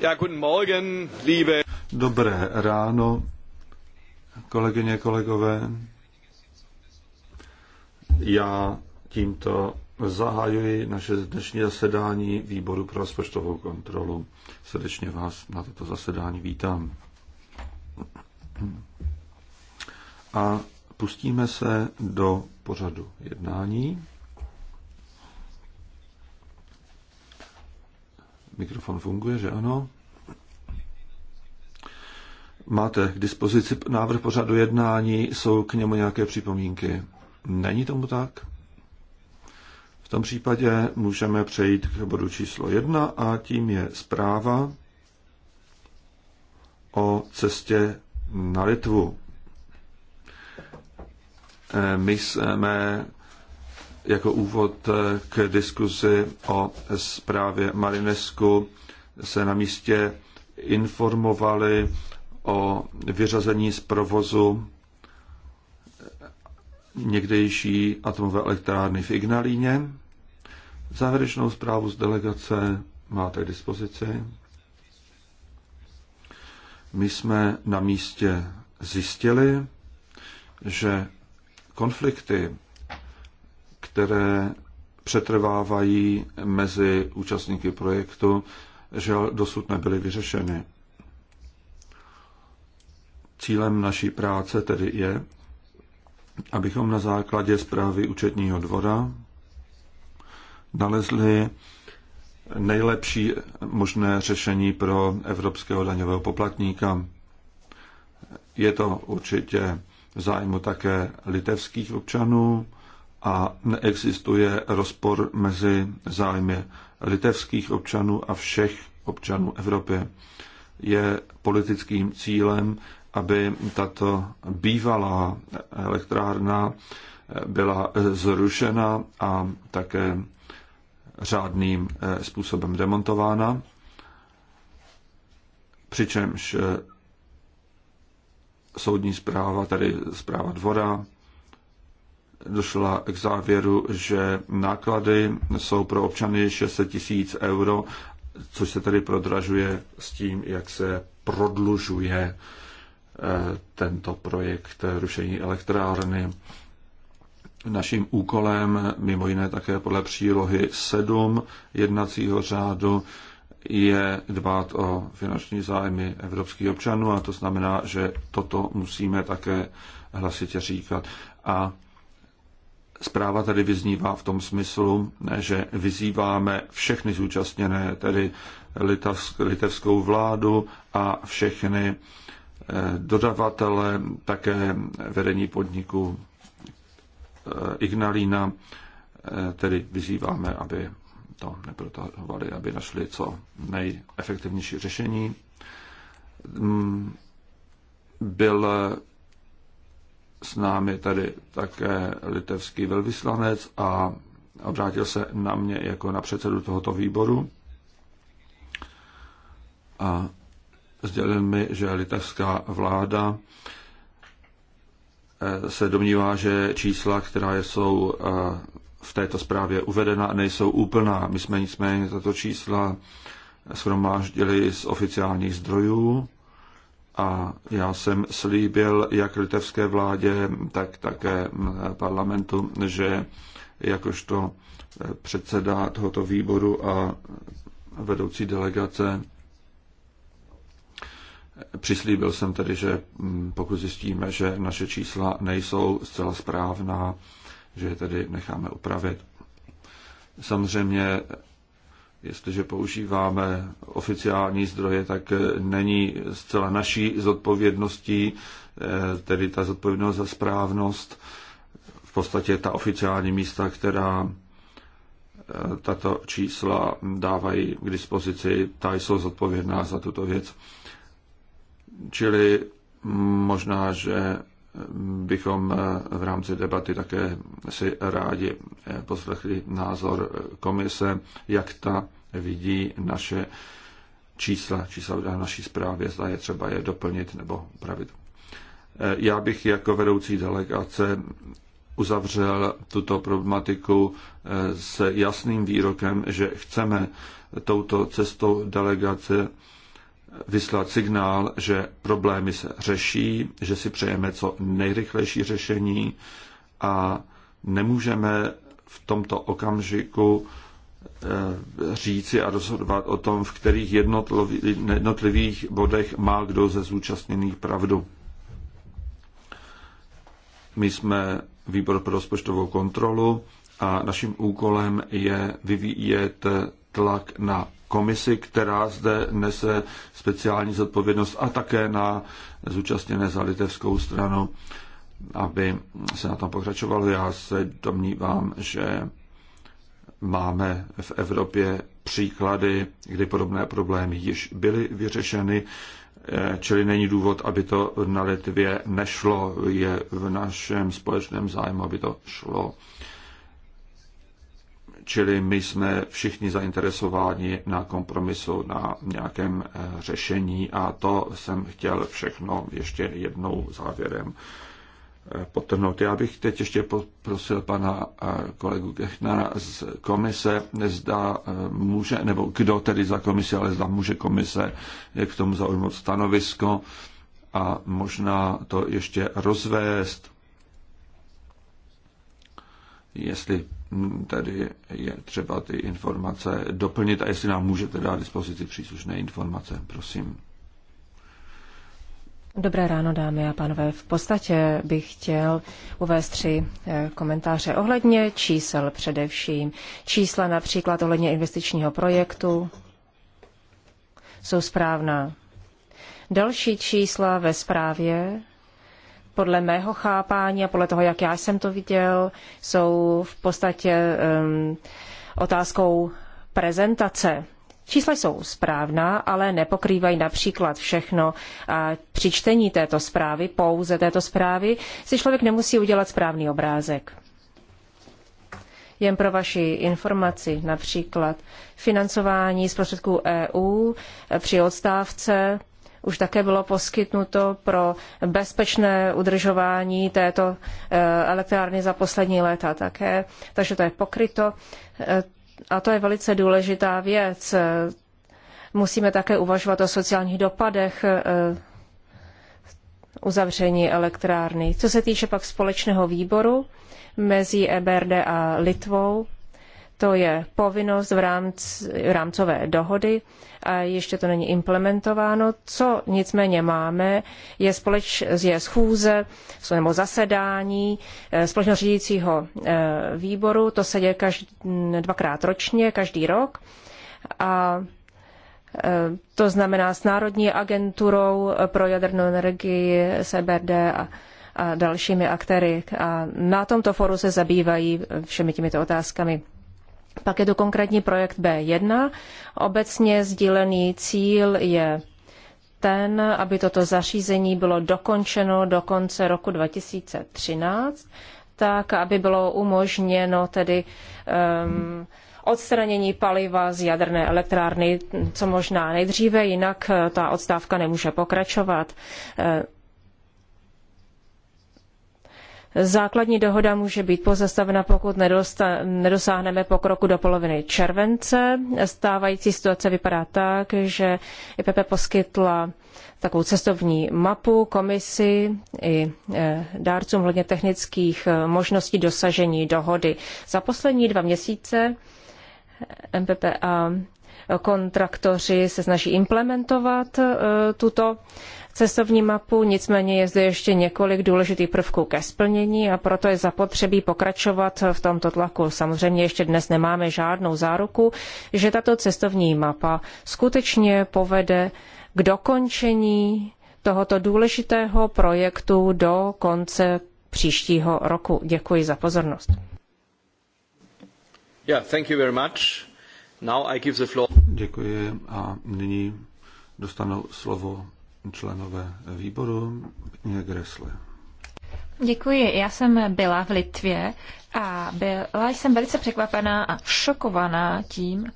Ja, guten Morgen, liebe... Dobré ráno, kolegyně, kolegové. Já tímto zahajuji naše dnešní zasedání výboru pro rozpočtovou kontrolu. Srdečně vás na toto zasedání vítám. A pustíme se do pořadu jednání. Mikrofon funguje, že ano? Máte k dispozici návrh pořadu jednání, jsou k němu nějaké připomínky? Není tomu tak? V tom případě můžeme přejít k bodu číslo jedna a tím je zpráva o cestě na Litvu. Eh, my jsme jako úvod k diskuzi o zprávě Marinesku se na místě informovali o vyřazení z provozu někdejší atomové elektrárny v Ignalíně. Závěrečnou zprávu z delegace máte k dispozici. My jsme na místě zjistili, že konflikty které přetrvávají mezi účastníky projektu, že dosud nebyly vyřešeny. Cílem naší práce tedy je, abychom na základě zprávy účetního dvora nalezli nejlepší možné řešení pro evropského daňového poplatníka. Je to určitě v zájmu také litevských občanů, a neexistuje rozpor mezi zájmy litevských občanů a všech občanů Evropy. Je politickým cílem, aby tato bývalá elektrárna byla zrušena a také řádným eh, způsobem demontována. Přičemž soudní zpráva, tedy zpráva dvora, došla k závěru, že náklady jsou pro občany 600 tisíc euro, což se tedy prodražuje s tím, jak se prodlužuje eh, tento projekt rušení elektrárny. Naším úkolem, mimo jiné také podle přílohy 7 jednacího řádu, je dbát o finanční zájmy evropských občanů a to znamená, že toto musíme také hlasitě říkat. A Zpráva tady vyznívá v tom smyslu, že vyzýváme všechny zúčastněné, tedy litevskou vládu a všechny eh, dodavatele, také vedení podniku eh, Ignalína, eh, tedy vyzýváme, aby to neprotahovali, aby našli co nejefektivnější řešení. Mm, byl s námi tady také litevský velvyslanec a obrátil se na mě jako na předsedu tohoto výboru a sdělil mi, že litevská vláda eh, se domnívá, že čísla, která jsou eh, v této zprávě uvedena, nejsou úplná. My jsme nicméně tato čísla shromáždili z oficiálních zdrojů a já jsem slíbil jak litevské vládě, tak také mm, parlamentu, že jakožto eh, předseda tohoto výboru a vedoucí delegace eh, Přislíbil jsem tedy, že mm, pokud zjistíme, že naše čísla nejsou zcela správná, že je tedy necháme upravit. Samozřejmě jestliže používáme oficiální zdroje, tak eh, není zcela naší zodpovědností, eh, tedy ta zodpovědnost za správnost, v podstatě ta oficiální místa, která eh, tato čísla dávají k dispozici, ta jsou zodpovědná za tuto věc. Čili mm, možná, že bychom eh, v rámci debaty také si rádi eh, poslechli názor eh, komise, jak ta vidí naše čísla, čísla v naší zprávě, zda je třeba je doplnit nebo upravit. Já bych jako vedoucí delegace uzavřel tuto problematiku s jasným výrokem, že chceme touto cestou delegace vyslat signál, že problémy se řeší, že si přejeme co nejrychlejší řešení a nemůžeme v tomto okamžiku eh, říci a rozhodovat o tom, v kterých jednotlivých bodech má kdo ze zúčastněných pravdu. My jsme výbor pro rozpočtovou kontrolu a naším úkolem je vyvíjet tlak na komisi, která zde nese speciální zodpovědnost a také na zúčastněné za litevskou stranu, aby se na tom pokračovalo. Já se domnívám, že máme v Evropě příklady, kdy podobné problémy již byly vyřešeny, eh, čili není důvod, aby to na Litvě nešlo. Je v našem společném zájmu, aby to šlo. Čili my jsme všichni zainteresováni na kompromisu, na nějakém eh, řešení a to jsem chtěl všechno ještě jednou závěrem eh, potrhnout. Já bych teď ještě poprosil pana eh, kolegu Kechnara z komise, nezda může, nebo kdo tedy za komise ale zda může komise k tomu zaujmout stanovisko a možná to ještě rozvést, jestli tedy je třeba ty informace doplnit a jestli nám můžete dát dispozici příslušné informace, prosím. Dobré ráno, dámy a pánové. V podstatě bych chtěl uvést tři eh, komentáře ohledně čísel především. Čísla například ohledně investičního projektu jsou správná. Další čísla ve zprávě podle mého chápání a podle toho, jak já jsem to viděl, jsou v podstatě um, otázkou prezentace. Čísla jsou správná, ale nepokrývají například všechno. A při čtení této zprávy, pouze této zprávy, si člověk nemusí udělat správný obrázek. Jen pro vaši informaci, například financování z prostředků EU při odstávce už také bylo poskytnuto pro bezpečné udržování této eh, elektrárny za poslední léta také, takže to je pokryto. Eh, a to je velice důležitá věc. Musíme také uvažovat o sociálních dopadech eh, uzavření elektrárny. Co se týče pak společného výboru mezi EBRD a Litvou, to je povinnost v rámci rámcové dohody a ještě to není implementováno. Co nicméně máme, je, společ, je schůze nebo zasedání eh, společného řídícího eh, výboru. To se děje každý, mm, dvakrát ročně, každý rok. A eh, to znamená s Národní agenturou pro jadernou energii, SBRD a, a dalšími aktéry. A na tomto foru se zabývají všemi těmito otázkami. Pak je to konkrétní projekt B1. Obecně sdílený cíl je ten, aby toto zařízení bylo dokončeno do konce roku 2013, tak aby bylo umožněno tedy um, odstranění paliva z jaderné elektrárny co možná nejdříve, jinak ta odstávka nemůže pokračovat. Eh, Základní dohoda může být pozastavena, pokud nedosáhneme pokroku do poloviny července. Stávající situace vypadá tak, že IPP poskytla takovou cestovní mapu komisi i e, dárcům hledně technických e, možností dosažení dohody. Za poslední dva měsíce e, MPPA kontraktoři se snaží implementovat tuto cestovní mapu, nicméně je zde ještě několik důležitých prvků ke splnění a proto je zapotřebí pokračovat v tomto tlaku. Samozřejmě ještě dnes nemáme žádnou záruku, že tato cestovní mapa skutečně povede k dokončení tohoto důležitého projektu do konce příštího roku. Děkuji za pozornost. Yeah, thank you very much. Now I give the floor. Děkuji a nyní dostanu slovo členové výboru Pěkně Gressle. Děkuji. Já jsem byla v Litvě a byla jsem velice překvapená a šokovaná tím,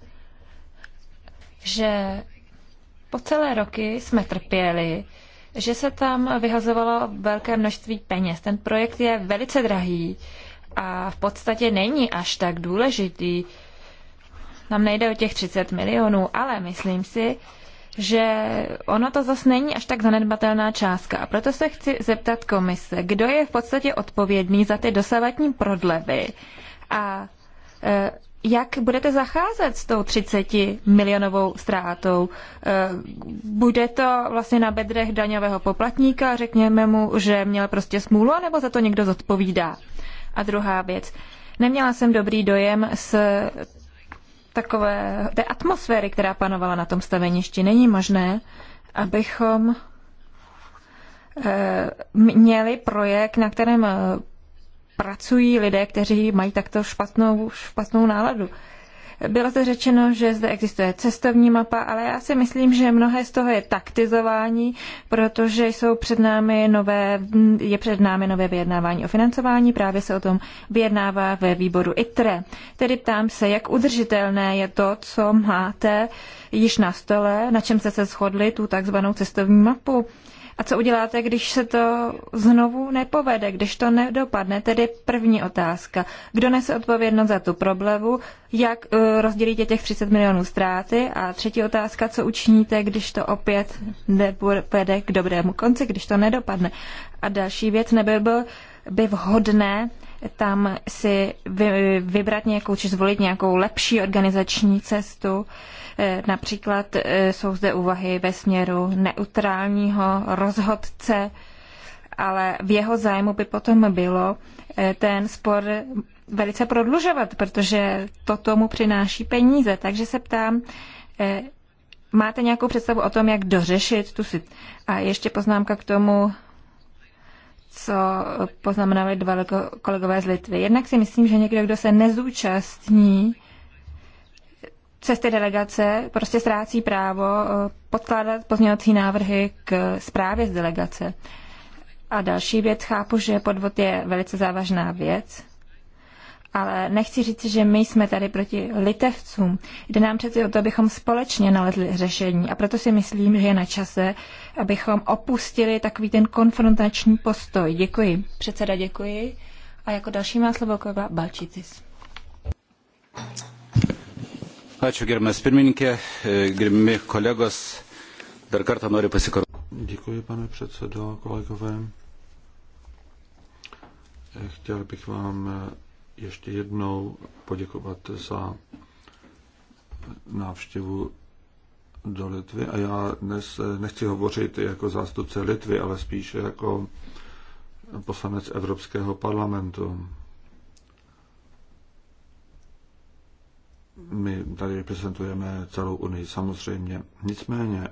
že po celé roky jsme trpěli, že se tam vyhazovalo velké množství peněz. Ten projekt je velice drahý a v podstatě není až tak důležitý. Nám nejde o těch 30 milionů, ale myslím si, že ono to zase není až tak zanedbatelná částka. A proto se chci zeptat komise, kdo je v podstatě odpovědný za ty dosavatní prodlevy a e, jak budete zacházet s tou 30 milionovou ztrátou? E, bude to vlastně na bedrech daňového poplatníka, řekněme mu, že měl prostě smůlu, nebo za to někdo zodpovídá? A druhá věc. Neměla jsem dobrý dojem s takové té atmosféry, která panovala na tom staveništi, není možné, abychom eh, měli projekt, na kterém eh, pracují lidé, kteří mají takto špatnou, špatnou náladu. Bylo to řečeno, že zde existuje cestovní mapa, ale já si myslím, že mnohé z toho je taktizování, protože jsou před námi nové, je před námi nové vyjednávání o financování, právě se o tom vyjednává ve výboru ITRE. Tedy ptám se, jak udržitelné je to, co máte již na stole, na čem jste se shodli, tu takzvanou cestovní mapu. A co uděláte, když se to znovu nepovede, když to nedopadne? Tedy první otázka. Kdo nese odpovědnost za tu problému? Jak eh, rozdělíte těch 30 milionů ztráty? A třetí otázka, co učiníte, když to opět nepovede k dobrému konci, když to nedopadne? A další věc, nebyl byl by vhodné tam si vybrat nějakou, či zvolit nějakou lepší organizační cestu, Eh, například eh, jsou zde úvahy ve směru neutrálního rozhodce, ale v jeho zájmu by potom bylo eh, ten spor velice prodlužovat, protože to tomu přináší peníze. Takže se ptám, máte nějakou představu o tom, jak dořešit tu situaci? A ještě poznámka k tomu, co poznamenali dva kolegové z Litvy. Jednak si myslím, že někdo, kdo se nezúčastní cesty delegace prostě ztrácí právo eh, podkládat pozměňovací návrhy k zprávě z delegace. A další věc, chápu, že podvod je velice závažná věc, ale nechci říct, že my jsme tady proti litevcům. Jde nám přeci o to, abychom společně nalezli řešení a proto si myslím, že je na čase, abychom opustili takový ten konfrontační postoj. Děkuji. Předseda, děkuji. A jako další má slovo kolega Balčitis. Ačiū, gerbiamas pirmininkė, e, gerbiami kolegos. Dar kartą noriu pasikartovat. Děkuji, pane předsedo, kolegové. E, chtěl bych vám e, ještě jednou poděkovat za návštěvu do Litvy. A já dnes nechci hovořit jako zástupce Litvy, ale spíše jako poslanec Evropského parlamentu. My tady reprezentujeme celou Unii samozřejmě. Nicméně,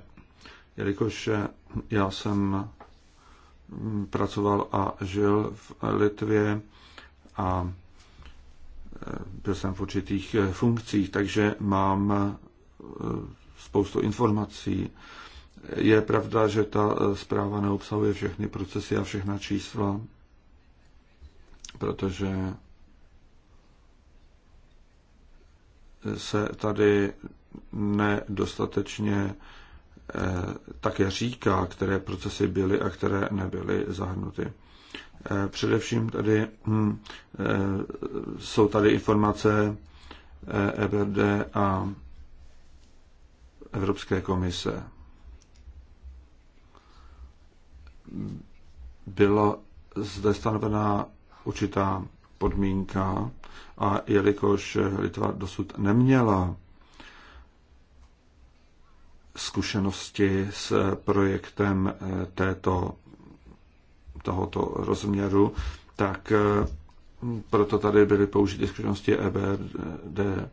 jelikož já jsem mm, pracoval a žil v Litvě a e, byl jsem v určitých e, funkcích, takže mám e, spoustu informací. Je pravda, že ta zpráva neobsahuje všechny procesy a všechna čísla, protože se tady nedostatečně eh, také říká, které procesy byly a které nebyly zahrnuty. Eh, především tady hm, eh, jsou tady informace EBRD e a Evropské komise. Byla zde stanovená určitá podmínka a jelikož Litva dosud neměla zkušenosti s projektem eh, této, tohoto rozměru, tak eh, proto tady byly použity zkušenosti EBRD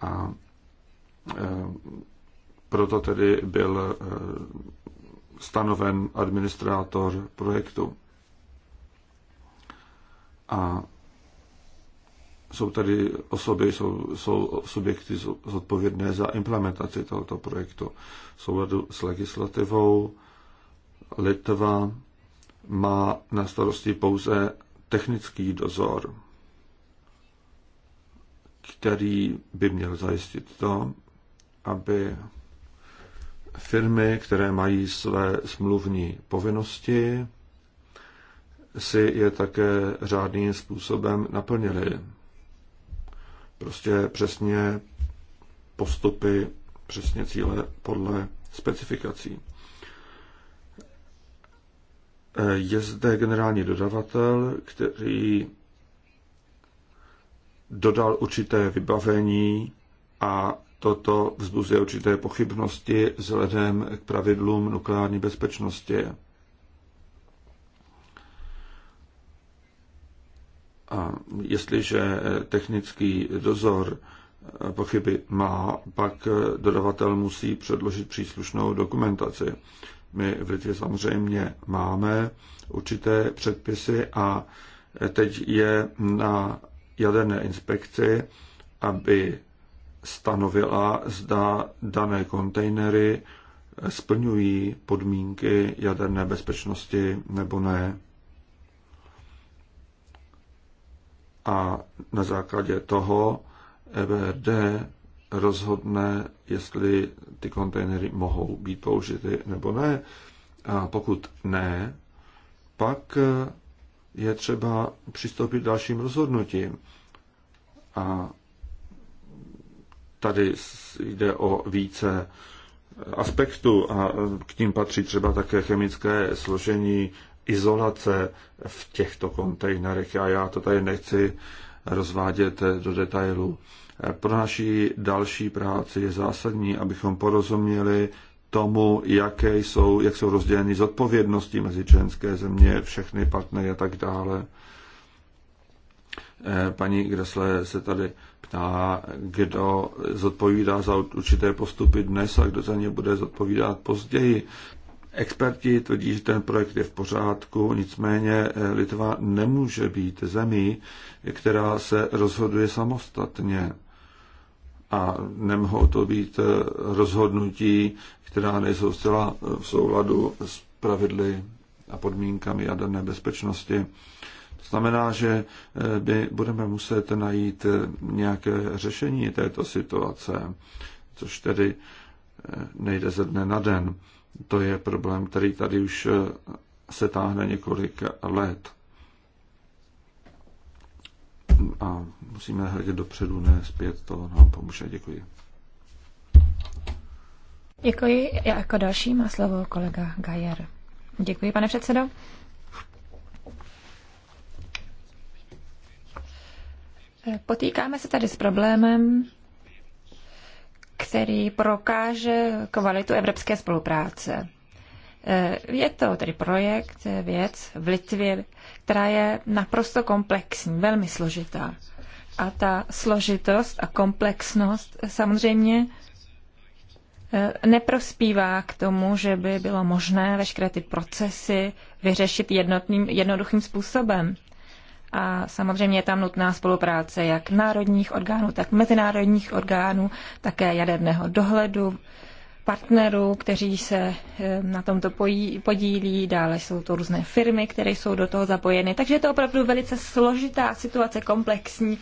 a eh, proto tedy byl stanoven administrátor projektu. A jsou tady osoby, jsou, jsou subjekty zodpovědné za implementaci tohoto projektu. V souladu s legislativou Litva má na starosti pouze technický dozor, který by měl zajistit to, aby firmy, které mají své smluvní povinnosti, si je také řádným způsobem naplnili. Prostě přesně postupy, přesně cíle podle specifikací. Je zde generální dodavatel, který dodal určité vybavení a toto vzbuzuje určité pochybnosti vzhledem k pravidlům nukleární bezpečnosti. A jestliže technický dozor eh, pochyby má, pak eh, dodavatel musí předložit příslušnou dokumentaci. My v Litvě samozřejmě máme určité předpisy a eh, teď je na jaderné inspekci, aby stanovila, zda dané kontejnery splňují podmínky jaderné bezpečnosti nebo ne. a na základě toho EBRD rozhodne, jestli ty kontejnery mohou být použity nebo ne. A pokud ne, pak je třeba přistoupit dalším rozhodnutím. A tady jde o více aspektů a k tím patří třeba také chemické složení izolace v těchto kontejnerech a já to tady nechci rozvádět do detailu. Pro naší další práci je zásadní, abychom porozuměli tomu, jaké jsou, jak jsou rozděleny zodpovědnosti mezi členské země, všechny partnery a tak dále. Eh, paní Gresle se tady ptá, kdo zodpovídá za určité postupy dnes a kdo za ně bude zodpovídat později. Experti tvrdí, že ten projekt je v pořádku, nicméně eh, Litva nemůže být zemí, která se rozhoduje samostatně. A nemohou to být eh, rozhodnutí, která nejsou zcela eh, v souladu s pravidly a podmínkami jaderné bezpečnosti. To znamená, že my budeme muset najít nějaké řešení této situace, což tedy nejde ze dne na den to je problém, který tady už eh, se táhne několik let. A musíme hledět dopředu, ne zpět, to nám pomůže. Děkuji. Děkuji. Já jako další má slovo kolega Gajer. Děkuji, pane předsedo. Potýkáme se tady s problémem, který prokáže kvalitu evropské spolupráce. E, je to tedy projekt, věc v Litvě, která je naprosto komplexní, velmi složitá. A ta složitost a komplexnost samozřejmě e, neprospívá k tomu, že by bylo možné veškeré ty procesy vyřešit jednotným, jednoduchým způsobem a samozřejmě je tam nutná spolupráce jak národních orgánů, tak mezinárodních orgánů, také jaderného dohledu, partnerů, kteří se eh, na tomto podílí, dále jsou to různé firmy, které jsou do toho zapojeny. Takže je to opravdu velice složitá situace, komplexní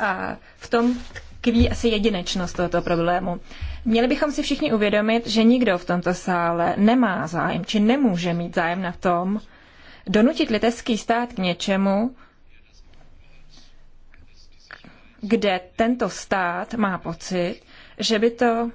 a v tom tkví asi jedinečnost tohoto problému. Měli bychom si všichni uvědomit, že nikdo v tomto sále nemá zájem, či nemůže mít zájem na tom, donutit litevský stát k něčemu, kde tento stát má pocit, že by to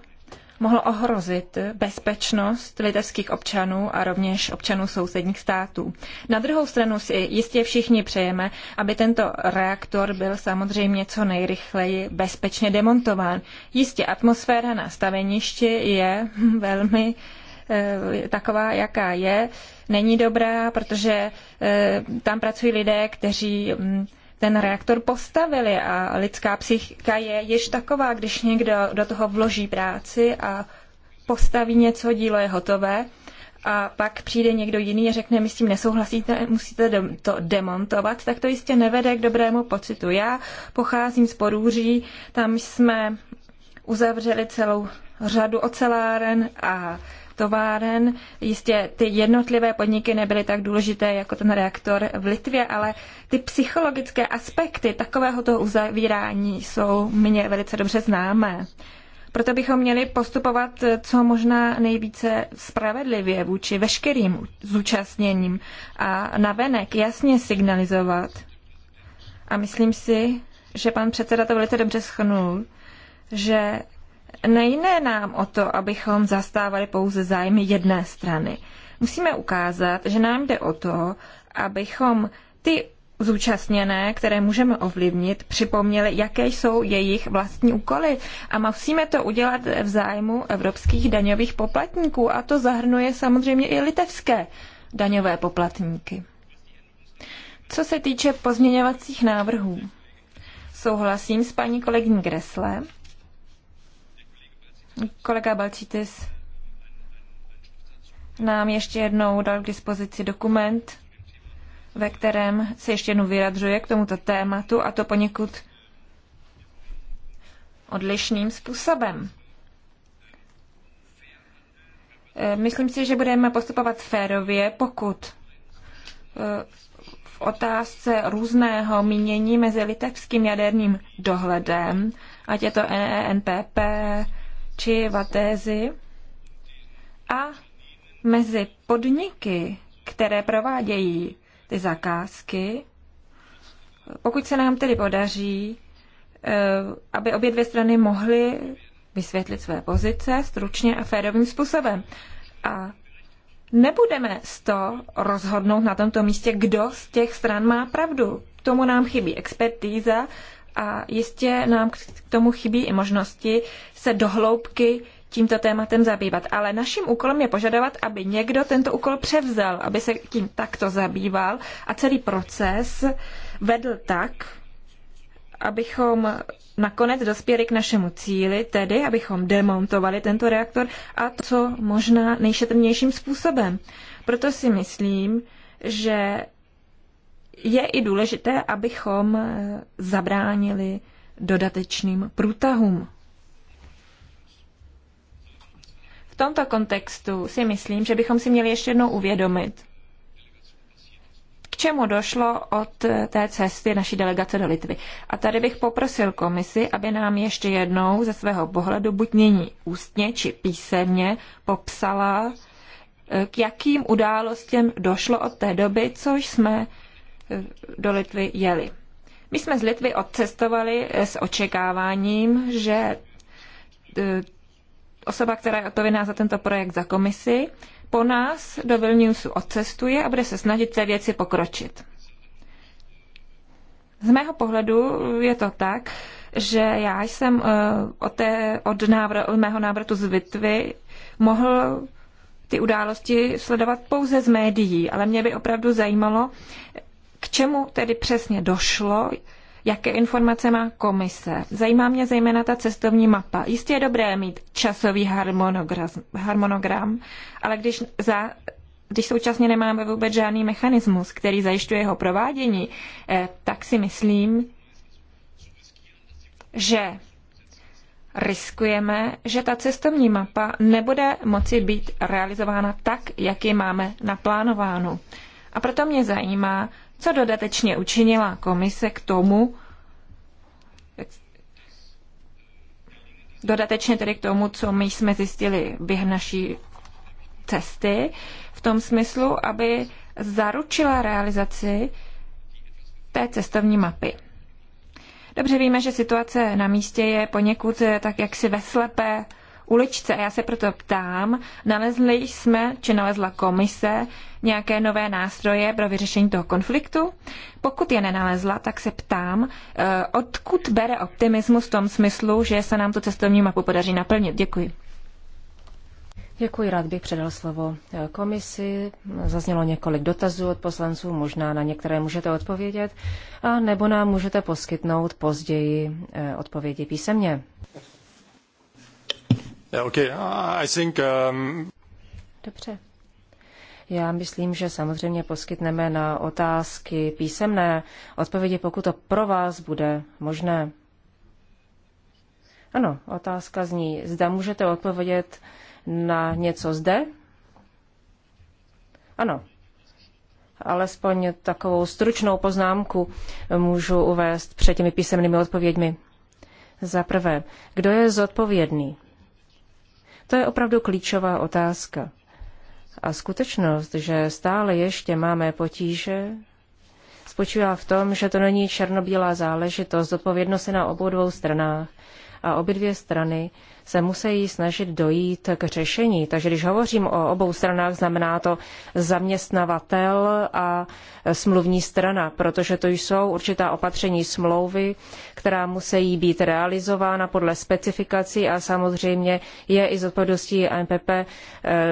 mohlo ohrozit bezpečnost litevských občanů a rovněž občanů sousedních států. Na druhou stranu si jistě všichni přejeme, aby tento reaktor byl samozřejmě co nejrychleji bezpečně demontován. Jistě atmosféra na staveništi je velmi eh, taková, jaká je, není dobrá, protože eh, tam pracují lidé, kteří mm, ten reaktor postavili a lidská psychika je již taková, když někdo do toho vloží práci a postaví něco, dílo je hotové a pak přijde někdo jiný a řekne, my s tím nesouhlasíte, musíte to demontovat, tak to jistě nevede k dobrému pocitu. Já pocházím z Porůří, tam jsme uzavřeli celou řadu oceláren a továren. Jistě ty jednotlivé podniky nebyly tak důležité jako ten reaktor v Litvě, ale ty psychologické aspekty takového toho uzavírání jsou mně velice dobře známé. Proto bychom měli postupovat co možná nejvíce spravedlivě vůči veškerým zúčastněním a navenek jasně signalizovat. A myslím si, že pan předseda to velice dobře schnul, že nejde nám o to, abychom zastávali pouze zájmy jedné strany. Musíme ukázat, že nám jde o to, abychom ty zúčastněné, které můžeme ovlivnit, připomněli, jaké jsou jejich vlastní úkoly. A musíme to udělat v zájmu evropských daňových poplatníků. A to zahrnuje samozřejmě i litevské daňové poplatníky. Co se týče pozměňovacích návrhů, souhlasím s paní kolegyní Gresle, Kolega Balčitis nám ještě jednou dal k dispozici dokument, ve kterém se ještě jednou vyjadřuje k tomuto tématu a to poněkud odlišným způsobem. Eh, myslím si, že budeme postupovat férově, pokud eh, v otázce různého mínění mezi litevským jaderným dohledem, ať je to ENPP. E či vatézy a mezi podniky, které provádějí ty zakázky, pokud se nám tedy podaří, eh, aby obě dvě strany mohly vysvětlit své pozice stručně a férovým způsobem. A nebudeme z to rozhodnout na tomto místě, kdo z těch stran má pravdu. K tomu nám chybí expertíza, a jistě nám k tomu chybí i možnosti se dohloubky tímto tématem zabývat. Ale naším úkolem je požadovat, aby někdo tento úkol převzal, aby se tím takto zabýval a celý proces vedl tak, abychom nakonec dospěli k našemu cíli, tedy abychom demontovali tento reaktor a to co možná nejšetrnějším způsobem. Proto si myslím, že je i důležité, abychom eh, zabránili dodatečným průtahům. V tomto kontextu si myslím, že bychom si měli ještě jednou uvědomit, k čemu došlo od eh, té cesty naší delegace do Litvy. A tady bych poprosil komisi, aby nám ještě jednou ze svého pohledu, buď nyní ústně či písemně, popsala, eh, k jakým událostem došlo od té doby, což jsme do Litvy jeli. My jsme z Litvy odcestovali s očekáváním, že e, osoba, která je odpovědná za tento projekt za komisi, po nás do Vilniusu odcestuje a bude se snažit té věci pokročit. Z mého pohledu je to tak, že já jsem e, od, té, od, návr- od mého návratu z Vitvy mohl ty události sledovat pouze z médií, ale mě by opravdu zajímalo, čemu tedy přesně došlo? Jaké informace má komise? Zajímá mě zejména ta cestovní mapa. Jistě je dobré mít časový harmonogram, ale když, za, když současně nemáme vůbec žádný mechanismus, který zajišťuje jeho provádění, eh, tak si myslím, že riskujeme, že ta cestovní mapa nebude moci být realizována tak, jak ji máme naplánováno. A proto mě zajímá, co dodatečně učinila komise k tomu, dodatečně tedy k tomu, co my jsme zjistili během naší cesty, v tom smyslu, aby zaručila realizaci té cestovní mapy. Dobře víme, že situace na místě je poněkud eh, tak jaksi ve slepé uličce. A já se proto ptám, nalezli jsme, či nalezla komise, nějaké nové nástroje pro vyřešení toho konfliktu? Pokud je nenalezla, tak se ptám, eh, odkud bere optimismus v tom smyslu, že se nám tu cestovní mapu podaří naplnit. Děkuji. Děkuji, rád bych předal slovo eh, komisi. Zaznělo několik dotazů od poslanců, možná na některé můžete odpovědět, a nebo nám můžete poskytnout později eh, odpovědi písemně. Um, Dobře. Já myslím, že samozřejmě poskytneme na otázky písemné odpovědi, pokud to pro vás bude možné. Ano, otázka zní, zda můžete odpovědět na něco zde? Ano, alespoň takovou stručnou poznámku můžu uvést před těmi písemnými odpověďmi. Za prvé, kdo je zodpovědný? To je opravdu klíčová otázka. A skutečnost, že stále ještě máme potíže, spočívá v tom, že to není černobílá záležitost, odpovědnost je na obou dvou stranách. A obě dvě strany se musí snažit dojít k řešení. Takže když hovořím o obou stranách, znamená to zaměstnavatel a smluvní strana, protože to jsou určitá opatření smlouvy, která musí být realizována podle specifikací a samozřejmě je i z odpovědností MPP eh,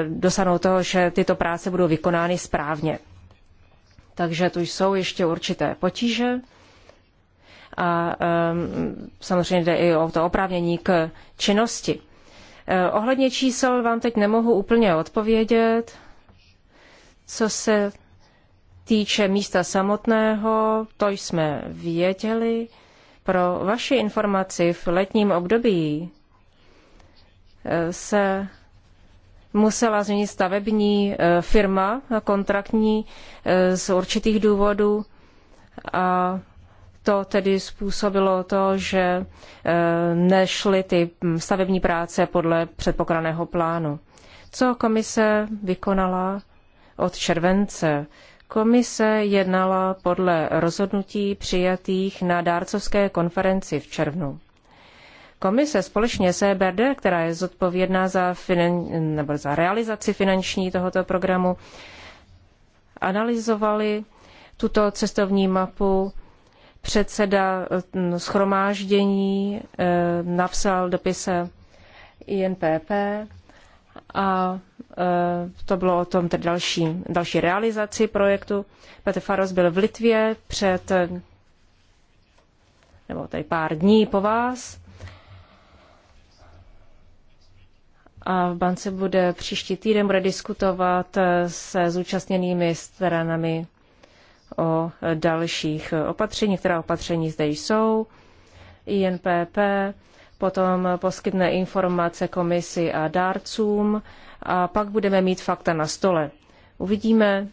dosáhnout toho, že tyto práce budou vykonány správně. Takže tu jsou ještě určité potíže a ehm, samozřejmě jde i o to oprávnění k činnosti. Eh, ohledně čísel vám teď nemohu úplně odpovědět. Co se týče místa samotného, to jsme věděli. Pro vaši informaci v letním období eh, se musela změnit stavební eh, firma kontraktní z určitých důvodů a to tedy způsobilo to, že eh, nešly ty stavební práce podle předpokládaného plánu. Co komise vykonala od července? Komise jednala podle rozhodnutí přijatých na dárcovské konferenci v červnu. Komise společně s EBRD, která je zodpovědná za, finan... nebo za realizaci finanční tohoto programu, analyzovali tuto cestovní mapu Předseda eh, schromáždění eh, napsal dopise INPP a eh, to bylo o tom tedy další, další realizaci projektu. Petr Faros byl v Litvě před nebo tady pár dní po vás. A v bance bude příští týden, bude diskutovat se zúčastněnými stranami o dalších opatřeních, která opatření zde jsou. INPP potom poskytne informace komisi a dárcům a pak budeme mít fakta na stole. Uvidíme,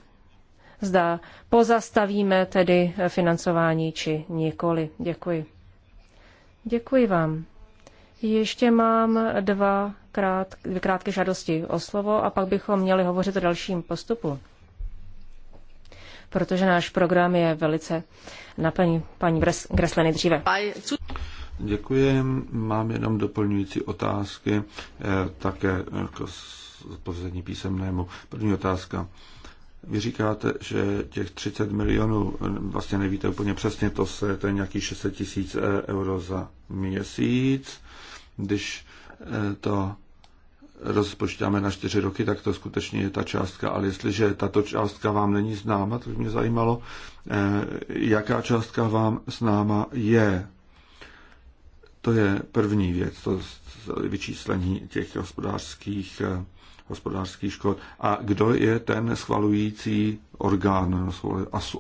zda pozastavíme tedy financování či nikoli. Děkuji. Děkuji vám. Ještě mám dva krát, krátké žádosti o slovo a pak bychom měli hovořit o dalším postupu protože náš program je velice na paní, paní Gresleny dříve. Děkuji. Mám jenom doplňující otázky, eh, také jako poslední písemnému. První otázka. Vy říkáte, že těch 30 milionů, eh, vlastně nevíte úplně přesně, to, se, to je nějakých 600 tisíc eh, euro za měsíc. Když to rozpočítáme na čtyři roky, tak to skutečně je ta částka. Ale jestliže tato částka vám není známa, tak mě zajímalo, eh, jaká částka vám známa je. To je první věc, to vyčíslení těch hospodářských, eh, hospodářských škod. A kdo je ten schvalující orgán,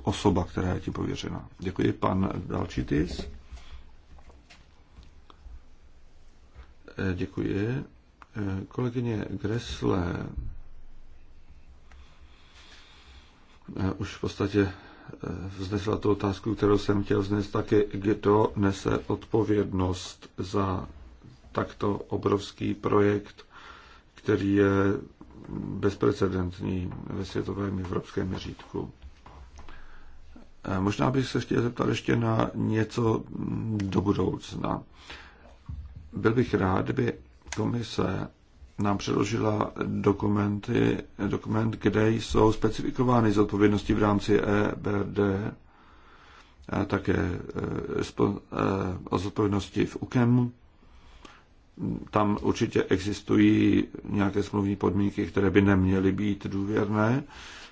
osoba, která je tím pověřena? Děkuji, pan Dalčitis. Eh, děkuji. Kolegyně Gressle eh, už v podstatě eh, vznesla tu otázku, kterou jsem chtěl vznést taky, kdo nese odpovědnost za takto obrovský projekt, který je bezprecedentní ve světovém evropském měřítku. Eh, možná bych se chtěl zeptat ještě na něco do budoucna. Byl bych rád, kdyby Komise nám předložila dokumenty, dokument, kde jsou specifikovány zodpovědnosti v rámci EBRD, a také eh, eh, o zodpovědnosti v UKEM. Tam určitě existují nějaké smluvní podmínky, které by neměly být důvěrné.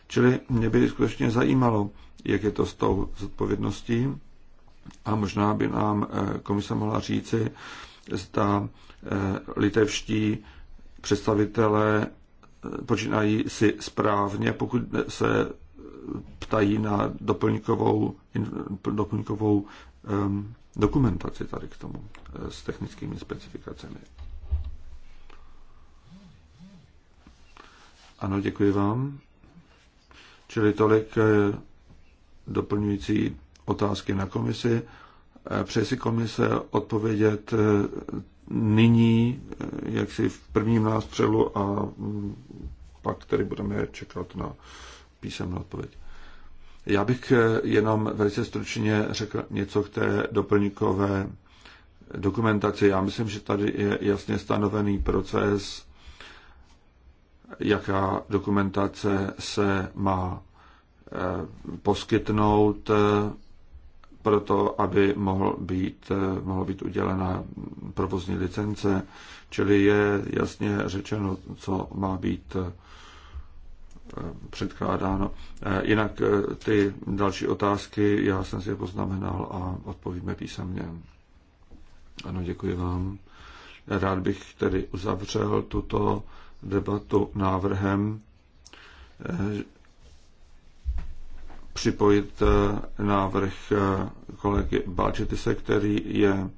Čili mě by skutečně zajímalo, jak je to s tou zodpovědností. A možná by nám eh, komise mohla říci, zda Eh, litevští představitelé eh, počínají si správně, pokud se ptají na doplňkovou, doplňkovou um, dokumentaci tady k tomu eh, s technickými specifikacemi. Ano, děkuji vám. Čili tolik doplňující otázky na komisi. Přeji si komise odpovědět nyní, eh, jak si v prvním nástřelu a mm, pak tedy budeme čekat na písemnou odpověď. Já bych eh, jenom velice stručně řekl něco k té doplňkové dokumentaci. Já myslím, že tady je jasně stanovený proces, jaká dokumentace se má eh, poskytnout pro to, aby mohl být, eh, mohla být udělena provozní licence, čili je jasně řečeno, co má být eh, předkládáno. Eh, jinak ty další otázky, já jsem si je poznamenal a odpovíme písemně. Ano, děkuji vám. Rád bych tedy uzavřel tuto debatu návrhem, připojit eh, návrh eh, kolegy Balčetise, který je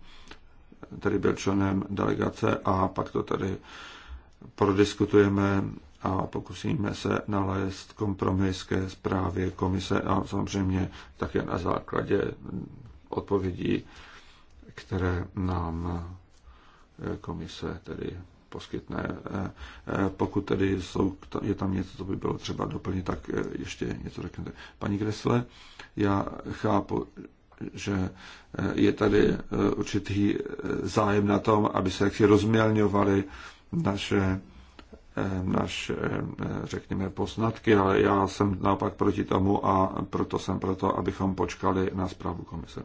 tady byl členem delegace a pak to tady prodiskutujeme a pokusíme se nalézt kompromis ke zprávě komise a samozřejmě také na základě odpovědí, které nám eh, komise tedy poskytne. Eh, eh, pokud tedy jsou, je tam něco, co by bylo třeba doplnit, tak eh, ještě něco řeknete. Paní Kresle, já chápu, že je tady určitý zájem na tom, aby se jaksi rozmělňovaly naše, naše, řekněme, poznatky, ale já jsem naopak proti tomu a proto jsem proto, abychom počkali na zprávu komise.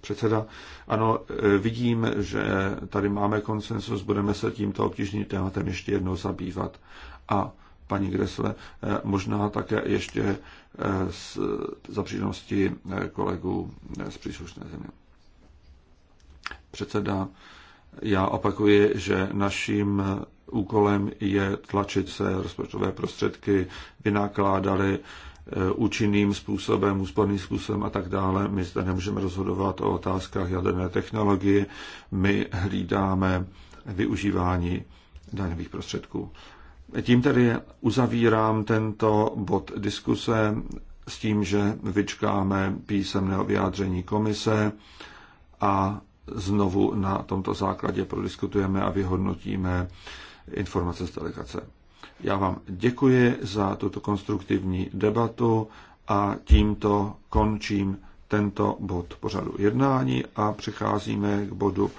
Předseda, ano, e, vidím, že tady máme konsensus, budeme se tímto obtížným tématem ještě jednou zabývat. A paní Gresle, e, možná také ještě e, s, za přítomnosti kolegů z příslušné země. Předseda, já opakuji, že naším úkolem je tlačit se rozpočtové prostředky, vynakládali Eh, účinným způsobem, úsporným způsobem a tak dále. My zde nemůžeme rozhodovat o otázkách jaderné technologie. My hlídáme využívání daňových prostředků. Tím tedy uzavírám tento bod diskuse s tím, že vyčkáme písemného vyjádření komise a znovu na tomto základě prodiskutujeme a vyhodnotíme informace z delegace. Já vám děkuji za tuto konstruktivní debatu a tímto končím tento bod pořadu jednání a přecházíme k bodu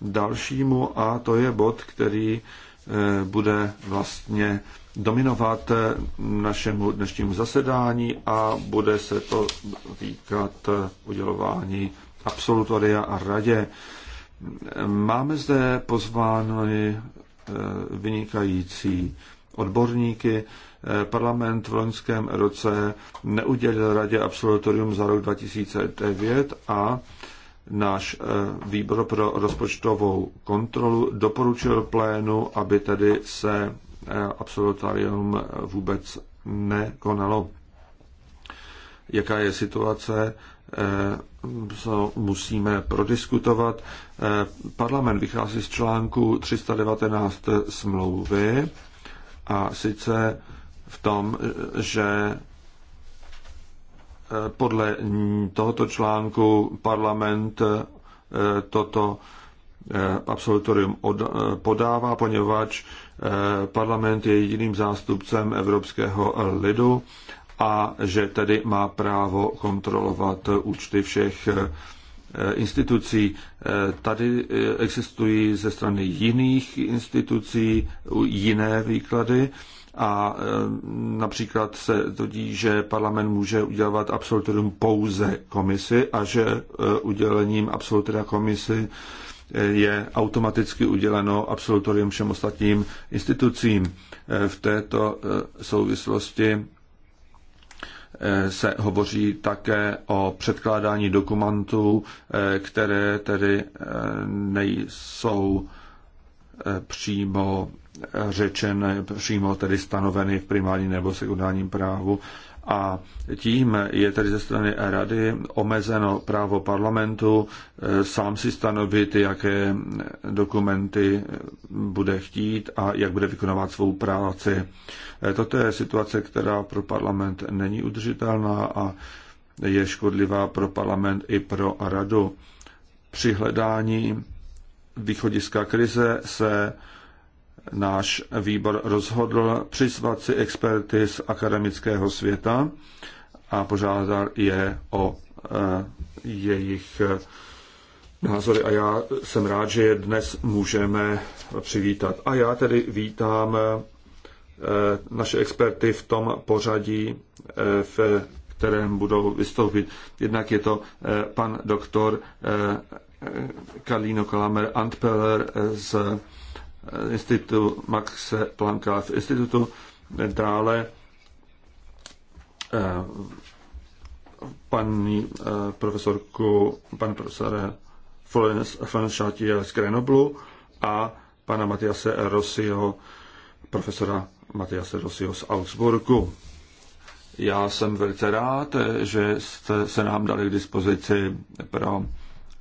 dalšímu a to je bod, který eh, bude vlastně dominovat eh, našemu dnešnímu zasedání a bude se to týkat eh, udělování absolutoria a radě. Máme zde pozvány vynikající odborníky. Eh, Parlament v loňském roce neudělil radě absolutorium za rok 2009 a náš eh, výbor pro rozpočtovou kontrolu doporučil plénu, aby tedy se eh, absolutorium vůbec nekonalo. Jaká je situace? co musíme prodiskutovat. Parlament vychází z článku 319 smlouvy a sice v tom, že eh, podle tohoto článku parlament eh, toto eh, absolutorium podává, poněvadž parlament je jediným zástupcem evropského lidu a že tedy má právo kontrolovat účty všech Eh, institucí. Eh, tady eh, existují ze strany jiných institucí jiné výklady a například se tvrdí, že parlament může udělovat absolutorium pouze komisi a že udělením absolutoria komisi je automaticky uděleno absolutorium všem ostatním institucím. V této souvislosti Eh, se hovoří také o předkládání dokumentů, eh, které tedy eh, nejsou přímo řečené, přímo tedy stanoveny v primárním nebo sekundárním právu a tím je tedy ze strany Rady omezeno právo parlamentu eh, sám si stanovit, jaké dokumenty bude chtít a jak bude vykonovat svou práci. Eh, toto je situace, která pro parlament není udržitelná a je škodlivá pro parlament i pro Radu. Při hledání východiska krize se náš výbor rozhodl přizvat si experty z akademického světa a požádal je o eh, jejich eh, názory a já jsem rád, že je dnes můžeme přivítat. A já tedy vítám eh, naše experty v tom pořadí, v kterém budou vystoupit. Jednak je to pan doktor Kalino Kalamer Antpeller z institutu Max Plancka v institutu, dále eh, paní eh, profesorku, pan profesore Florence Chartier z Grenoblu a pana Matiase Rossiho, profesora Matiase Rossiho z Augsburgu. Já jsem velice rád, že jste se nám dali k dispozici pro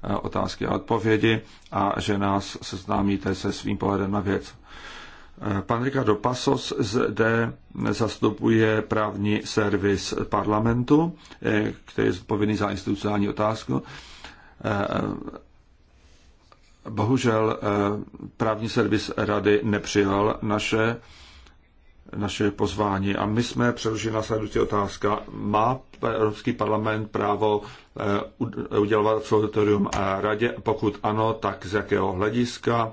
Eh, otázky a odpovědi a že nás seznámíte se svým pohledem na věc. Eh, pan Ricardo Pasos zde zastupuje právní servis parlamentu, eh, který je zodpovědný za institucionální otázku. Bohužel právní servis rady nepřijal naše naše pozvání. A my jsme přerušili následující otázka. Má Evropský parlament právo eh, udělovat absolutorium radě? Pokud ano, tak z jakého hlediska?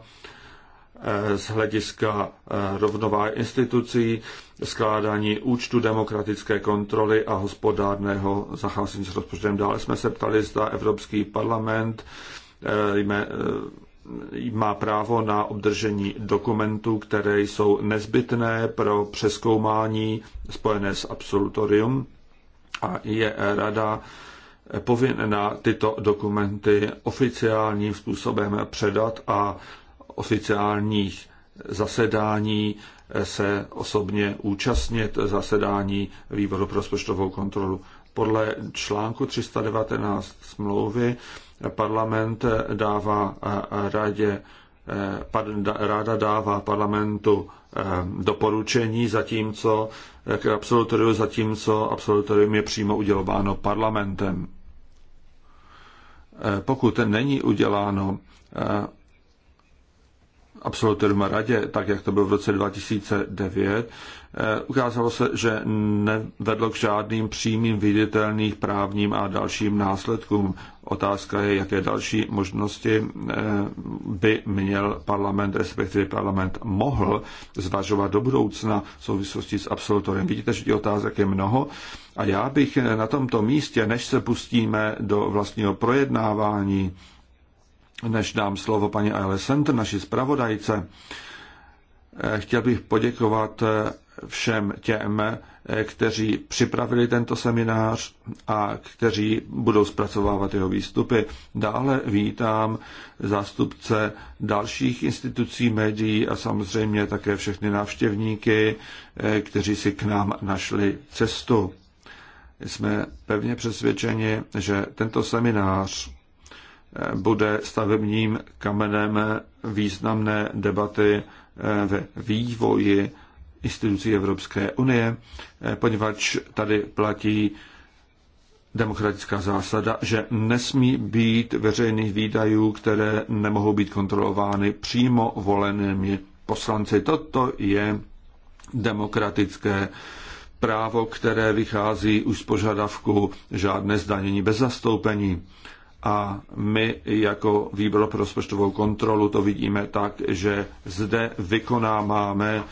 Eh, z hlediska eh, rovnováhy institucí, skládání účtu demokratické kontroly a hospodárného zacházení s rozpočtem. Dále jsme se ptali, zda Evropský parlament jme, má právo na obdržení dokumentů, které jsou nezbytné pro přeskoumání spojené s absolutorium a je rada povinna tyto dokumenty oficiálním způsobem předat a oficiálních zasedání se osobně účastnit zasedání výboru pro rozpočtovou kontrolu. Podle článku 319 smlouvy parlament dává eh, radě eh, ráda dává parlamentu eh, doporučení, zatímco k absolutoriu, zatímco absolutorium je přímo udělováno parlamentem. Pokud není uděláno absolutorium radě, tak jak to bylo v roce 2009, eh, ukázalo se, že nevedlo k žádným přímým viditelným právním a dalším následkům. Otázka je, jaké další možnosti eh, by měl parlament, respektive parlament mohl zvažovat do budoucna v souvislosti s absolutorem. Vidíte, že těch otázek je mnoho a já bych na tomto místě, než se pustíme do vlastního projednávání než dám slovo paní Aile Center, naší zpravodajce, eh, chtěl bych poděkovat eh, všem těm, eh, kteří připravili tento seminář a kteří budou zpracovávat jeho výstupy. Dále vítám zástupce dalších institucí médií a samozřejmě také všechny návštěvníky, kteří si k nám našli cestu. Jsme pevně přesvědčeni, že tento seminář bude stavebním kamenem významné debaty eh, ve vývoji institucí Evropské unie, eh, poněvadž tady platí demokratická zásada, že nesmí být veřejných výdajů, které nemohou být kontrolovány přímo volenými poslanci. Toto je demokratické právo, které vychází už z požadavku žádné zdanění bez zastoupení. A my jako výbor pro rozpočtovou kontrolu to vidíme tak, že zde vykonáváme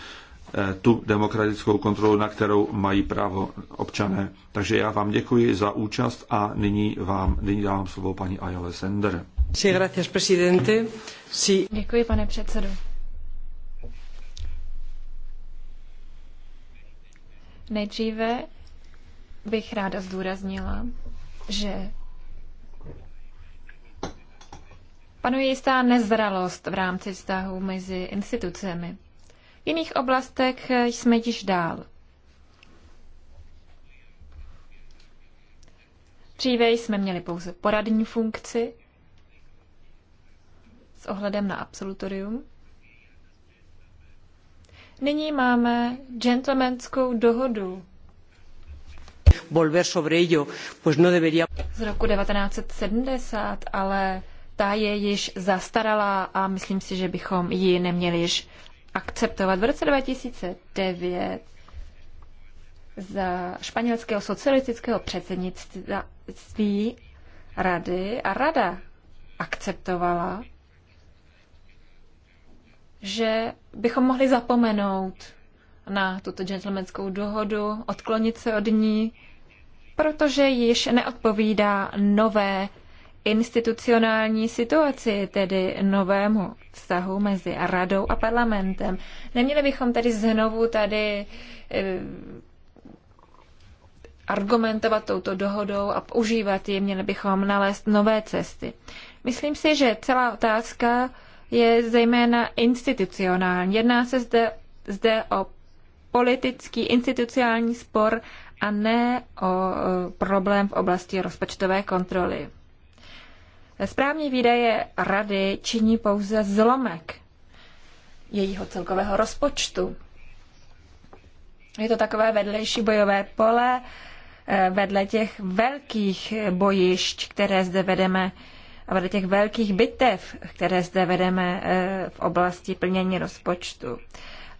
eh, tu demokratickou kontrolu, na kterou mají právo občané. Takže já vám děkuji za účast a nyní vám nyní dávám slovo paní Ayole Sender. Děkuji, pane předsedo. Nejdříve bych ráda zdůraznila, že panuje jistá nezralost v rámci vztahu mezi institucemi. V jiných oblastech jsme již dál. Dříve jsme měli pouze poradní funkci s ohledem na absolutorium. Nyní máme gentlemanskou dohodu. No Z roku 1970, ale ta je již zastaralá a myslím si, že bychom ji neměli již akceptovat. V roce 2009 za španělského socialistického předsednictví rady a rada akceptovala, že bychom mohli zapomenout na tuto gentlemanskou dohodu, odklonit se od ní, protože již neodpovídá nové institucionální situaci, tedy novému vztahu mezi radou a parlamentem. Neměli bychom tedy znovu tady eh, argumentovat touto dohodou a používat ji, měli bychom nalézt nové cesty. Myslím si, že celá otázka je zejména institucionální. Jedná se zde, zde o politický institucionální spor a ne o eh, problém v oblasti rozpočtové kontroly. Správní výdaje rady činí pouze zlomek jejího celkového rozpočtu. Je to takové vedlejší bojové pole eh, vedle těch velkých bojišť, které zde vedeme, a vedle těch velkých bitev, které zde vedeme eh, v oblasti plnění rozpočtu.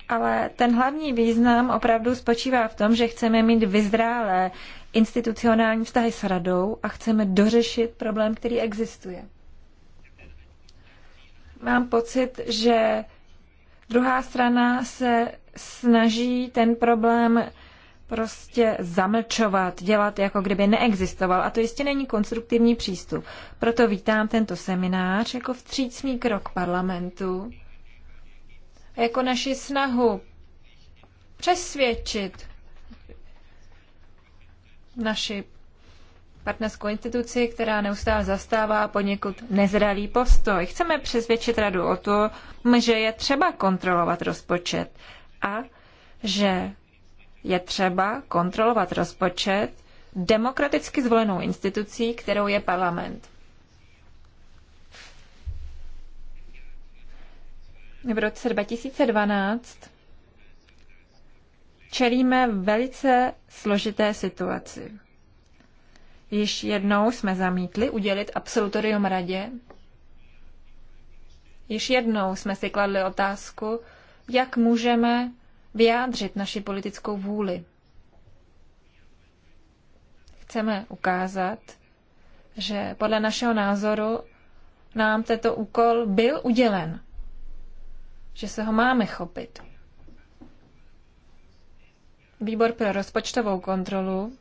Ale ten hlavní význam opravdu spočívá v tom, že chceme mít vyzrálé institucionální vztahy s radou a chceme dořešit problém, který existuje. Mám pocit, že druhá strana se snaží ten problém prostě zamlčovat, dělat jako kdyby neexistoval. A to jistě není konstruktivní přístup. Proto vítám tento seminář jako vstřícný krok parlamentu, jako naši snahu přesvědčit naši partnerskou instituci, která neustále zastává poněkud nezralý postoj. Chceme přesvědčit radu o to, že je třeba kontrolovat rozpočet a že je třeba kontrolovat rozpočet demokraticky zvolenou institucí, kterou je parlament. V roce 2012 čelíme velice složité situaci. Již jednou jsme zamítli udělit absolutorium radě. Již jednou jsme si kladli otázku, jak můžeme vyjádřit naši politickou vůli. Chceme ukázat, že podle našeho názoru nám tento úkol byl udělen, že se ho máme chopit výbor pro rozpočtovou kontrolu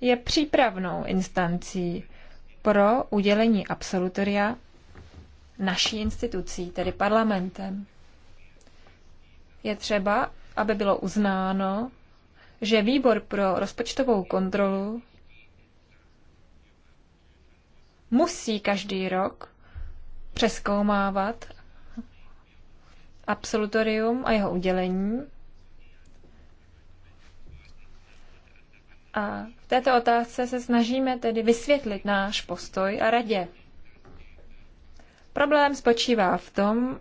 je přípravnou instancí pro udělení absolutoria naší institucí, tedy parlamentem. Je třeba, aby bylo uznáno, že výbor pro rozpočtovou kontrolu musí každý rok přeskoumávat absolutorium a jeho udělení A v této otázce se snažíme tedy vysvětlit náš postoj a radě. Problém spočívá v tom,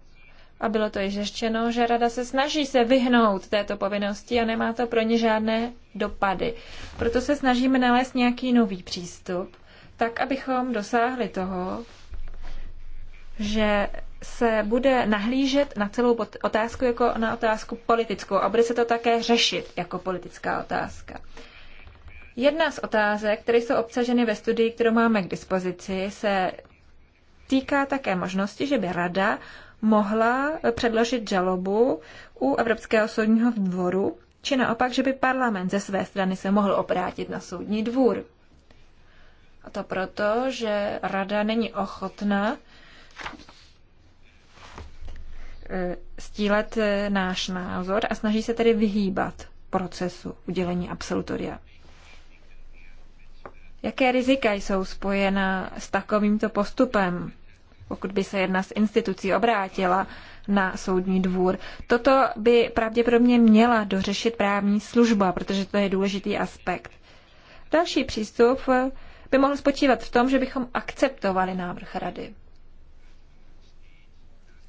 a bylo to již řečeno, že rada se snaží se vyhnout této povinnosti a nemá to pro ně žádné dopady. Proto se snažíme nalézt nějaký nový přístup, tak abychom dosáhli toho, že se bude nahlížet na celou otázku jako na otázku politickou a bude se to také řešit jako politická otázka. Jedna z otázek, které jsou obsaženy ve studii, kterou máme k dispozici, se týká také možnosti, že by Rada mohla předložit žalobu u Evropského soudního dvoru, či naopak, že by parlament ze své strany se mohl obrátit na soudní dvůr. A to proto, že Rada není ochotna e, stílet e, náš názor a snaží se tedy vyhýbat procesu udělení absolutoria. Jaké rizika jsou spojena s takovýmto postupem, pokud by se jedna z institucí obrátila na soudní dvůr? Toto by pravděpodobně měla dořešit právní služba, protože to je důležitý aspekt. Další přístup by mohl spočívat v tom, že bychom akceptovali návrh rady.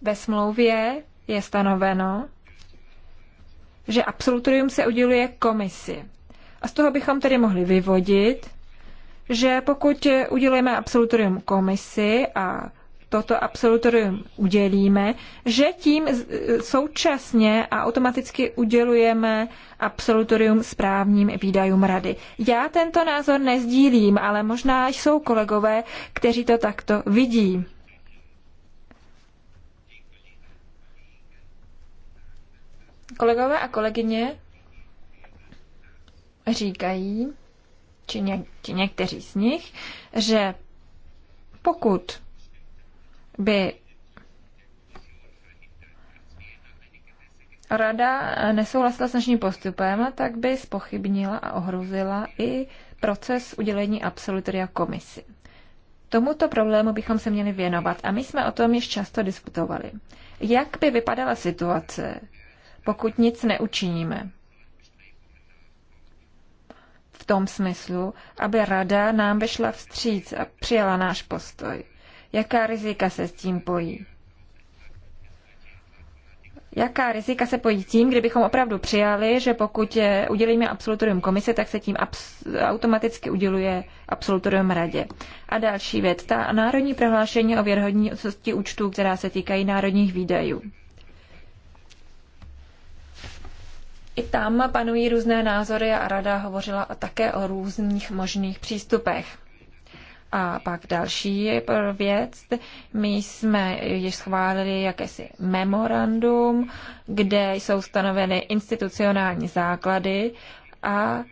Ve smlouvě je stanoveno, že absolutorium se uděluje komisi. A z toho bychom tedy mohli vyvodit, že pokud udělíme absolutorium komisi a toto absolutorium udělíme, že tím současně a automaticky udělujeme absolutorium správním výdajům rady. Já tento názor nezdílím, ale možná jsou kolegové, kteří to takto vidí. Kolegové a kolegyně říkají, či, ně, či někteří z nich, že pokud by rada nesouhlasila s naším postupem, tak by spochybnila a ohrozila i proces udělení absolutoria komisi. Tomuto problému bychom se měli věnovat a my jsme o tom již často diskutovali. Jak by vypadala situace, pokud nic neučiníme? v tom smyslu, aby rada nám vyšla vstříc a přijala náš postoj. Jaká rizika se s tím pojí? Jaká rizika se pojí tím, kdybychom opravdu přijali, že pokud udělíme absolutorium komise, tak se tím automaticky uděluje absolutorium radě. A další věc, ta národní prohlášení o věrhodnosti účtů, která se týkají národních výdajů. I tam panují různé názory a rada hovořila také o různých možných přístupech. A pak další věc. My jsme již schválili jakési memorandum, kde jsou stanoveny institucionální základy a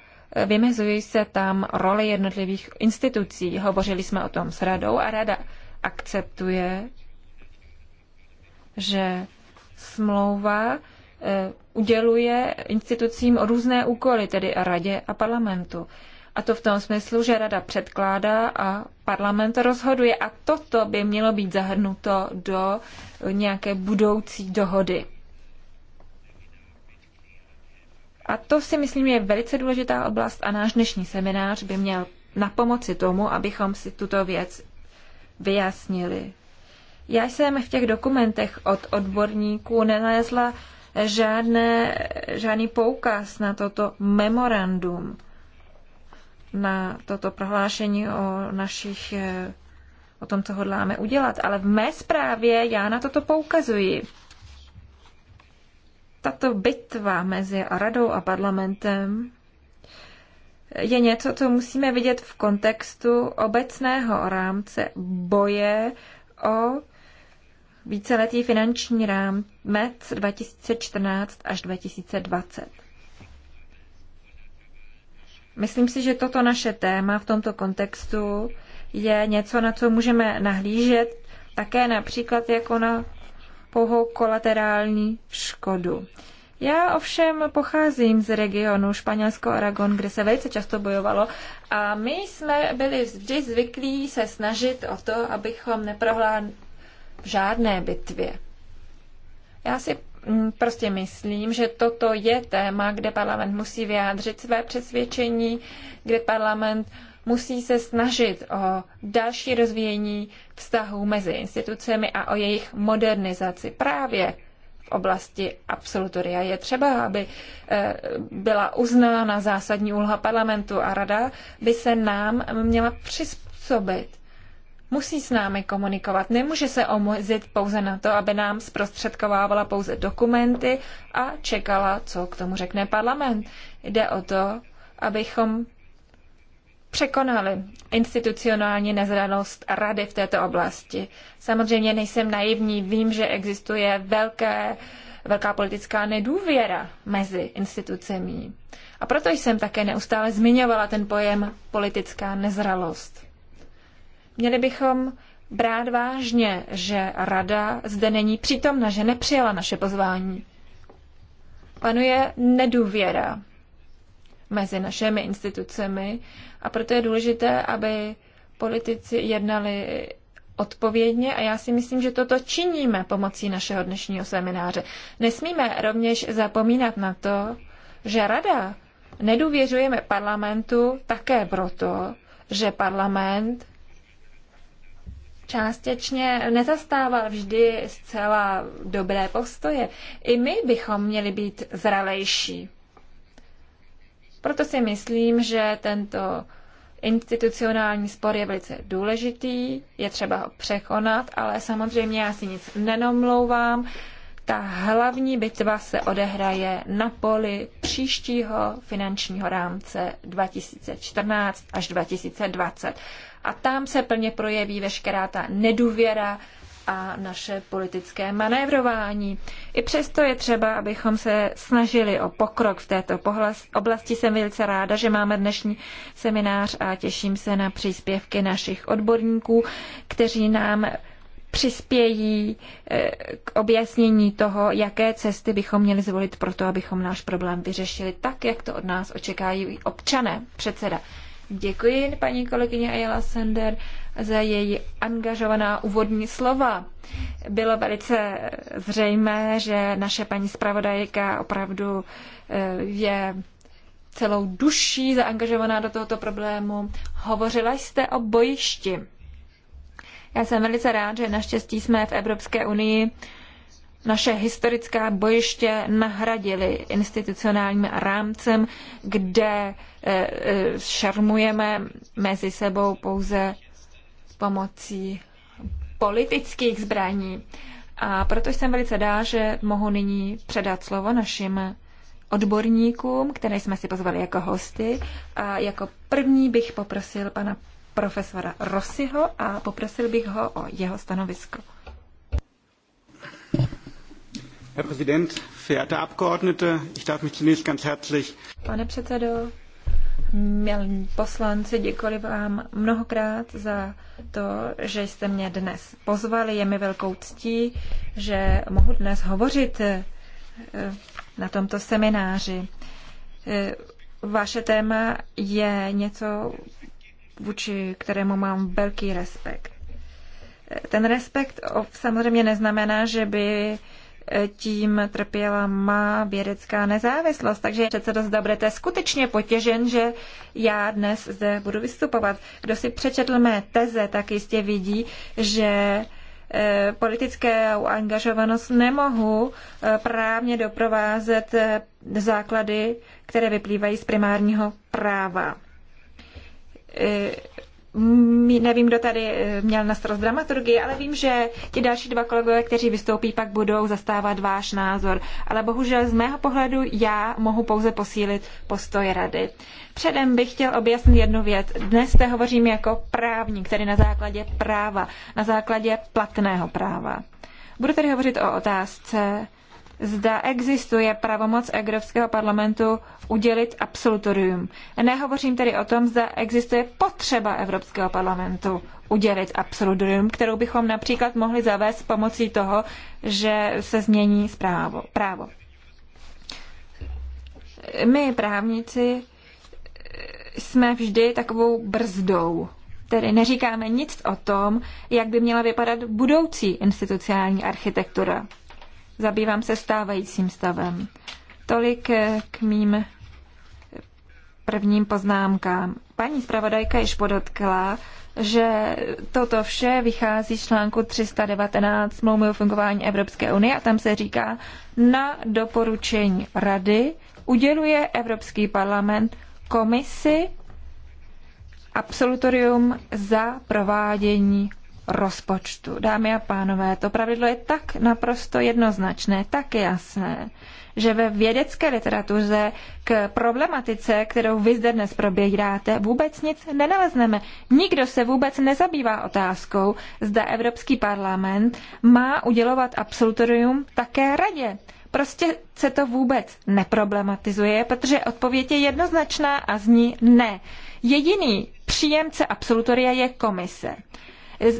vymezují se tam role jednotlivých institucí. Hovořili jsme o tom s radou a rada akceptuje, že smlouva Eh, uděluje institucím různé úkoly, tedy radě a parlamentu. A to v tom smyslu, že rada předkládá a parlament rozhoduje. A toto by mělo být zahrnuto do nějaké budoucí dohody. A to si myslím je velice důležitá oblast a náš dnešní seminář by měl na pomoci tomu, abychom si tuto věc vyjasnili. Já jsem v těch dokumentech od odborníků nenalezla žádné, žádný poukaz na toto memorandum, na toto prohlášení o našich eh, o tom, co hodláme udělat. Ale v mé zprávě já na toto poukazuji. Tato bitva mezi radou a parlamentem je něco, co musíme vidět v kontextu obecného rámce boje o víceletý finanční rámec 2014 až 2020. Myslím si, že toto naše téma v tomto kontextu je něco, na co můžeme nahlížet také například jako na pouhou kolaterální škodu. Já ovšem pocházím z regionu Španělsko-Aragon, kde se velice často bojovalo a my jsme byli vždy zvyklí se snažit o to, abychom neprohlá v žádné bitvě. Já si mm, prostě myslím, že toto je téma, kde parlament musí vyjádřit své přesvědčení, kde parlament musí se snažit o další rozvíjení vztahů mezi institucemi a o jejich modernizaci právě v oblasti absolutoria. Je třeba, aby eh, byla uznána zásadní úloha parlamentu a rada by se nám měla přizpůsobit musí s námi komunikovat. Nemůže se omezit pouze na to, aby nám zprostředkovávala pouze dokumenty a čekala, co k tomu řekne parlament. Jde o to, abychom překonali institucionální nezralost rady v této oblasti. Samozřejmě nejsem naivní, vím, že existuje velké, velká politická nedůvěra mezi institucemi. A proto jsem také neustále zmiňovala ten pojem politická nezralost. Měli bychom brát vážně, že rada zde není přítomna, že nepřijala naše pozvání. Panuje nedůvěra mezi našimi institucemi a proto je důležité, aby politici jednali odpovědně a já si myslím, že toto činíme pomocí našeho dnešního semináře. Nesmíme rovněž zapomínat na to, že rada nedůvěřujeme parlamentu také proto, že parlament částečně nezastával vždy zcela dobré postoje. I my bychom měli být zralejší. Proto si myslím, že tento institucionální spor je velice důležitý, je třeba ho překonat, ale samozřejmě já si nic nenomlouvám. Ta hlavní bitva se odehraje na poli příštího finančního rámce 2014 až 2020 a tam se plně projeví veškerá ta nedůvěra a naše politické manévrování. I přesto je třeba, abychom se snažili o pokrok v této oblasti. Jsem velice ráda, že máme dnešní seminář a těším se na příspěvky našich odborníků, kteří nám přispějí eh, k objasnění toho, jaké cesty bychom měli zvolit pro to, abychom náš problém vyřešili tak, jak to od nás očekají občané. Předseda, Děkuji paní kolegyně Ayala Sender za její angažovaná úvodní slova. Bylo velice zřejmé, že naše paní zpravodajka opravdu eh, je celou duší zaangažovaná do tohoto problému. Hovořila jste o bojišti. Já jsem velice rád, že naštěstí jsme v Evropské unii naše historická bojiště nahradili institucionálním rámcem, kde eh, eh, šarmujeme mezi sebou pouze pomocí politických zbraní. A proto jsem velice dá, že mohu nyní předat slovo našim odborníkům, které jsme si pozvali jako hosty. A jako první bych poprosil pana profesora Rossiho a poprosil bych ho o jeho stanovisko. Herr Präsident, verehrte Abgeordnete, ich darf mich zunächst ganz herzlich. Pane předsedo, milí poslanci, děkuji vám mnohokrát za to, že jste mě dnes pozvali. Je mi velkou ctí, že mohu dnes hovořit eh, na tomto semináři. Eh, vaše téma je něco, vůči kterému mám velký respekt. Eh, ten respekt samozřejmě neznamená, že by tím trpěla má vědecká nezávislost. Takže předsedo, zda budete skutečně potěžen, že já dnes zde budu vystupovat. Kdo si přečetl mé teze, tak jistě vidí, že eh, politické angažovanost nemohu eh, právně doprovázet eh, základy, které vyplývají z primárního práva nevím, kdo tady eh, měl na starost dramaturgii, ale vím, že ti další dva kolegové, kteří vystoupí, pak budou zastávat váš názor. Ale bohužel z mého pohledu já mohu pouze posílit postoj rady. Předem bych chtěl objasnit jednu věc. Dnes se hovořím jako právník, tedy na základě práva, na základě platného práva. Budu tedy hovořit o otázce, zda existuje pravomoc Evropského parlamentu udělit absolutorium. Nehovořím tedy o tom, zda existuje potřeba Evropského parlamentu udělit absolutorium, kterou bychom například mohli zavést pomocí toho, že se změní zprávo, právo. My právníci jsme vždy takovou brzdou tedy neříkáme nic o tom, jak by měla vypadat budoucí institucionální architektura zabývám se stávajícím stavem. Tolik eh, k mým prvním poznámkám. Paní zpravodajka již podotkla, že toto vše vychází z článku 319 smlouvy o fungování Evropské unie a tam se říká, na doporučení rady uděluje Evropský parlament komisi absolutorium za provádění rozpočtu. Dámy a pánové, to pravidlo je tak naprosto jednoznačné, tak jasné, že ve vědecké literatuře k problematice, kterou vy zde dnes probíráte, vůbec nic nenalezneme. Nikdo se vůbec nezabývá otázkou, zda Evropský parlament má udělovat absolutorium také radě. Prostě se to vůbec neproblematizuje, protože odpověď je jednoznačná a zní ne. Jediný příjemce absolutoria je komise.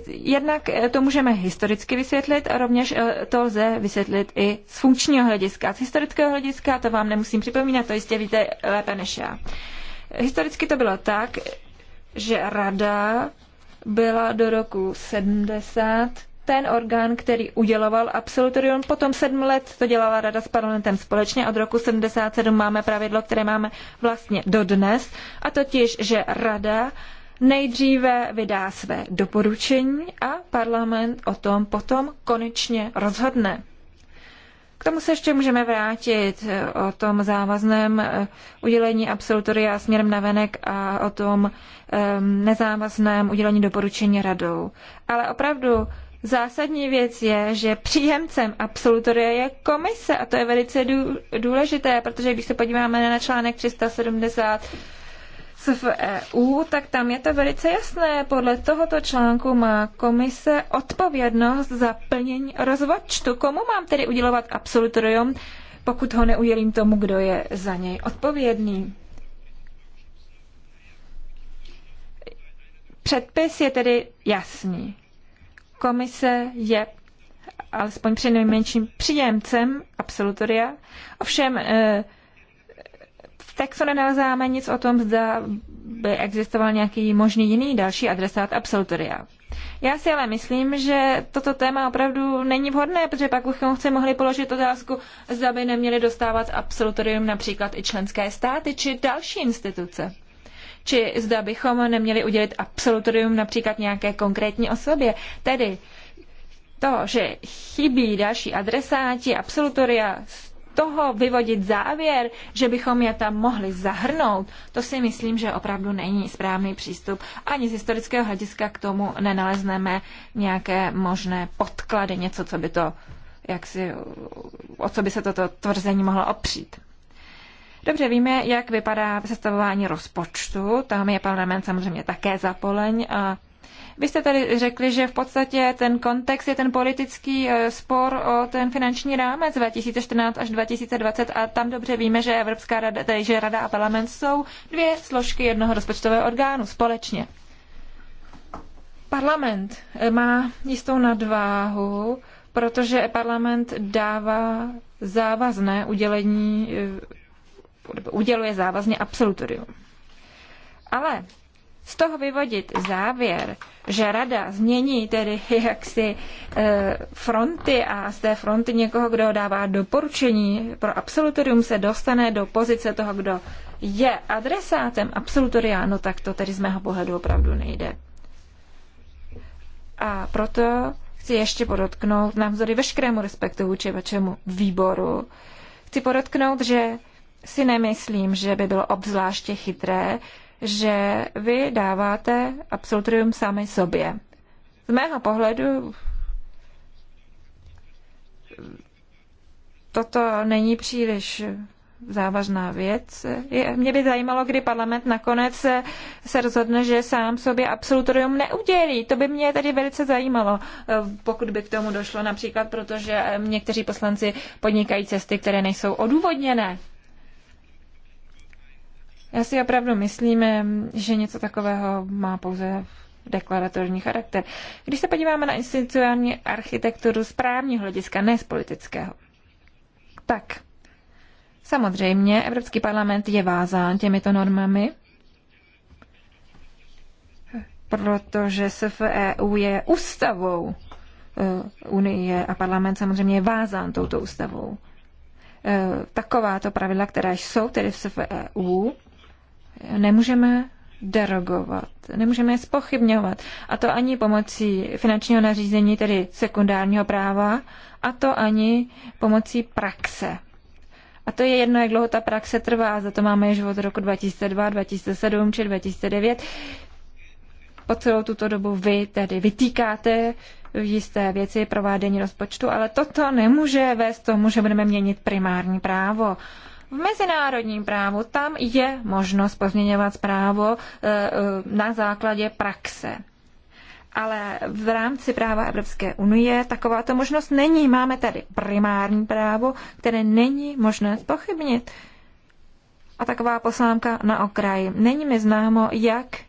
Jednak eh, to můžeme historicky vysvětlit a rovněž eh, to lze vysvětlit i z funkčního hlediska. Z historického hlediska to vám nemusím připomínat, to jistě víte lépe než já. Historicky to bylo tak, že rada byla do roku 70 ten orgán, který uděloval absolutorium. Potom sedm let to dělala Rada s parlamentem společně. Od roku 77 máme pravidlo, které máme vlastně dodnes. A totiž, že Rada nejdříve vydá své doporučení a parlament o tom potom konečně rozhodne. K tomu se ještě můžeme vrátit eh, o tom závazném eh, udělení absolutoria směrem na venek a o tom ehm, nezávazném udělení doporučení radou. Ale opravdu zásadní věc je, že příjemcem absolutoria je komise a to je velice důležité, protože když se podíváme na článek 370 v EU, tak tam je to velice jasné. Podle tohoto článku má komise odpovědnost za plnění rozvodčtu Komu mám tedy udělovat absolutorium, pokud ho neudělím tomu, kdo je za něj odpovědný? Předpis je tedy jasný. Komise je alespoň při nejmenším příjemcem absolutoria, ovšem e, v textu nenalezáme nic o tom, zda by existoval nějaký možný jiný další adresát absolutoria. Já si ale myslím, že toto téma opravdu není vhodné, protože pak bychom se mohli položit otázku, zda by neměli dostávat absolutorium například i členské státy či další instituce. Či zda bychom neměli udělit absolutorium například nějaké konkrétní osobě. Tedy to, že chybí další adresáti absolutoria, toho vyvodit závěr, že bychom je tam mohli zahrnout, to si myslím, že opravdu není správný přístup. Ani z historického hlediska k tomu nenalezneme nějaké možné podklady, něco, co by to, jak si, o co by se toto tvrzení mohlo opřít. Dobře víme, jak vypadá sestavování rozpočtu. Tam je parlament samozřejmě také zapoleň a vy jste tady řekli, že v podstatě ten kontext je ten politický eh, spor o ten finanční rámec 2014 až 2020 a tam dobře víme, že Evropská rada, tedy že rada a parlament jsou dvě složky jednoho rozpočtového orgánu společně. Parlament eh, má jistou nadváhu, protože parlament dává závazné udělení, eh, uděluje závazně absolutorium. Ale z toho vyvodit závěr, že rada změní tedy jaksi eh, fronty a z té fronty někoho, kdo dává doporučení pro absolutorium, se dostane do pozice toho, kdo je adresátem absolutoria, no tak to tedy z mého pohledu opravdu nejde. A proto chci ještě podotknout, navzory veškerému respektu vůči vašemu výboru, chci podotknout, že si nemyslím, že by bylo obzvláště chytré, že vy dáváte absolutorium sami sobě. Z mého pohledu toto není příliš závažná věc. Je, mě by zajímalo, kdy parlament nakonec se, se rozhodne, že sám sobě absolutorium neudělí. To by mě tedy velice zajímalo, pokud by k tomu došlo například, protože někteří poslanci podnikají cesty, které nejsou odůvodněné. Já si opravdu myslím, že něco takového má pouze deklaratorní charakter. Když se podíváme na institucionální architekturu z právního hlediska, ne z politického, tak samozřejmě Evropský parlament je vázán těmito normami, protože SFEU je ústavou eh, Unie a parlament samozřejmě je vázán touto ústavou. Eh, takováto pravidla, která jsou tedy v SFEU, nemůžeme derogovat, nemůžeme je spochybňovat. A to ani pomocí finančního nařízení, tedy sekundárního práva, a to ani pomocí praxe. A to je jedno, jak dlouho ta praxe trvá, za to máme již od roku 2002, 2007 či 2009. Po celou tuto dobu vy tedy vytýkáte v jisté věci provádění rozpočtu, ale toto nemůže vést tomu, že budeme měnit primární právo. V mezinárodním právu tam je možnost pozměňovat právo e, e, na základě praxe. Ale v rámci práva Evropské unie takováto možnost není. Máme tady primární právo, které není možné spochybnit. A taková poslámka na okraji. Není mi známo, jak e,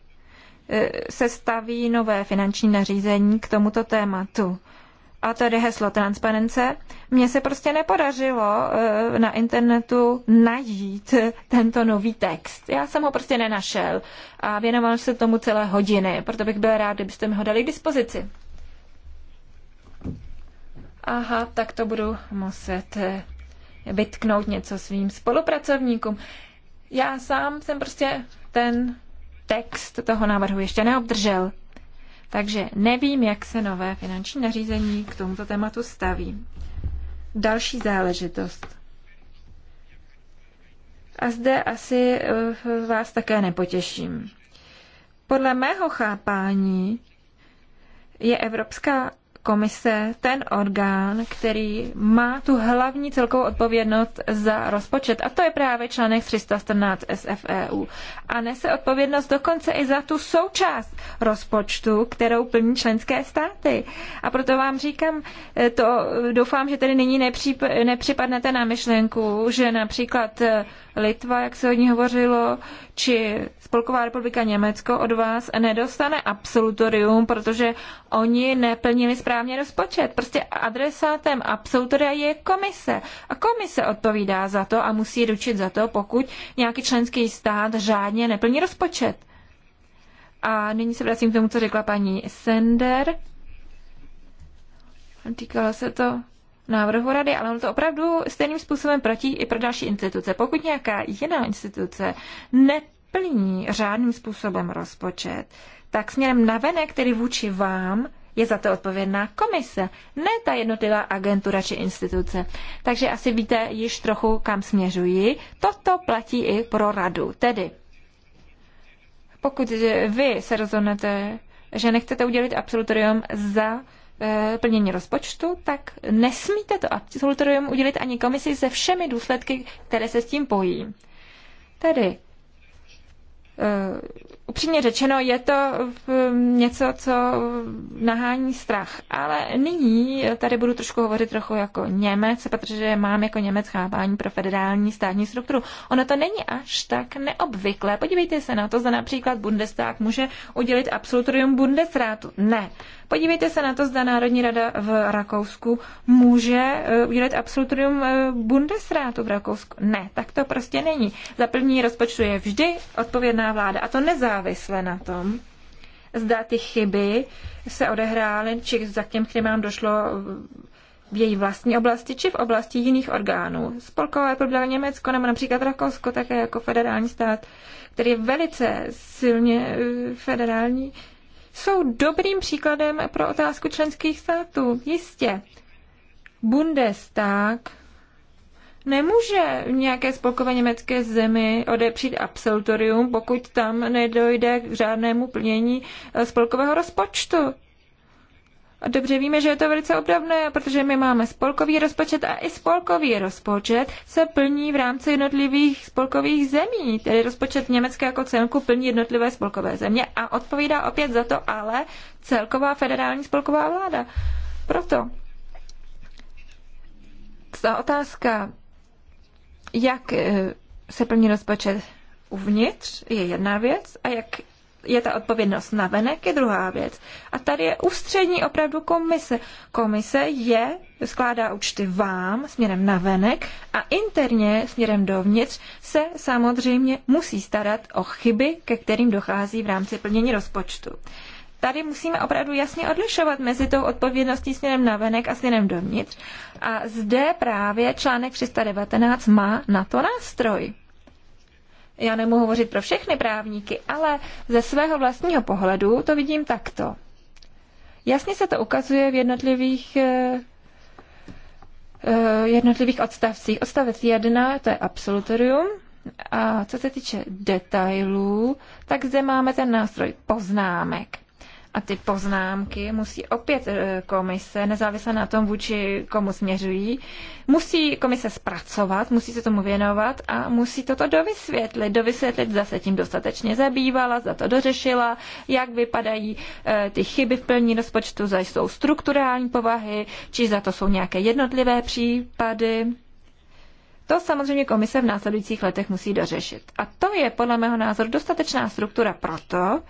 se staví nové finanční nařízení k tomuto tématu a tady heslo transparence, mně se prostě nepodařilo eh, na internetu najít tento nový text. Já jsem ho prostě nenašel a věnoval se tomu celé hodiny, proto bych byl rád, kdybyste mi ho dali k dispozici. Aha, tak to budu muset eh, vytknout něco svým spolupracovníkům. Já sám jsem prostě ten text toho návrhu ještě neobdržel. Takže nevím, jak se nové finanční nařízení k tomuto tématu staví. Další záležitost. A zde asi eh, vás také nepotěším. Podle mého chápání je Evropská komise ten orgán, který má tu hlavní celkovou odpovědnost za rozpočet. A to je právě článek 314 SFEU. A nese odpovědnost dokonce i za tu součást rozpočtu, kterou plní členské státy. A proto vám říkám, eh, to doufám, že tedy nyní nepřip, nepřipadnete na myšlenku, že například eh, Litva, jak se o ní hovořilo, či Spolková republika Německo od vás nedostane absolutorium, protože oni neplnili správně správně rozpočet. Prostě adresátem absolutoria je komise. A komise odpovídá za to a musí ručit za to, pokud nějaký členský stát řádně neplní rozpočet. A nyní se vracím k tomu, co řekla paní Sender. Týkalo se to návrhu rady, ale ono to opravdu stejným způsobem platí i pro další instituce. Pokud nějaká jiná instituce neplní řádným způsobem rozpočet, tak směrem navenek, který vůči vám, je za to odpovědná komise, ne ta jednotlivá agentura či instituce. Takže asi víte již trochu, kam směřuji. Toto platí i pro radu. Tedy, pokud vy se rozhodnete, že nechcete udělit absolutorium za eh, plnění rozpočtu, tak nesmíte to absolutorium udělit ani komisi se všemi důsledky, které se s tím pojí. Tedy eh, upřímně řečeno, je to něco, co nahání strach. Ale nyní tady budu trošku hovořit trochu jako Němec, protože mám jako Němec chápání pro federální státní strukturu. Ono to není až tak neobvyklé. Podívejte se na to, zda například Bundestag může udělit absolutorium Bundesrátu. Ne. Podívejte se na to, zda Národní rada v Rakousku může eh, udělat absolutorium eh, Bundesrátu v Rakousku. Ne, tak to prostě není. Za první rozpočtu je vždy odpovědná vláda a to nezávisle závisle na tom, zda ty chyby se odehrály, či za těm chybám došlo v její vlastní oblasti či v oblasti jiných orgánů. Spolkové republika Německo nebo například Rakousko, také jako federální stát, který je velice silně eh, federální, jsou dobrým příkladem pro otázku členských států. Jistě, Bundestag nemůže v nějaké spolkové německé zemi odepřít absolutorium, pokud tam nedojde k žádnému plnění eh, spolkového rozpočtu. A dobře víme, že je to velice obdobné, protože my máme spolkový rozpočet a i spolkový rozpočet se plní v rámci jednotlivých spolkových zemí. Tedy rozpočet německé jako celku plní jednotlivé spolkové země a odpovídá opět za to ale celková federální spolková vláda. Proto ta otázka jak eh, se plní rozpočet uvnitř, je jedna věc, a jak je ta odpovědnost na venek, je druhá věc. A tady je ústřední opravdu komise. Komise je, skládá účty vám směrem na venek a interně směrem dovnitř se samozřejmě musí starat o chyby, ke kterým dochází v rámci plnění rozpočtu tady musíme opravdu jasně odlišovat mezi tou odpovědností směrem navenek a směrem dovnitř. A zde právě článek 319 má na to nástroj. Já nemohu hovořit pro všechny právníky, ale ze svého vlastního pohledu to vidím takto. Jasně se to ukazuje v jednotlivých eh, eh, jednotlivých odstavcích. Odstavec 1, to je absolutorium. A co se týče detailů, tak zde máme ten nástroj poznámek. A ty poznámky musí opět eh, komise, nezávisle na tom, vůči komu směřují, musí komise zpracovat, musí se tomu věnovat a musí toto dovysvětlit. Dovysvětlit, zda se tím dostatečně zabývala, za to dořešila, jak vypadají eh, ty chyby v plní rozpočtu, zda jsou strukturální povahy, či za to jsou nějaké jednotlivé případy. To samozřejmě komise v následujících letech musí dořešit. A to je podle mého názoru dostatečná struktura proto,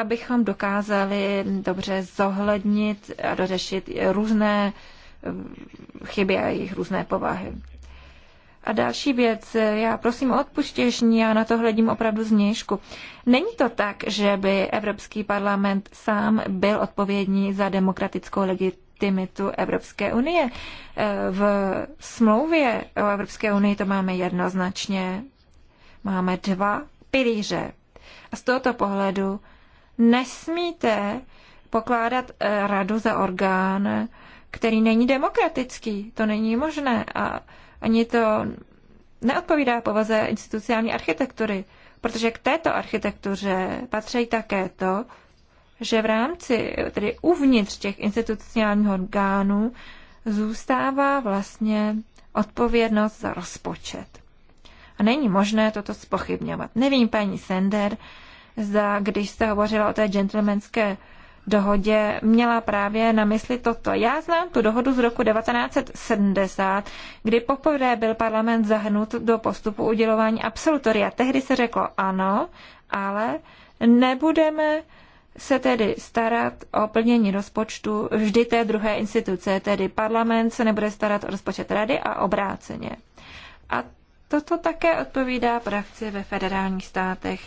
abychom dokázali dobře zohlednit a dořešit různé eh, chyby a jejich různé povahy. A další věc, já prosím o odpuštěžní, já na to hledím opravdu znějšku. Není to tak, že by Evropský parlament sám byl odpovědný za demokratickou legitimitu Evropské unie. Eh, v smlouvě o Evropské unii to máme jednoznačně. Máme dva pilíře. A z tohoto pohledu nesmíte pokládat eh, radu za orgán, který není demokratický. To není možné a ani to neodpovídá povaze institucionální architektury, protože k této architektuře patří také to, že v rámci, tedy uvnitř těch institucionálních orgánů, zůstává vlastně odpovědnost za rozpočet. A není možné toto spochybňovat. Nevím, paní Sender, zda když jste hovořila o té gentlemanské dohodě měla právě na mysli toto. Já znám tu dohodu z roku 1970, kdy poprvé byl parlament zahrnut do postupu udělování absolutoria. Tehdy se řeklo ano, ale nebudeme se tedy starat o plnění rozpočtu vždy té druhé instituce, tedy parlament se nebude starat o rozpočet rady a obráceně. A toto také odpovídá praxi ve federálních státech.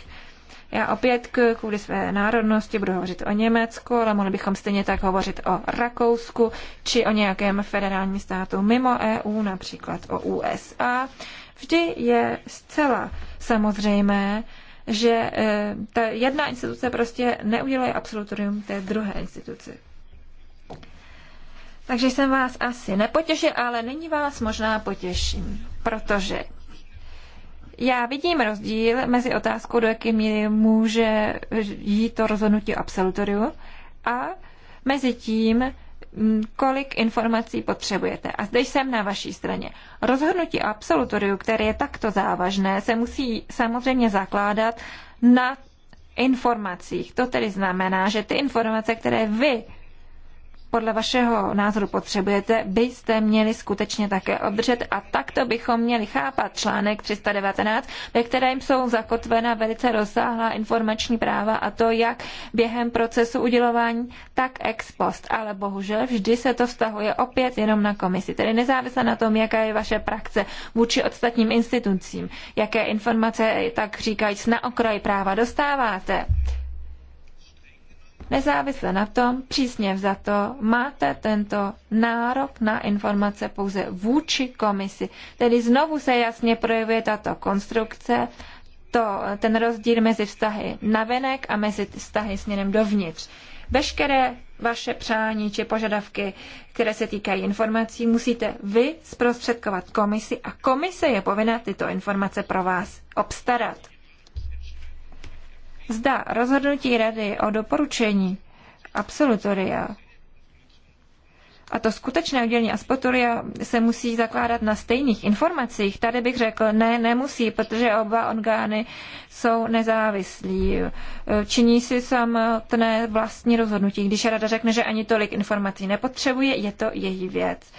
Já opět kvůli své národnosti budu hovořit o Německu, ale mohli bychom stejně tak hovořit o Rakousku či o nějakém federálním státu mimo EU, například o USA. Vždy je zcela samozřejmé, že e, ta jedna instituce prostě neuděluje absolutorium té druhé instituci. Takže jsem vás asi nepotěšil, ale nyní vás možná potěším, protože já vidím rozdíl mezi otázkou, do jaké míry může jít to rozhodnutí absolutoriu a mezi tím, mm, kolik informací potřebujete. A zde jsem na vaší straně. Rozhodnutí absolutoriu, které je takto závažné, se musí samozřejmě zakládat na informacích. To tedy znamená, že ty informace, které vy podle vašeho názoru potřebujete, byste měli skutečně také obdržet a takto bychom měli chápat článek 319, ve kterém jsou zakotvena velice rozsáhlá informační práva a to jak během procesu udělování, tak ex post. Ale bohužel vždy se to vztahuje opět jenom na komisi, tedy nezávisle na tom, jaká je vaše praxe vůči ostatním institucím, jaké informace, tak říkajíc, na okraj práva dostáváte nezávisle na tom, přísně vzato, máte tento nárok na informace pouze vůči komisi. Tedy znovu se jasně projevuje tato konstrukce, to, ten rozdíl mezi vztahy navenek a mezi vztahy směrem dovnitř. Veškeré vaše přání či požadavky, které se týkají informací, musíte vy zprostředkovat komisi a komise je povinna tyto informace pro vás obstarat. Zda rozhodnutí rady o doporučení absolutoria a to skutečné udělení aspatoria se musí zakládat na stejných informacích. Tady bych řekl, ne, nemusí, protože oba orgány jsou nezávislí. Činí si samotné vlastní rozhodnutí. Když rada řekne, že ani tolik informací nepotřebuje, je to její věc.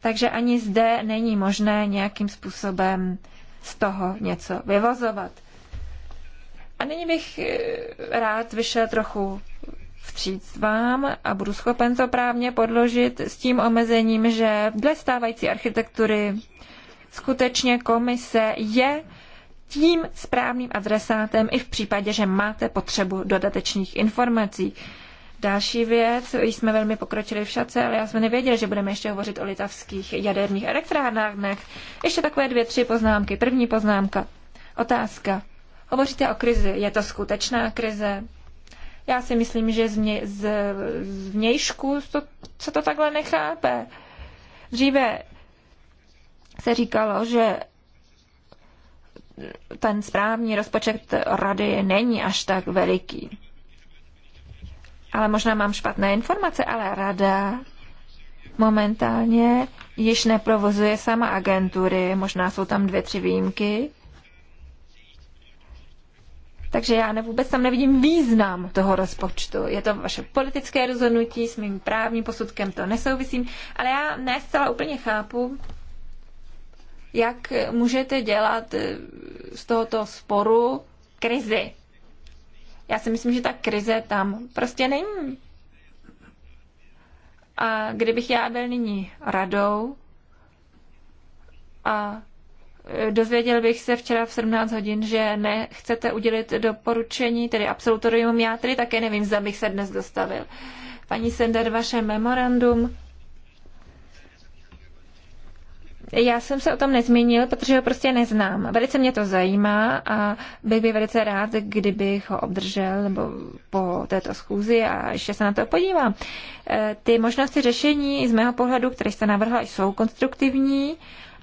Takže ani zde není možné nějakým způsobem z toho něco vyvozovat. A nyní bych eh, rád vyšel trochu vstříc vám a budu schopen to právně podložit s tím omezením, že dle stávající architektury skutečně komise je tím správným adresátem i v případě, že máte potřebu dodatečných informací. Další věc, jsme velmi pokročili v šace, ale já jsem nevěděl, že budeme ještě hovořit o litavských jaderných elektrárnách. Ještě takové dvě, tři poznámky. První poznámka. Otázka. Hovoříte o krizi. Je to skutečná krize? Já si myslím, že z, mě, z, z vnějšku to, se to takhle nechápe. Dříve se říkalo, že ten správní rozpočet rady není až tak veliký. Ale možná mám špatné informace, ale rada momentálně již neprovozuje sama agentury, možná jsou tam dvě, tři výjimky. Takže já ne, vůbec tam nevidím význam toho rozpočtu. Je to vaše politické rozhodnutí, s mým právním posudkem to nesouvisím, ale já ne zcela úplně chápu, jak můžete dělat eh, z tohoto sporu krizi. Já si myslím, že ta krize tam prostě není. A kdybych já byl nyní radou a dozvěděl bych se včera v 17 hodin, že nechcete udělit doporučení, tedy absolutorium. Já tedy také nevím, zda bych se dnes dostavil. Paní Sender, vaše memorandum. Já jsem se o tom nezmínil, protože ho prostě neznám. Velice mě to zajímá a bych velice rád, kdybych ho obdržel nebo po této schůzi a ještě se na to podívám. E, ty možnosti řešení z mého pohledu, které jste navrhla, jsou konstruktivní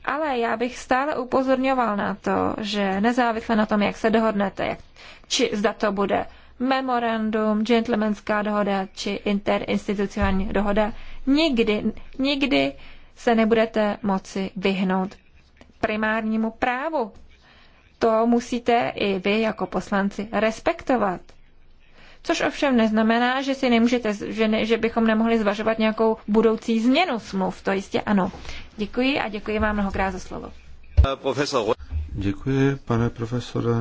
ale já bych stále upozorňoval na to, že nezávisle na tom, jak se dohodnete, jak, či zda to bude memorandum, gentlemanská dohoda či interinstitucionální dohoda, nikdy, nikdy se nebudete moci vyhnout primárnímu právu. To musíte i vy jako poslanci respektovat. Což ovšem neznamená, že si nemůžete, že, ne, že bychom nemohli zvažovat nějakou budoucí změnu smluv, to jistě ano. Děkuji a děkuji vám mnohokrát za slovo. Profesor. Děkuji, pane profesore.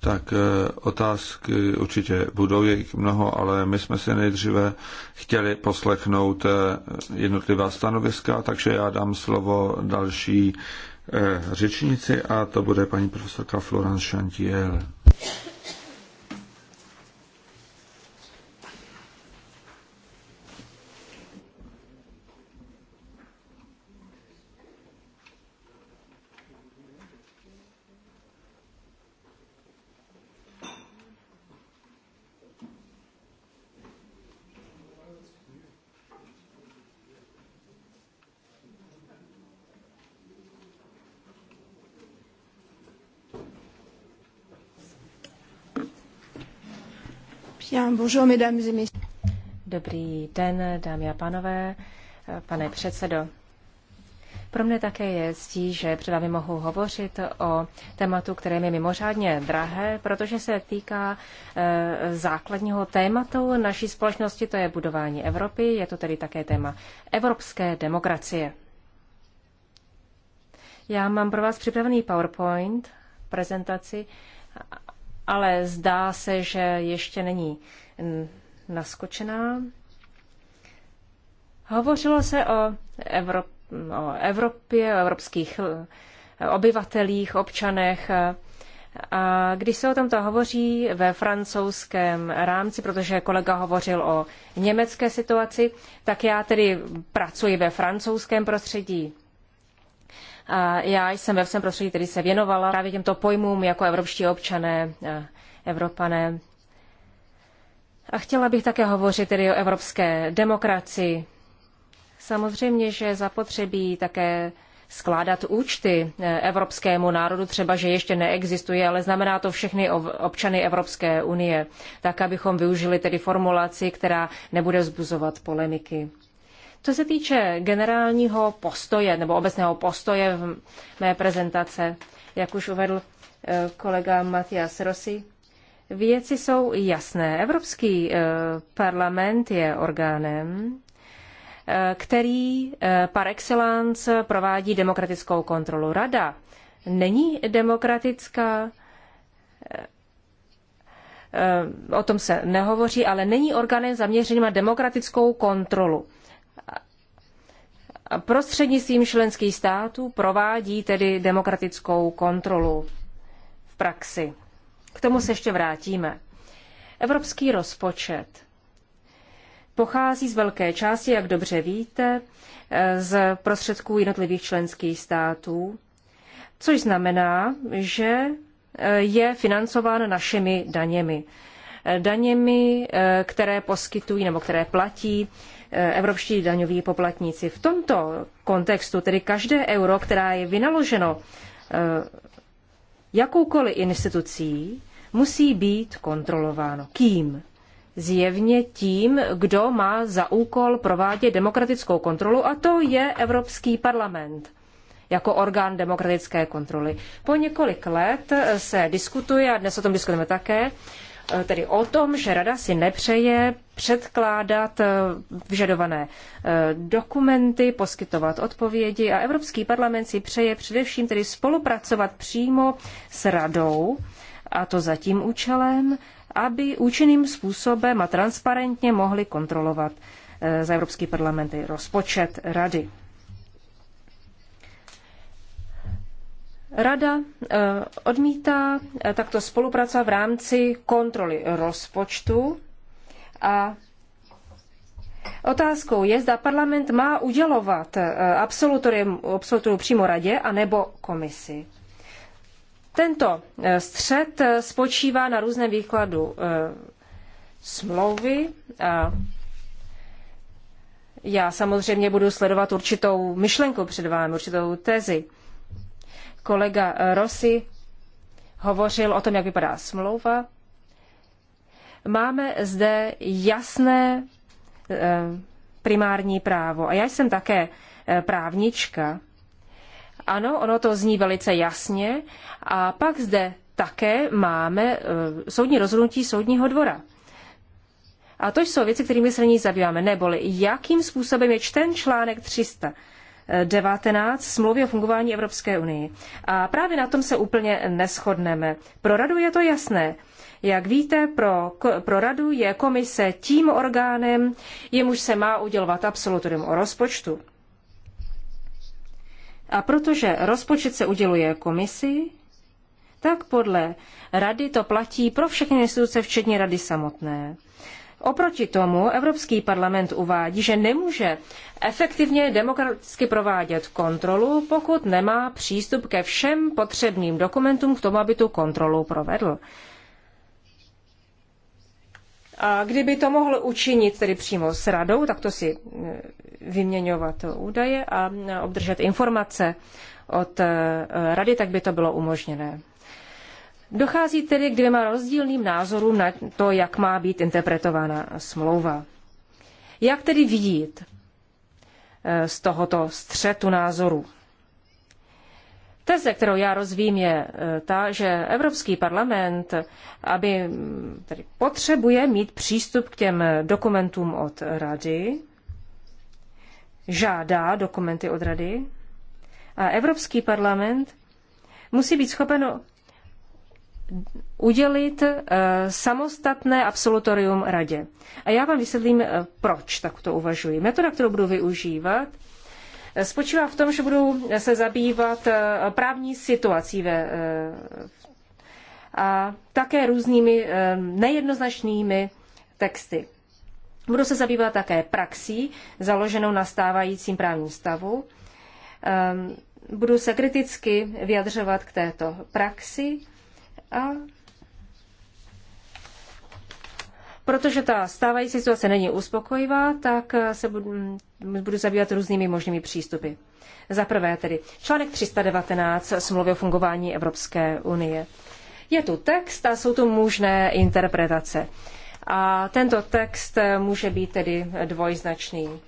Tak eh, otázky určitě budou, je jich mnoho, ale my jsme si nejdříve chtěli poslechnout eh, jednotlivá stanoviska, takže já dám slovo další eh, řečnici a to bude paní profesorka Florence Chantiel. Dobrý den, dámy a pánové, pane předsedo. Pro mne také je ctí, že před vámi mohu hovořit o tématu, které je mimořádně drahé, protože se týká eh, základního tématu naší společnosti, to je budování Evropy. Je to tedy také téma evropské demokracie. Já mám pro vás připravený PowerPoint prezentaci ale zdá se, že ještě není mm, naskočená. Hovořilo se o, Evrop, o Evropě, o evropských eh, obyvatelích, občanech. A když se o tomto hovoří ve francouzském rámci, protože kolega hovořil o německé situaci, tak já tedy pracuji ve francouzském prostředí. A já jsem ve svém prostředí tedy se věnovala právě těmto pojmům jako evropští občané, evropané. A chtěla bych také hovořit tedy o evropské demokracii. Samozřejmě, že zapotřebí také skládat účty evropskému národu, třeba že ještě neexistuje, ale znamená to všechny občany Evropské unie, tak abychom využili tedy formulaci, která nebude vzbuzovat polemiky. Co se týče generálního postoje nebo obecného postoje v mé prezentace, jak už uvedl eh, kolega Matias Rossi, věci jsou jasné. Evropský eh, parlament je orgánem, eh, který par excellence provádí demokratickou kontrolu. Rada není demokratická, o tom se nehovoří, ale není orgánem zaměřeným na demokratickou kontrolu prostřednictvím členských států provádí tedy demokratickou kontrolu v praxi. K tomu se ještě vrátíme. Evropský rozpočet pochází z velké části, jak dobře víte, z prostředků jednotlivých členských států, což znamená, že je financován našimi daněmi. Daněmi, které poskytují nebo které platí evropští daňoví poplatníci. V tomto kontextu, tedy každé euro, která je vynaloženo eh, jakoukoliv institucí, musí být kontrolováno. Kým? Zjevně tím, kdo má za úkol provádět demokratickou kontrolu, a to je Evropský parlament jako orgán demokratické kontroly. Po několik let se diskutuje, a dnes o tom diskutujeme také, Eh, tedy o tom, že Rada si nepřeje předkládat eh, vyžadované eh, dokumenty, poskytovat odpovědi a Evropský parlament si přeje především tedy spolupracovat přímo s Radou a to za tím účelem, aby účinným způsobem a transparentně mohli kontrolovat za Evropský parlament rozpočet Rady. Rada eh, odmítá eh, takto spolupracovat v rámci kontroly rozpočtu a Otázkou je, zda parlament má udělovat eh, absolutorium, absolutorium přímo radě anebo komisi. Tento střed spočívá na různém výkladu smlouvy a já samozřejmě budu sledovat určitou myšlenku před vámi, určitou tezi. Kolega Rossi hovořil o tom, jak vypadá smlouva. Máme zde jasné eh, primární právo. A já jsem také eh, právnička. Ano, ono to zní velice jasně. A pak zde také máme eh, soudní rozhodnutí soudního dvora. A to jsou věci, kterými se nyní zabýváme. Neboli, jakým způsobem je čten článek 300 19 smlouvy o fungování Evropské unii. A právě na tom se úplně neschodneme. Pro radu je to jasné. Jak víte, pro, pro radu je komise tím orgánem, jemuž se má udělovat absolutorium o rozpočtu. A protože rozpočet se uděluje komisi, tak podle rady to platí pro všechny instituce, včetně rady samotné. Oproti tomu Evropský parlament uvádí, že nemůže efektivně demokraticky provádět kontrolu, pokud nemá přístup ke všem potřebným dokumentům k tomu, aby tu kontrolu provedl. A kdyby to mohl učinit tedy přímo s radou, tak to si eh, vyměňovat údaje a eh, obdržet informace od eh, rady, tak by to bylo umožněné. Dochází tedy k dvěma rozdílným názorům na to, jak má být interpretována smlouva. Jak tedy vidět e, z tohoto střetu názorů? Teze, kterou já rozvím, je e, ta, že Evropský parlament aby, mm, tedy potřebuje mít přístup k těm dokumentům od Rady, žádá dokumenty od Rady a Evropský parlament musí být schopen udělit eh, samostatné absolutorium radě. A já vám vysvětlím, eh, proč tak to uvažuji. Metoda, kterou budu využívat, eh, spočívá v tom, že budu se zabývat právní situací ve, a také různými nejednoznačnými texty. Budu se zabývat také praxí, založenou na stávajícím právním stavu. Ehm, budu se kriticky vyjadřovat k této praxi a protože ta stávající situace není uspokojivá, tak se budu, budu zabývat různými možnými přístupy. Za prvé tedy článek 319 smlouvy o fungování Evropské unie. Je tu text a jsou tu možné interpretace. A tento text může být tedy dvojznačný.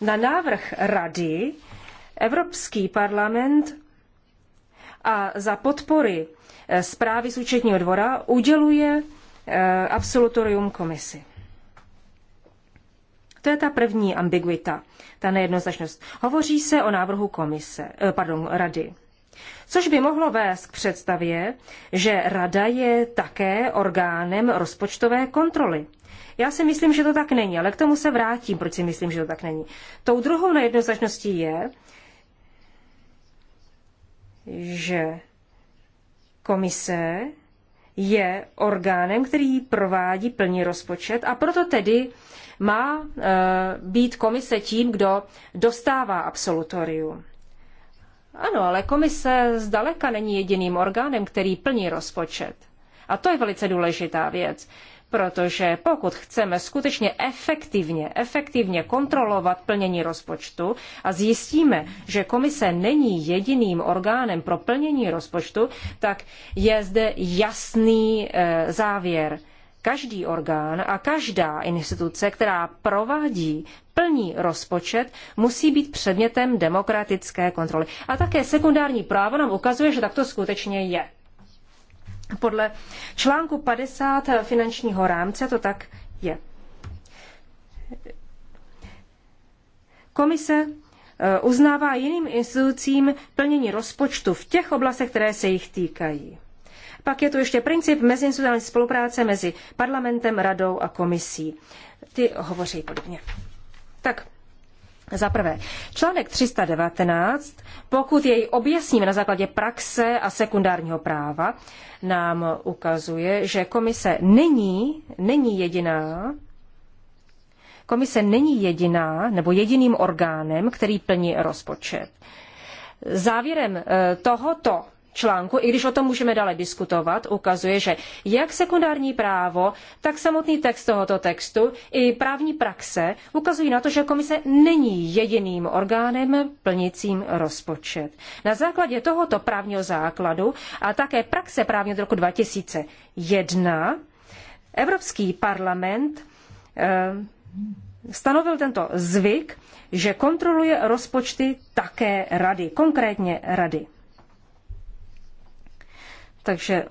Na návrh rady Evropský parlament a za podpory eh, zprávy z účetního dvora uděluje eh, absolutorium komisi. To je ta první ambiguita, ta nejednoznačnost. Hovoří se o návrhu komise, eh, pardon, rady. Což by mohlo vést k představě, že rada je také orgánem rozpočtové kontroly. Já si myslím, že to tak není, ale k tomu se vrátím, proč si myslím, že to tak není. Tou druhou nejednoznačností je, že komise je orgánem, který provádí plný rozpočet a proto tedy má eh, být komise tím, kdo dostává absolutorium. Ano, ale komise zdaleka není jediným orgánem, který plní rozpočet. A to je velice důležitá věc protože pokud chceme skutečně efektivně, efektivně kontrolovat plnění rozpočtu a zjistíme, že komise není jediným orgánem pro plnění rozpočtu, tak je zde jasný eh, závěr. Každý orgán a každá instituce, která provádí plní rozpočet, musí být předmětem demokratické kontroly. A také sekundární právo nám ukazuje, že tak to skutečně je. Podle článku 50 finančního rámce to tak je. Komise eh, uznává jiným institucím plnění rozpočtu v těch oblastech, které se jich týkají. Pak je tu ještě princip meziinstitucionální spolupráce mezi parlamentem, radou a komisí. Ty hovoří podobně. Tak, za prvé, článek 319, pokud jej objasníme na základě praxe a sekundárního práva, nám ukazuje, že komise není, není jediná, komise není jediná nebo jediným orgánem, který plní rozpočet. Závěrem eh, tohoto článku, i když o tom můžeme dále diskutovat, ukazuje, že jak sekundární právo, tak samotný text tohoto textu i právní praxe ukazují na to, že komise není jediným orgánem plnícím rozpočet. Na základě tohoto právního základu a také praxe od roku 2001 Evropský parlament eh, stanovil tento zvyk, že kontroluje rozpočty také rady, konkrétně rady takže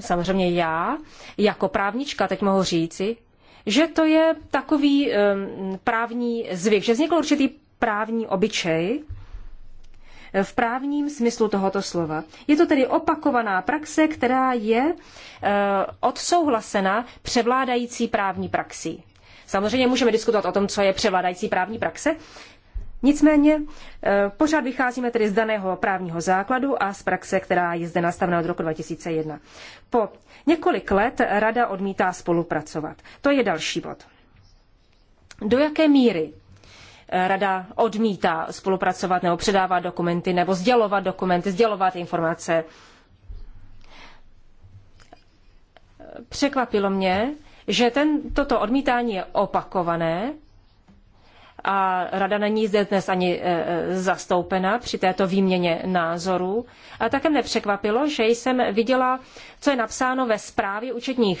samozřejmě já jako právnička teď mohu říci, že to je takový um, právní zvyk, že vznikl určitý právní obyčej v právním smyslu tohoto slova. Je to tedy opakovaná praxe, která je uh, odsouhlasena převládající právní praxí. Samozřejmě můžeme diskutovat o tom, co je převládající právní praxe, Nicméně eh, pořád vycházíme tedy z daného právního základu a z praxe, která je zde nastavena od roku 2001. Po několik let Rada odmítá spolupracovat. To je další bod. Do jaké míry eh, Rada odmítá spolupracovat nebo předávat dokumenty nebo sdělovat dokumenty, sdělovat informace? Překvapilo mě, že ten, toto odmítání je opakované a rada není zde dnes ani e, e, zastoupena při této výměně názorů. A také mne překvapilo, že jsem viděla, co je napsáno ve zprávě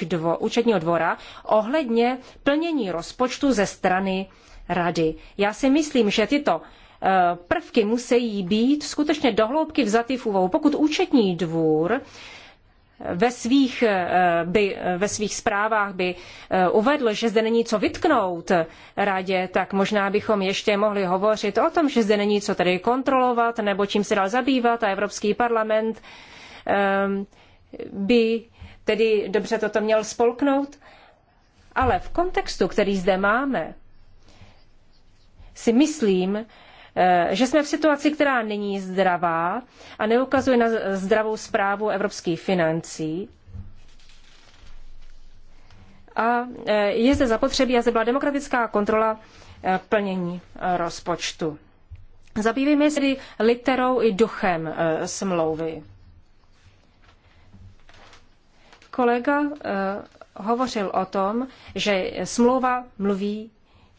dvo, účetního dvora ohledně plnění rozpočtu ze strany rady. Já si myslím, že tyto e, prvky musí být skutečně dohloubky vzaty v úvahu. Pokud účetní dvůr ve svých, eh, by, eh, ve svých zprávách by eh, uvedl, že zde není co vytknout radě, tak možná bychom ještě mohli hovořit o tom, že zde není co tedy kontrolovat nebo čím se dál zabývat a Evropský parlament ehm, by tedy dobře toto měl spolknout. Ale v kontextu, který zde máme, si myslím, Eh, že jsme v situaci, která není zdravá a neukazuje na zdravou zprávu evropských financí. A eh, je zde zapotřebí, aby byla demokratická kontrola eh, plnění rozpočtu. Zabývíme se tedy literou i duchem smlouvy. Kolega hovořil o tom, že smlouva mluví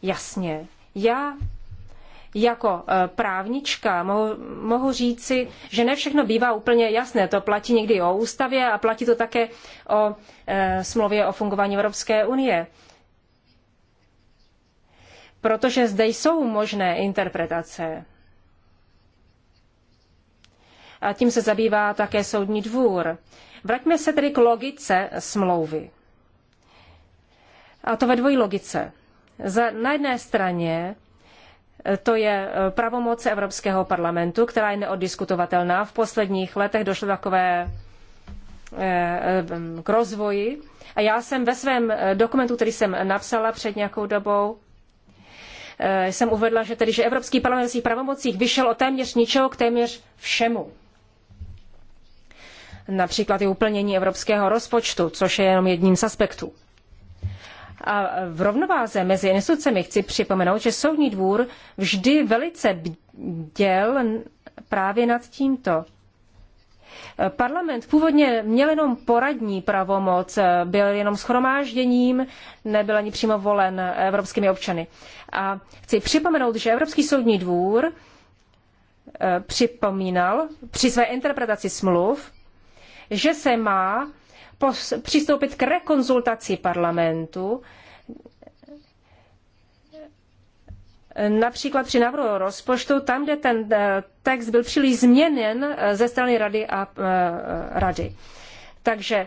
jasně. Já jako e, právnička mohu, mohu říci, že ne všechno bývá úplně jasné. To platí někdy o ústavě a platí to také o e, smlouvě o fungování Evropské unie. Protože zde jsou možné interpretace. A tím se zabývá také soudní dvůr. Vraťme se tedy k logice smlouvy. A to ve dvojí logice. Za, na jedné straně to je eh, pravomoc Evropského parlamentu, která je neodiskutovatelná. V posledních letech došlo takové eh, eh, k rozvoji. A já jsem ve svém dokumentu, který jsem napsala před nějakou dobou, jsem uvedla, že tedy, že Evropský parlament ve svých pravomocích vyšel o téměř ničeho k téměř všemu. Například i uplnění evropského rozpočtu, což je jenom jedním z aspektů. A v rovnováze mezi institucemi chci připomenout, že Soudní dvůr vždy velice děl právě nad tímto. Parlament původně měl jenom poradní pravomoc, byl jenom schromážděním, nebyl ani přímo volen evropskými občany. A chci připomenout, že Evropský soudní dvůr eh, připomínal při své interpretaci smluv, že se má přistoupit k rekonzultaci parlamentu, například při návrhu rozpočtu, tam, kde ten eh, text byl příliš změněn eh, ze strany rady a eh, rady. Takže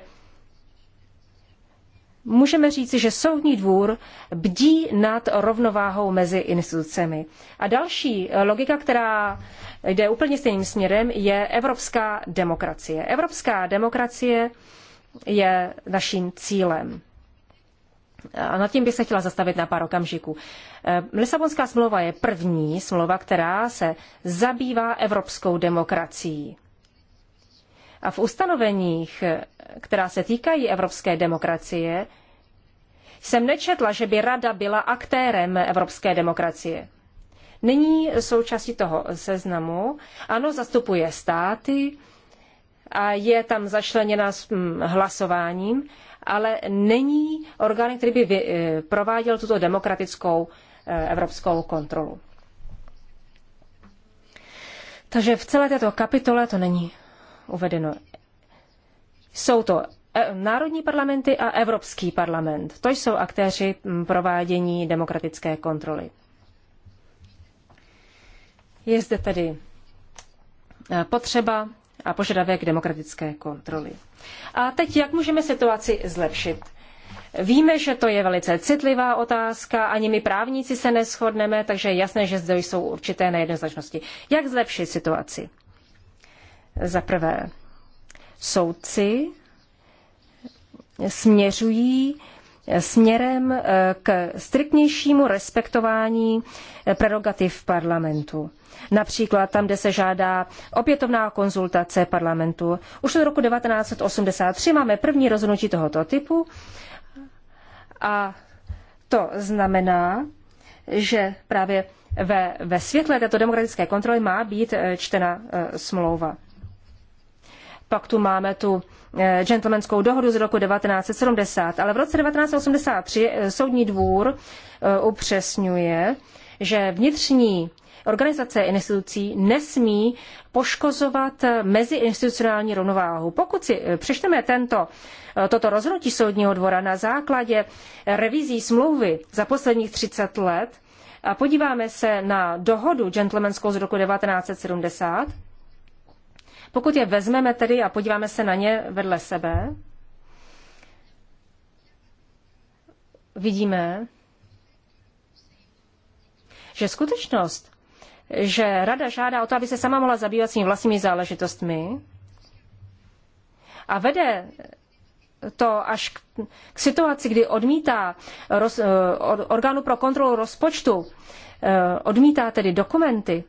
můžeme říci, že soudní dvůr bdí nad rovnováhou mezi institucemi. A další logika, která jde úplně stejným směrem, je evropská demokracie. Evropská demokracie je naším cílem. A nad tím bych se chtěla zastavit na pár okamžiků. Eh, Lisabonská smlouva je první smlouva, která se zabývá evropskou demokracií. A v ustanoveních, která se týkají evropské demokracie, jsem nečetla, že by rada byla aktérem evropské demokracie. Není součástí toho seznamu. Ano, zastupuje státy, a je tam začleněna s mm, hlasováním, ale není orgánem, který by eh, prováděl tuto demokratickou eh, evropskou kontrolu. Takže v celé této kapitole to není uvedeno. Jsou to eh, národní parlamenty a Evropský parlament. To jsou aktéři mm, provádění demokratické kontroly. Je zde tedy potřeba a požadavek demokratické kontroly. A teď, jak můžeme situaci zlepšit? Víme, že to je velice citlivá otázka, ani my právníci se neschodneme, takže je jasné, že zde jsou určité nejednoznačnosti. Jak zlepšit situaci? Za prvé, soudci směřují směrem eh, k striktnějšímu respektování eh, prerogativ parlamentu. Například tam, kde se žádá opětovná konzultace parlamentu. Už od roku 1983 máme první rozhodnutí tohoto typu a to znamená, že právě ve, ve světle této demokratické kontroly má být eh, čtena smlouva. Pak tu máme tu Eh, gentlemanskou dohodu z roku 1970. Ale v roce 1983 eh, Soudní dvůr eh, upřesňuje, že vnitřní organizace institucí nesmí poškozovat meziinstitucionální rovnováhu. Pokud si přečteme tento, toto rozhodnutí soudního dvora na základě revizí smlouvy za posledních 30 let a podíváme se na dohodu gentlemanskou z roku 1970, pokud je vezmeme tedy a podíváme se na ně vedle sebe, vidíme, že skutečnost, že rada žádá o to, aby se sama mohla zabývat svými vlastními záležitostmi a vede to až k, k situaci, kdy odmítá roz, eh, od, orgánu pro kontrolu rozpočtu, eh, odmítá tedy dokumenty,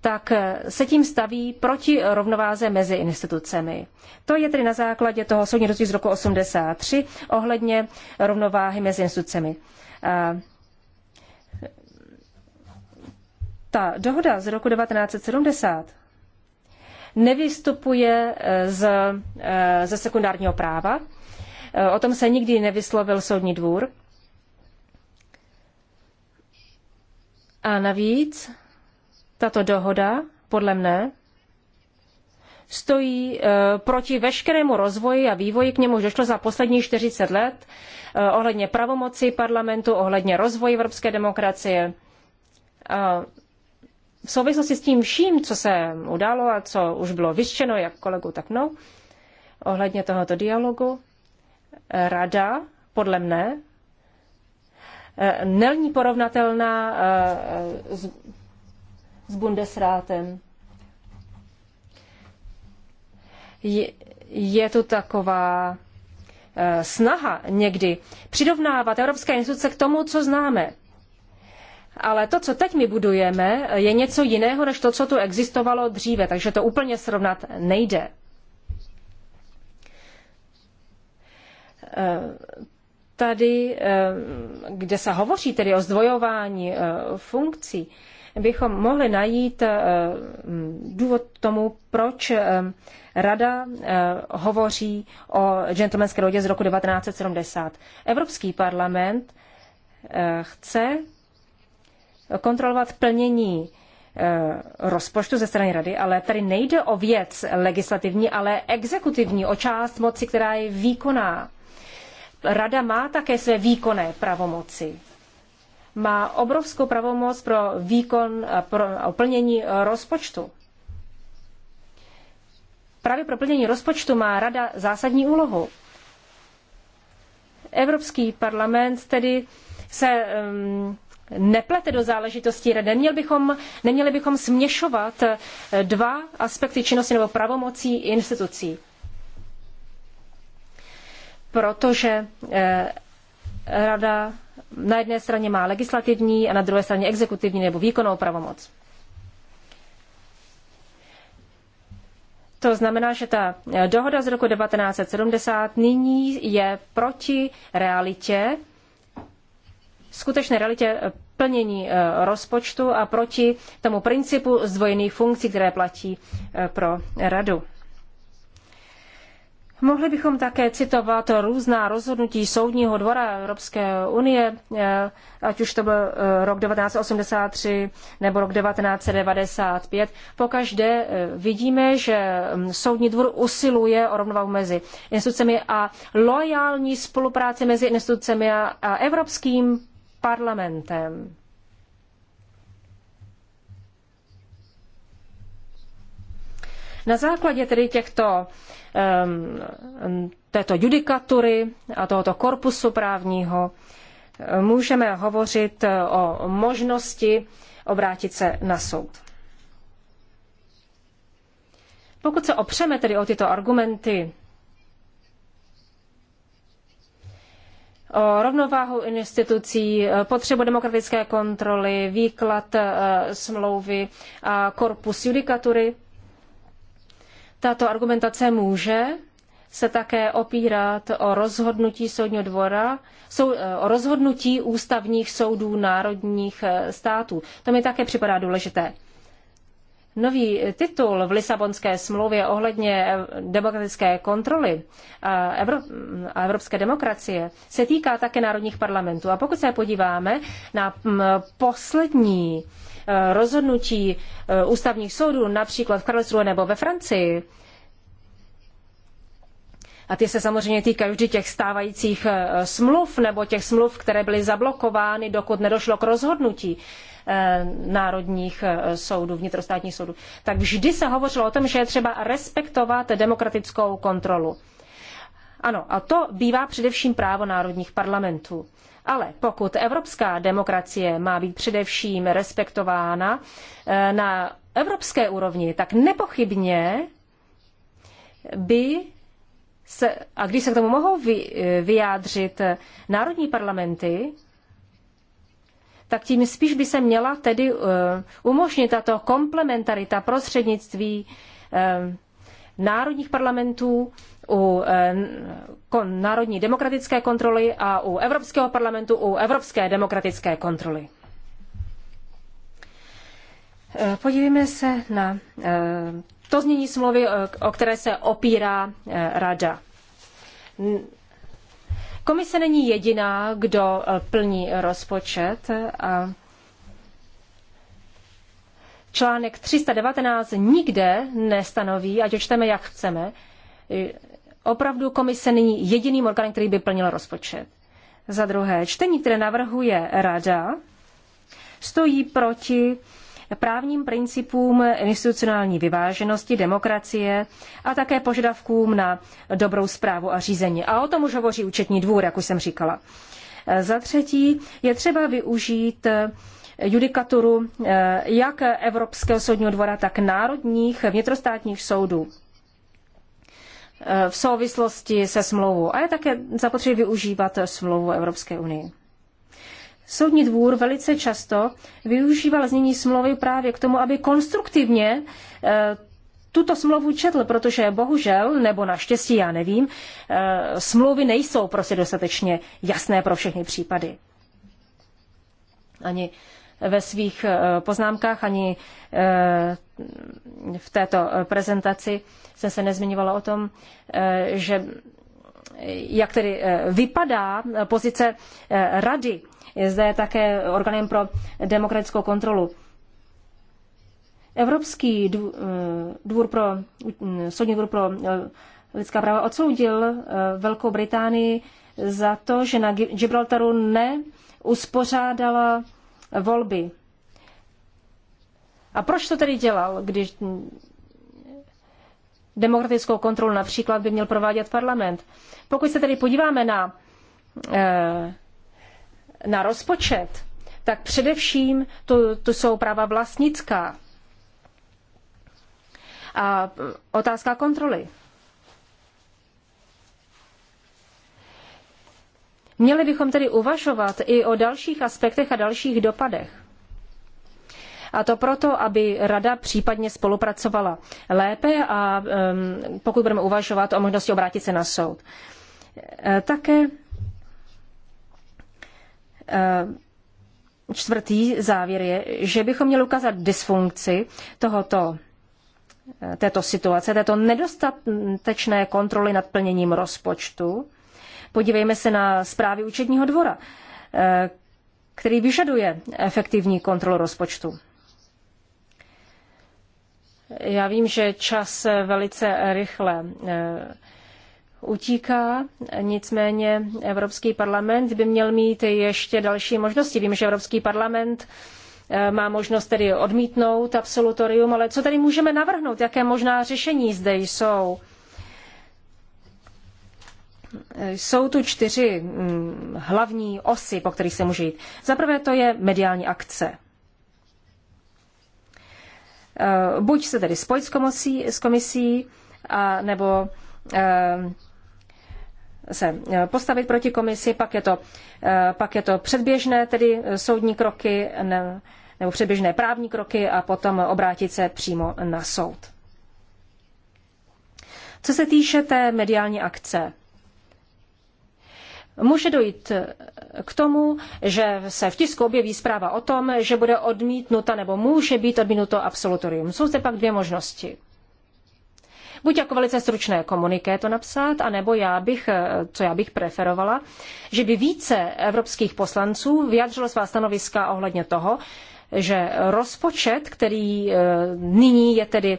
tak eh, se tím staví proti rovnováze mezi institucemi. To je tedy na základě toho soudní rozdíl z roku 83 ohledně rovnováhy mezi institucemi. ta dohoda z roku 1970 nevystupuje eh, z, eh, ze sekundárního práva. O tom se nikdy nevyslovil soudní dvůr. A navíc tato dohoda, podle mne, stojí e, proti veškerému rozvoji a vývoji, k němuž došlo za poslední 40 let, e, ohledně pravomoci parlamentu, ohledně rozvoje evropské demokracie. A v souvislosti s tím vším, co se událo a co už bylo vyřčeno, jak kolegu, tak no, ohledně tohoto dialogu, rada, podle mne, e, není porovnatelná s s Bundesrátem. Je, je tu taková eh, snaha někdy přirovnávat evropské instituce k tomu, co známe. Ale to, co teď my budujeme, eh, je něco jiného, než to, co tu existovalo dříve, takže to úplně srovnat nejde. Eh, tady, kde se hovoří tedy o zdvojování funkcí, bychom mohli najít eh, důvod tomu, proč eh, Rada eh, hovoří o gentlemanské rodě z roku 1970. Evropský parlament chce kontrolovat plnění rozpočtu ze strany rady, ale tady nejde o věc legislativní, ale exekutivní, o část moci, která je výkonná. Rada má také své výkonné pravomoci má obrovskou pravomoc pro výkon pro plnění eh, rozpočtu. Právě pro plnění rozpočtu má rada zásadní úlohu. Evropský parlament tedy se um, neplete do záležitostí rady. Neměl bychom, neměli bychom směšovat eh, dva aspekty činnosti nebo pravomocí institucí. Protože eh, rada na jedné straně má legislativní a na druhé straně exekutivní nebo výkonnou pravomoc. To znamená, že ta eh, dohoda z roku 1970 nyní je proti realitě, skutečné realitě eh, plnění eh, rozpočtu a proti tomu principu zdvojených funkcí, které platí pro radu. Mohli bychom také citovat různá rozhodnutí Soudního dvora Evropské unie, eh, ať už to byl eh, rok 1983 nebo rok 1995. Pokaždé eh, vidíme, že mm, Soudní dvůr usiluje o rovnováhu mezi institucemi a loajální spolupráci mezi institucemi a Evropským parlamentem. Na základě tedy těchto Um, této judikatury a tohoto korpusu právního můžeme hovořit o možnosti obrátit se na soud. Pokud se opřeme tedy o tyto argumenty, o rovnováhu institucí, potřebu demokratické kontroly, výklad eh, smlouvy a korpus judikatury, tato argumentace může se také opírat o rozhodnutí soudního dvora, sou, eh, o rozhodnutí ústavních soudů národních eh, států. To mi také připadá důležité. Nový titul v Lisabonské smlouvě ohledně eh, demokratické kontroly mm, a, evropské demokracie se týká také národních parlamentů. A pokud se podíváme na mm, poslední Eh, rozhodnutí eh, ústavních soudů, například v Karlsruhe nebo ve Francii, a ty se samozřejmě týkají vždy těch stávajících eh, smluv nebo těch smluv, které byly zablokovány, dokud nedošlo k rozhodnutí národních soudů, vnitrostátních soudů. Tak vždy se hovořilo o tom, že je třeba respektovat demokratickou kontrolu. Ano, a to bývá především právo národních parlamentů. Ale pokud evropská demokracie má být především respektována eh, na evropské úrovni, tak nepochybně by se, a když se k tomu mohou eh, vyjádřit národní parlamenty, tak tím spíš by se měla tedy eh, umožnit tato komplementarita prostřednictví národních parlamentů, u eh, Národní demokratické kontroly a u Evropského parlamentu u Evropské demokratické kontroly. Eh, podívejme se na eh, to znění smlouvy, o které se opírá rada. Komise není jediná, kdo plní rozpočet a článek 319 nikde nestanoví, ať čteme jak chceme, opravdu komise není jediným orgánem, který by plnil rozpočet. Za druhé, čtení, které navrhuje rada, stojí proti právním principům institucionální vyváženosti, demokracie a také požadavkům na dobrou správu a řízení. A o tom už hovoří účetní dvůr, jak už jsem říkala. Za třetí, je třeba využít judikaturu eh, jak Evropského soudního dvora, tak národních vnitrostátních soudů eh, v souvislosti se smlouvou. A je také zapotřebí využívat smlouvu Evropské unie. Soudní dvůr velice často využíval znění smlouvy právě k tomu, aby konstruktivně eh, tuto smlouvu četl, protože bohužel, nebo naštěstí, já nevím, smlouvy nejsou prostě dostatečně jasné pro všechny případy. Ani ve svých eh, poznámkách ani eh, v této prezentaci jsem se nezmiňovala o tom, eh, že jak tedy vypadá pozice rady. Je zde také orgánem pro demokratickou kontrolu. Evropský dvůr pro, mm, soudní dvůr pro lidská práva odsoudil Velkou Británii za to, že na Gibraltaru neuspořádala volby. A proč to tedy dělal, když demokratickou kontrolu například by měl provádět parlament? Pokud se tedy podíváme na, eh, na rozpočet, tak především to, to jsou práva vlastnická a otázka kontroly. Měli bychom tedy uvažovat i o dalších aspektech a dalších dopadech. A to proto, aby rada případně spolupracovala lépe a pokud budeme uvažovat o možnosti obrátit se na soud. E, také e, čtvrtý závěr je, že bychom měli ukázat dysfunkci tohoto e, této situace, této nedostatečné kontroly nad plněním rozpočtu Podívejme se na zprávy účetního dvora, eh, který vyžaduje efektivní kontrolu rozpočtu. Já vím, že čas velice rychle eh, utíká, nicméně Evropský parlament by měl mít ještě další možnosti. Vím, že Evropský parlament eh, má možnost tedy odmítnout absolutorium, ale co tady můžeme navrhnout, jaké možná řešení zde jsou? Jsou tu čtyři mm, hlavní osy, po kterých se může jít. Za prvé to je mediální akce. Eh, buď se tedy spojit s komisí, s komisí a nebo eh, se eh, postavit proti komisi, pak je to, pak je to předběžné, tedy soudní kroky nebo předběžné právní kroky a potom obrátit se přímo na soud. Co se týče té mediální akce, může dojít eh, k tomu, že se v tisku objeví zpráva o tom, že bude odmítnuta nebo může být odmítnuto absolutorium. Jsou zde pak dvě možnosti. Buď jako velice stručné komuniké to napsat, anebo já bych, eh, co já bych preferovala, že by více evropských poslanců vyjádřilo svá stanoviska ohledně toho, že rozpočet, který eh, nyní je tedy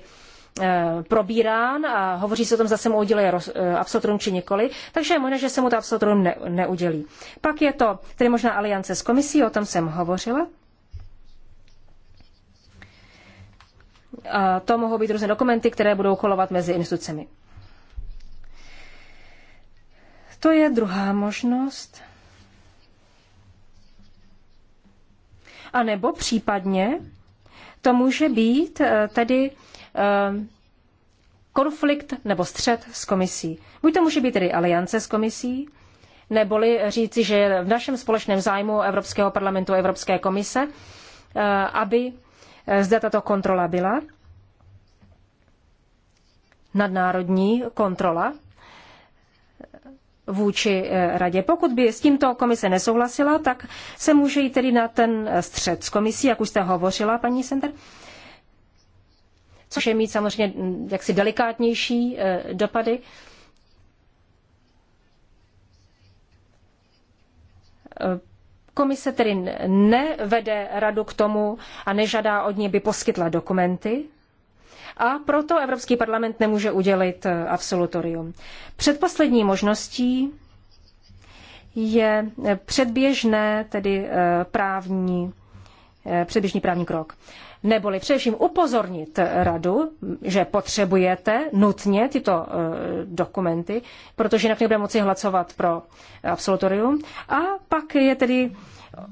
Eh, probírán a hovoří se o tom, zase mu udělí eh, absolutorium či nikoli, takže je možné, že se mu to absolutorium ne, neudělí. Pak je to tedy možná aliance s komisí, o tom jsem hovořila. A to mohou být různé dokumenty, které budou kolovat mezi institucemi. To je druhá možnost. A nebo případně to může být eh, tedy Ehm, konflikt nebo střed s komisí. Buď to může být tedy aliance s komisí, neboli říci, že je v našem společném zájmu Evropského parlamentu a Evropské komise, eh, aby eh, zde tato kontrola byla, nadnárodní kontrola eh, vůči radě. Pokud by s tímto komise nesouhlasila, tak se může jít tedy na ten střed s komisí, jak už jste hovořila, paní Sender, což je mít samozřejmě jaksi delikátnější eh, dopady. Eh, komise tedy nevede radu k tomu a nežadá od ní, by poskytla dokumenty, a proto Evropský parlament nemůže udělit eh, absolutorium. Předposlední možností je předběžné, tedy právní Eh, předběžný právní krok. Neboli především upozornit radu, že potřebujete nutně tyto eh, dokumenty, protože jinak nebude moci hlacovat pro absolutorium. A pak je tedy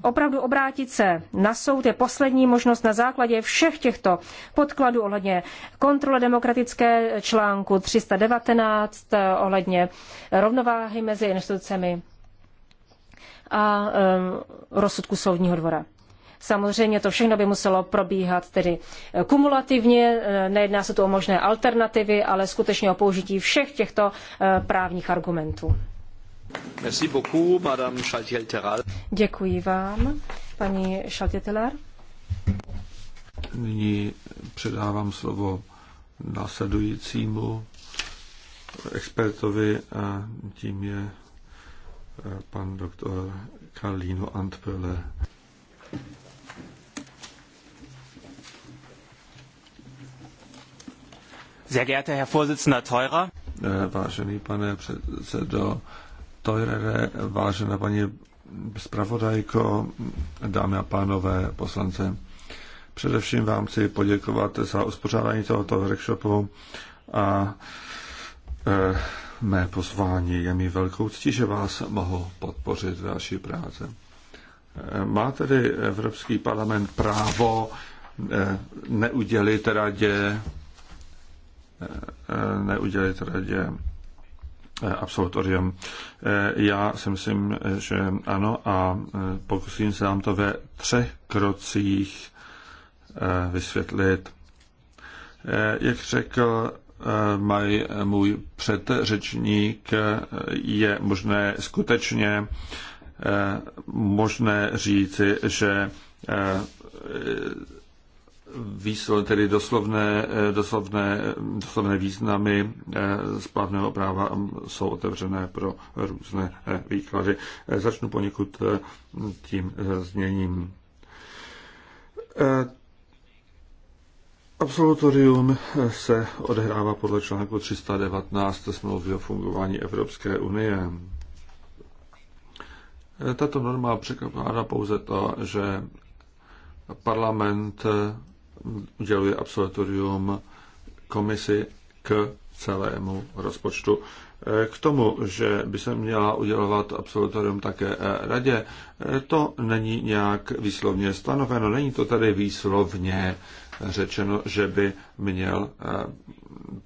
opravdu obrátit se na soud je poslední možnost na základě všech těchto podkladů ohledně kontrole demokratické článku 319, eh, ohledně rovnováhy mezi institucemi a um, rozsudku soudního dvora. Samozřejmě to všechno by muselo probíhat tedy eh, kumulativně, eh, nejedná se tu o možné alternativy, ale skutečně o použití všech těchto eh, právních argumentů. Merci beaucoup, Madame Děkuji vám, paní Šaltětelar. Nyní předávám slovo následujícímu expertovi a tím je pan doktor Karlino Antpöle. Sehr geehrter Herr Vorsitzender Teurer. Eh, vážený pane předsedo Teurere, vážená paní zpravodajko, dámy a pánové poslance. Především vám chci poděkovat za uspořádání tohoto workshopu a e, mé pozvání. Je mi velkou ctí, že vás mohu podpořit v vaší práci. Eh, má tedy Evropský parlament právo neudělit radě neudělit radě eh, absolutorium. Eh, já si myslím, že ano a eh, pokusím se vám to ve třech krocích vysvětlit. Jak řekl maj, můj předřečník, je možné skutečně možné říci, že výslovné, tedy doslovné, eh, doslovné, doslovné významy eh, splavného práva jsou otevřené pro různé eh, výklady. Začnu poněkud tím zněním. Absolutorium se odehrává podle článku 319 smlouvy o fungování Evropské unie. Tato norma překládá pouze to, že parlament uděluje absolutorium komisi k celému rozpočtu. K tomu, že by se měla udělovat absolutorium také radě, to není nějak výslovně stanoveno, není to tady výslovně řečeno, že by měl eh,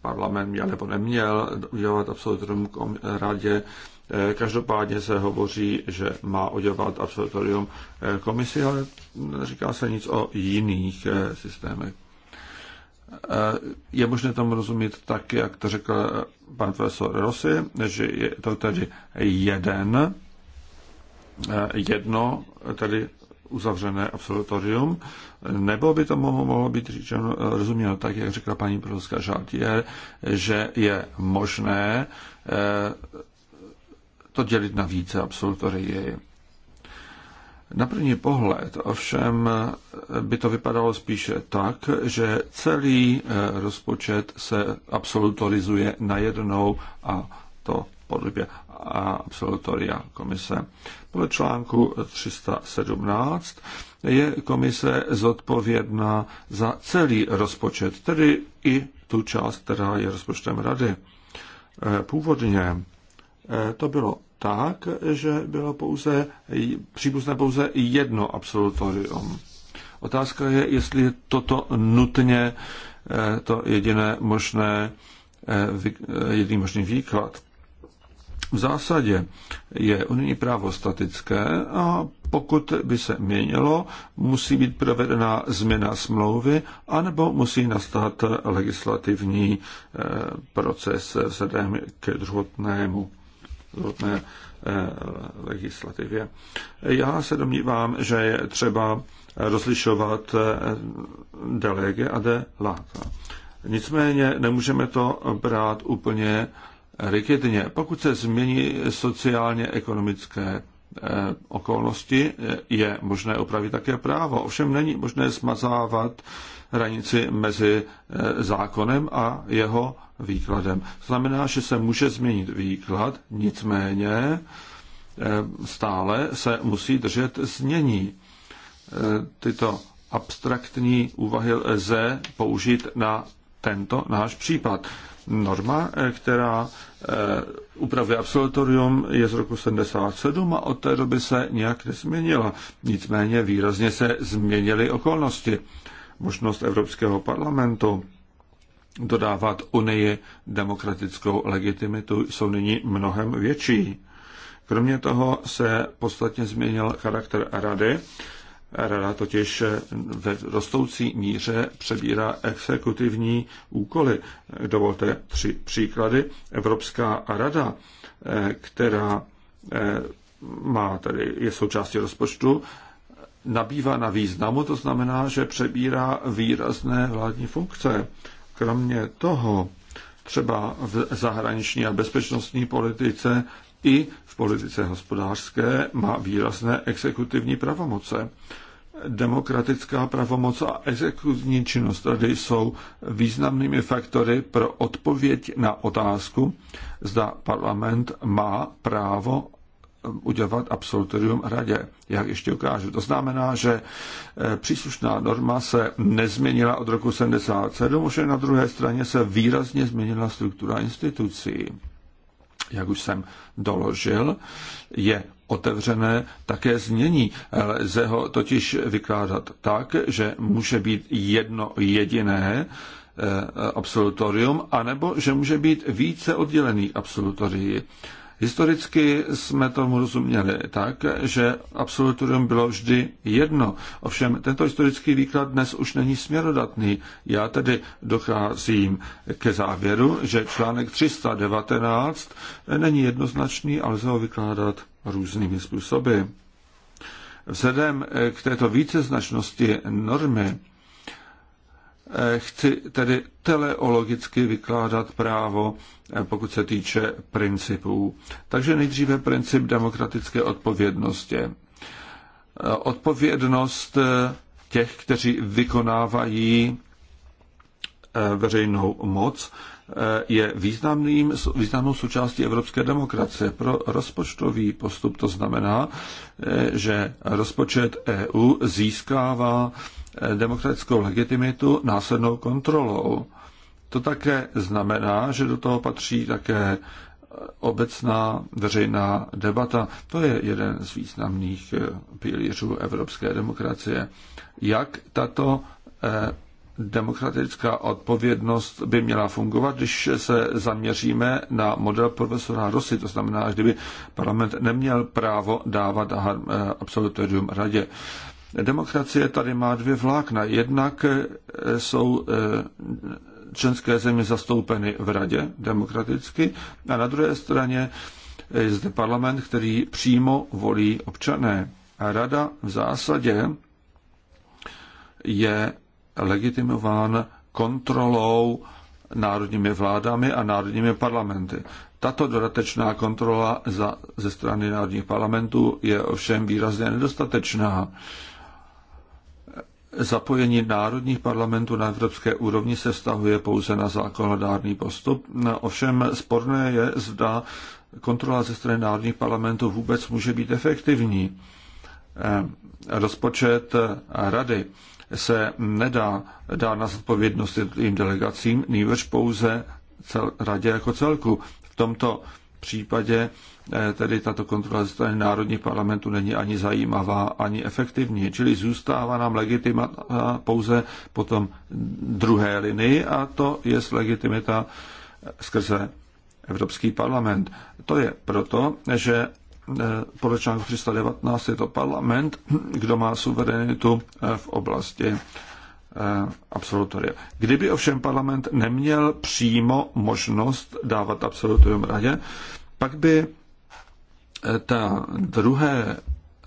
parlament měl nebo neměl udělovat absolutorium radě. Eh, každopádně se hovoří, že má udělat absolutorium eh, komisi, ale neříká se nic o jiných eh, systémech. Je možné tomu rozumět tak, jak to řekl pan profesor Rossi, že je to tedy jeden, jedno, tedy uzavřené absolutorium, nebo by to mohlo být říčeno, rozuměno tak, jak řekla paní profesorka Žaltier, že je možné to dělit na více absolutorii. Na první pohled ovšem by to vypadalo spíše tak, že celý eh, rozpočet se absolutorizuje najednou a to podobě absolutoria komise. Podle článku 317 je komise zodpovědná za celý rozpočet, tedy i tu část, která je rozpočtem rady. Eh, původně Eh, to bylo tak, že bylo pouze, příbuzné pouze jedno absolutorium. Otázka je, jestli je toto nutně eh, to jediné možné, eh, jediný možný výklad. V zásadě je unijní právo statické a pokud by se měnilo, musí být provedena změna smlouvy anebo musí nastat legislativní proces vzhledem k druhotnému nutné eh, legislativě. Já se domnívám, že je třeba rozlišovat eh, delege a de lata. Nicméně nemůžeme to brát úplně rigidně. Pokud se změní sociálně-ekonomické eh, okolnosti, je možné opravit také právo. Ovšem není možné smazávat hranici mezi eh, zákonem a jeho výkladem. Znamená, že se může změnit výklad, nicméně eh, stále se musí držet změní eh, Tyto abstraktní úvahy lze použít na tento náš případ. Norma, která upravuje absolutorium, je z roku 77 a od té doby se nějak nezměnila. Nicméně výrazně se změnily okolnosti možnost Evropského parlamentu dodávat Unii demokratickou legitimitu jsou nyní mnohem větší. Kromě toho se podstatně změnil charakter rady. Rada totiž ve rostoucí míře přebírá exekutivní úkoly. Dovolte tři příklady. Evropská rada, eh, která eh, má tady, je součástí rozpočtu, nabývá na významu, to znamená, že přebírá výrazné vládní funkce. Kromě toho, třeba v zahraniční a bezpečnostní politice i v politice hospodářské má výrazné exekutivní pravomoce. Demokratická pravomoc a exekutivní činnost tady jsou významnými faktory pro odpověď na otázku, zda parlament má právo udělat absolutorium radě, jak ještě ukážu. To znamená, že e, příslušná norma se nezměnila od roku 77, už na druhé straně se výrazně změnila struktura institucí. Jak už jsem doložil, je otevřené také znění. Lze ho totiž vykládat tak, že může být jedno jediné, e, absolutorium, anebo že může být více oddělený absolutorií. Historicky jsme tomu rozuměli tak, že absolutorium bylo vždy jedno. Ovšem tento historický výklad dnes už není směrodatný. Já tedy docházím ke závěru, že článek 319 není jednoznačný, ale lze ho vykládat různými způsoby. Vzhledem k této víceznačnosti normy Eh, chci tedy teleologicky vykládat právo, eh, pokud se týče principů. Takže nejdříve princip demokratické odpovědnosti. Eh, odpovědnost těch, kteří vykonávají veřejnou moc, je významným, významnou součástí evropské demokracie. Pro rozpočtový postup to znamená, eh, že rozpočet EU získává eh, demokratickou legitimitu následnou kontrolou. To také znamená, že do toho patří také eh, obecná veřejná debata. To je jeden z významných pilířů evropské demokracie. Jak tato demokratická odpovědnost by měla fungovat, když se zaměříme na model profesora Rosy. To znamená, kdyby parlament neměl právo dávat eh, absolutorium radě. Demokracie tady má dvě vlákna. Jednak eh, jsou eh, členské země zastoupeny v radě demokraticky a na druhé straně je zde parlament, který přímo volí občané. A rada v zásadě je legitimován kontrolou národními vládami a národními parlamenty. Tato dodatečná kontrola za, ze strany národních parlamentů je ovšem výrazně nedostatečná. Zapojení národních parlamentů na evropské úrovni se vztahuje pouze na zákonodárný postup. Ovšem sporné je, zda kontrola ze strany národních parlamentů vůbec může být efektivní. Ehm, rozpočet rady se nedá dát na zodpovědnost jednotlivým delegacím, nýbrž pouze cel, radě jako celku. V tomto případě eh, tedy tato kontrola ze strany Národních parlamentů není ani zajímavá, ani efektivní. Čili zůstává nám legitimita pouze potom druhé linii a to je legitimita skrze Evropský parlament. To je proto, že Eh, podle článku 319 je to parlament, kdo má suverenitu eh, v oblasti eh, absolutoria. Kdyby ovšem parlament neměl přímo možnost dávat absolutorium radě, pak by ta druhé,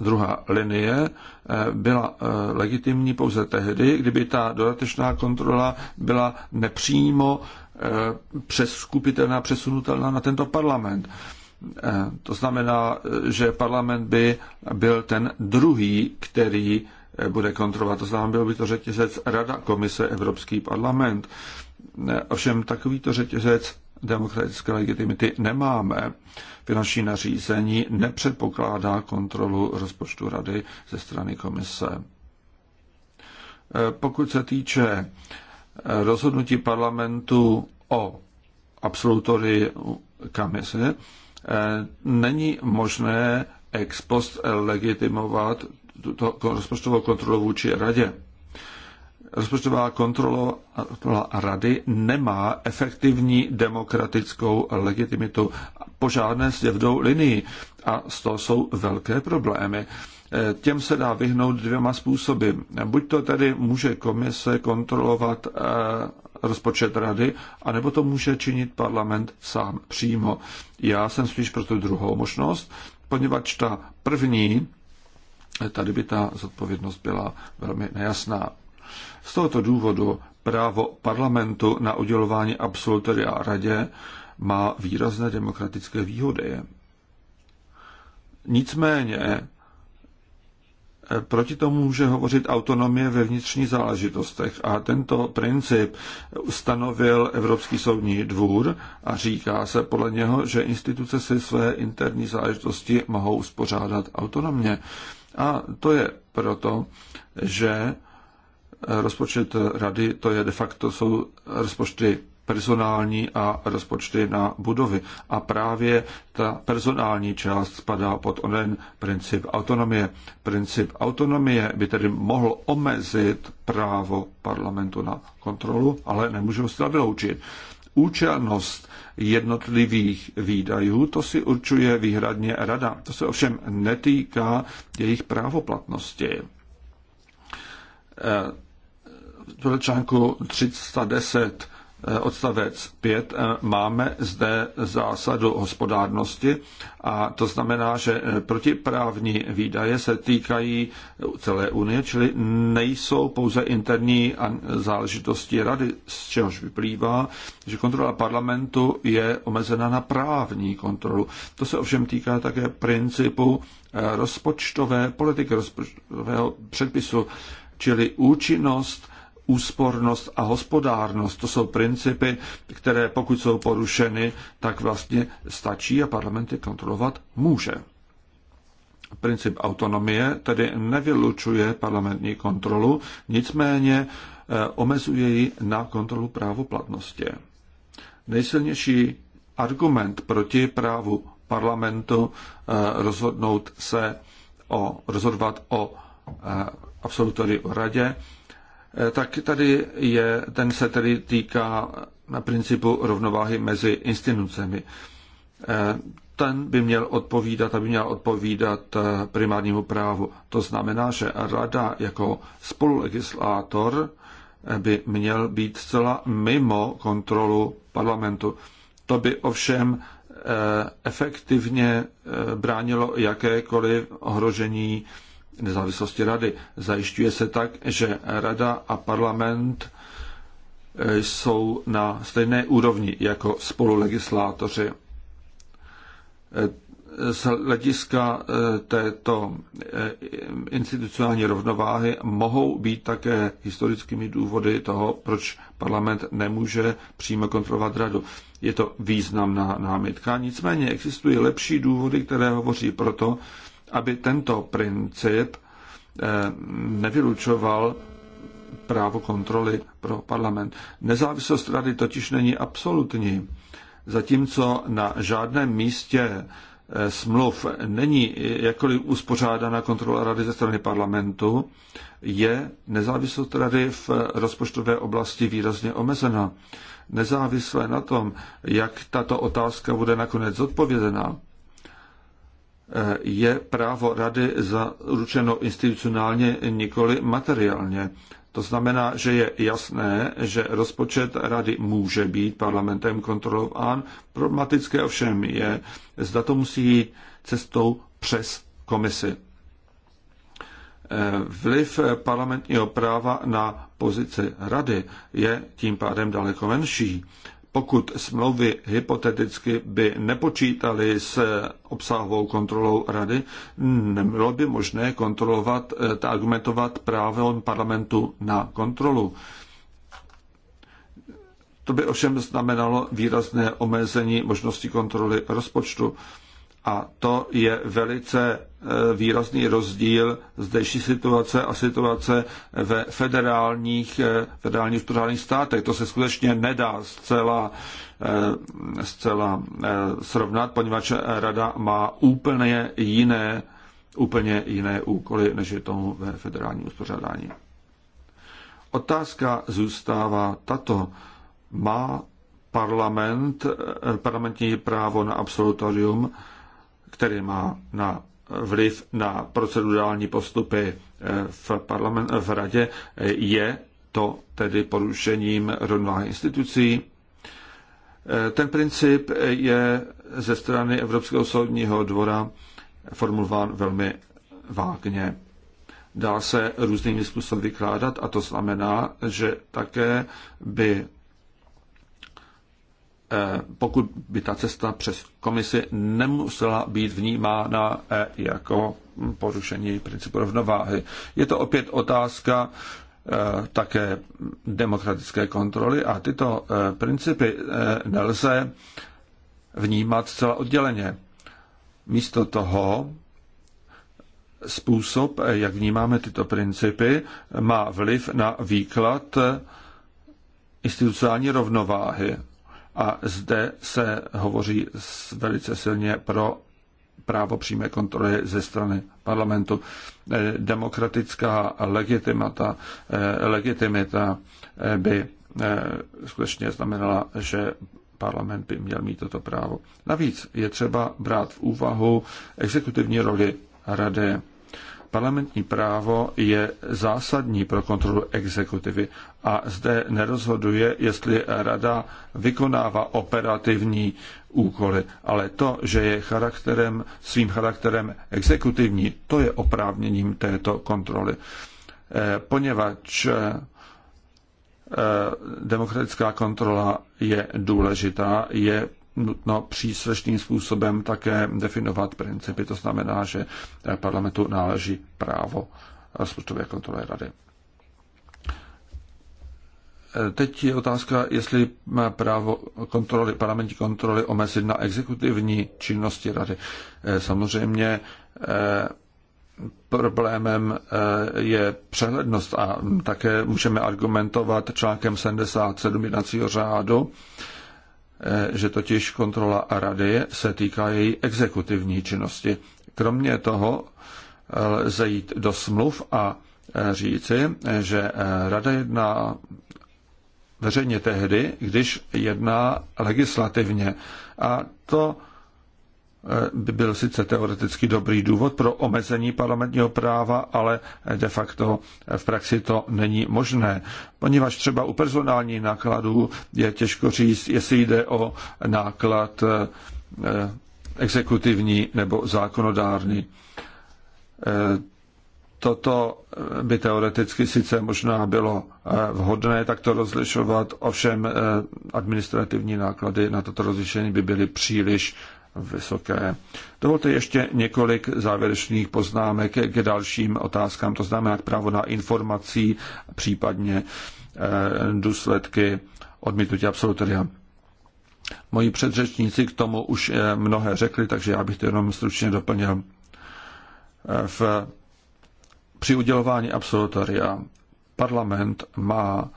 druhá linie byla legitimní pouze tehdy, kdyby ta dodatečná kontrola byla nepřímo přeskupitelná, přesunutelná na tento parlament. Eh, to znamená, eh, že parlament by byl ten druhý, který eh, bude kontrolovat. To znamená, byl by to řetězec Rada, Komise, Evropský parlament. Ovšem takovýto řetězec demokratické legitimity nemáme. Finanční nařízení nepředpokládá kontrolu rozpočtu Rady ze strany Komise. Pokud se týče rozhodnutí parlamentu o absolutory komise, Eh, není možné ex post legitimovat tuto rozpočtovou kontrolu vůči radě. Rozpočtová kontrola rady nemá efektivní demokratickou legitimitu po žádné stěvdou linii a z toho jsou velké problémy. Eh, těm se dá vyhnout dvěma způsoby. Buď to tedy může komise kontrolovat eh, rozpočet rady, anebo to může činit parlament sám přímo. Já jsem spíš pro tu druhou možnost, poněvadž ta první, tady by ta zodpovědnost byla velmi nejasná. Z tohoto důvodu právo parlamentu na udělování absolutoria radě má výrazné demokratické výhody. Nicméně Proti tomu může hovořit autonomie ve vnitřních záležitostech a tento princip stanovil Evropský soudní dvůr a říká se podle něho, že instituce si své interní záležitosti mohou uspořádat autonomně. A to je proto, že rozpočet rady to je de facto jsou rozpočty personální a rozpočty na budovy. A právě ta personální část spadá pod onen princip autonomie. Princip autonomie by tedy mohl omezit právo parlamentu na kontrolu, ale nemůžeme se to vyloučit. Účelnost jednotlivých výdajů, to si určuje výhradně rada. To se ovšem netýká jejich právoplatnosti V eh, článku 310 odstavec 5 eh, máme zde zásadu hospodárnosti a to znamená, že eh, protiprávní výdaje se týkají celé Unie, čili nejsou pouze interní záležitosti rady, z čehož vyplývá, že kontrola parlamentu je omezena na právní kontrolu. To se ovšem týká také principu eh, rozpočtové politiky, rozpočtového předpisu, čili účinnost úspornost a hospodárnost. To jsou principy, které pokud jsou porušeny, tak vlastně stačí a parlament je kontrolovat může. Princip autonomie tedy nevylučuje parlamentní kontrolu, nicméně eh, omezuje ji na kontrolu právoplatnosti. Nejsilnější argument proti právu parlamentu eh, rozhodnout se o, rozhodovat o eh, absolutoriu radě Eh, tak tady je, ten se tedy týká na principu rovnováhy mezi institucemi. Eh, ten by měl odpovídat, aby měl odpovídat eh, primárnímu právu. To znamená, že rada jako spolulegislátor by měl být zcela mimo kontrolu parlamentu. To by ovšem efektivně bránilo jakékoliv ohrožení nezávislosti rady. Zajišťuje se tak, že rada a parlament eh, jsou na stejné úrovni jako spolulegislátoři. Eh, z hlediska eh, této institucionální rovnováhy mohou být také historickými důvody toho, proč parlament nemůže přímo kontrolovat radu. Je to významná námitka, nicméně existují lepší důvody, které hovoří proto, aby tento princip eh, nevylučoval právo kontroly pro parlament. Nezávislost rady totiž není absolutní, zatímco na žádném místě eh, smluv není jakkoliv uspořádána kontrola rady ze strany parlamentu, je nezávislost rady v rozpočtové oblasti výrazně omezena. Nezávisle na tom, jak tato otázka bude nakonec zodpovězena, je právo rady zaručeno institucionálně, nikoli materiálně. To znamená, že je jasné, že rozpočet rady může být parlamentem kontrolován. Problematické ovšem je, zda to musí jít cestou přes komisi. Vliv parlamentního práva na pozici rady je tím pádem daleko menší pokud smlouvy hypoteticky by nepočítaly s obsahovou kontrolou rady, nebylo by možné kontrolovat, eh, argumentovat právem parlamentu na kontrolu. To by ovšem znamenalo výrazné omezení možnosti kontroly rozpočtu. A to je velice Eh, výrazný rozdíl zdejší situace a situace ve federálních, eh, federálních uspořádných státech. To se skutečně nedá zcela, eh, zcela srovnat, poněvadž rada má úplně jiné, úplně jiné úkoly, než je tomu ve federálním uspořádání. Otázka zůstává tato. Má parlament, parlamentní právo na absolutorium, který má na vliv na procedurální postupy eh, v, parlament, v radě. Je to tedy porušením rovnováhy institucí. Eh, ten princip je ze strany Evropského soudního dvora formulován velmi vágně. Dá se různými způsoby vykládat a to znamená, že také by Eh, pokud by ta cesta přes komisi nemusela být vnímána eh, jako porušení principu rovnováhy. Je to opět otázka eh, také demokratické kontroly a tyto principy nelze vnímat zcela odděleně. Místo toho způsob, jak vnímáme tyto principy, má vliv na výklad institucionální rovnováhy a zde se hovoří velice silně pro právo přímé kontroly ze strany parlamentu. Eh, demokratická legitimata, eh, legitimita eh, by skutečně znamenala, že parlament by měl mít toto právo. Navíc je třeba brát v úvahu exekutivní roli rady Parlamentní právo je zásadní pro kontrolu exekutivy a zde nerozhoduje, jestli rada vykonává operativní úkoly, ale to, že je charakterem, svým charakterem exekutivní, to je oprávněním této kontroly. E, poněvadž e, demokratická kontrola je důležitá, je nutno příslušným způsobem také definovat principy. To znamená, že parlamentu náleží právo rozpočtové kontroly rady. Teď je otázka, jestli má právo kontroly, parlamentní kontroly omezit na exekutivní činnosti rady. Eh, samozřejmě eh, problémem eh, je přehlednost a také můžeme argumentovat článkem 77 jednacího řádu, Eh, že totiž kontrola rady se týká její exekutivní činnosti. Kromě toho eh, lze jít do smluv a eh, říci, že rada jedná veřejně tehdy, když jedná legislativně. A to by byl sice teoreticky dobrý důvod pro omezení parlamentního práva, ale de facto v praxi to není možné. Poněvadž třeba u personální nákladů je těžko říct, jestli jde o náklad eh, exekutivní nebo zákonodárný. Eh, toto by teoreticky sice možná bylo eh, vhodné takto rozlišovat, ovšem administrativní náklady na toto rozlišení by byly příliš vysoké. Dovolte ještě několik závěrečných poznámek k dalším otázkám, to znamená k právo na informací, případně eh, důsledky odmítnutí absolutoria. Moji předřečníci k tomu už eh, mnohé řekli, takže já bych to jenom stručně doplnil. Eh, v, při udělování absolutoria parlament má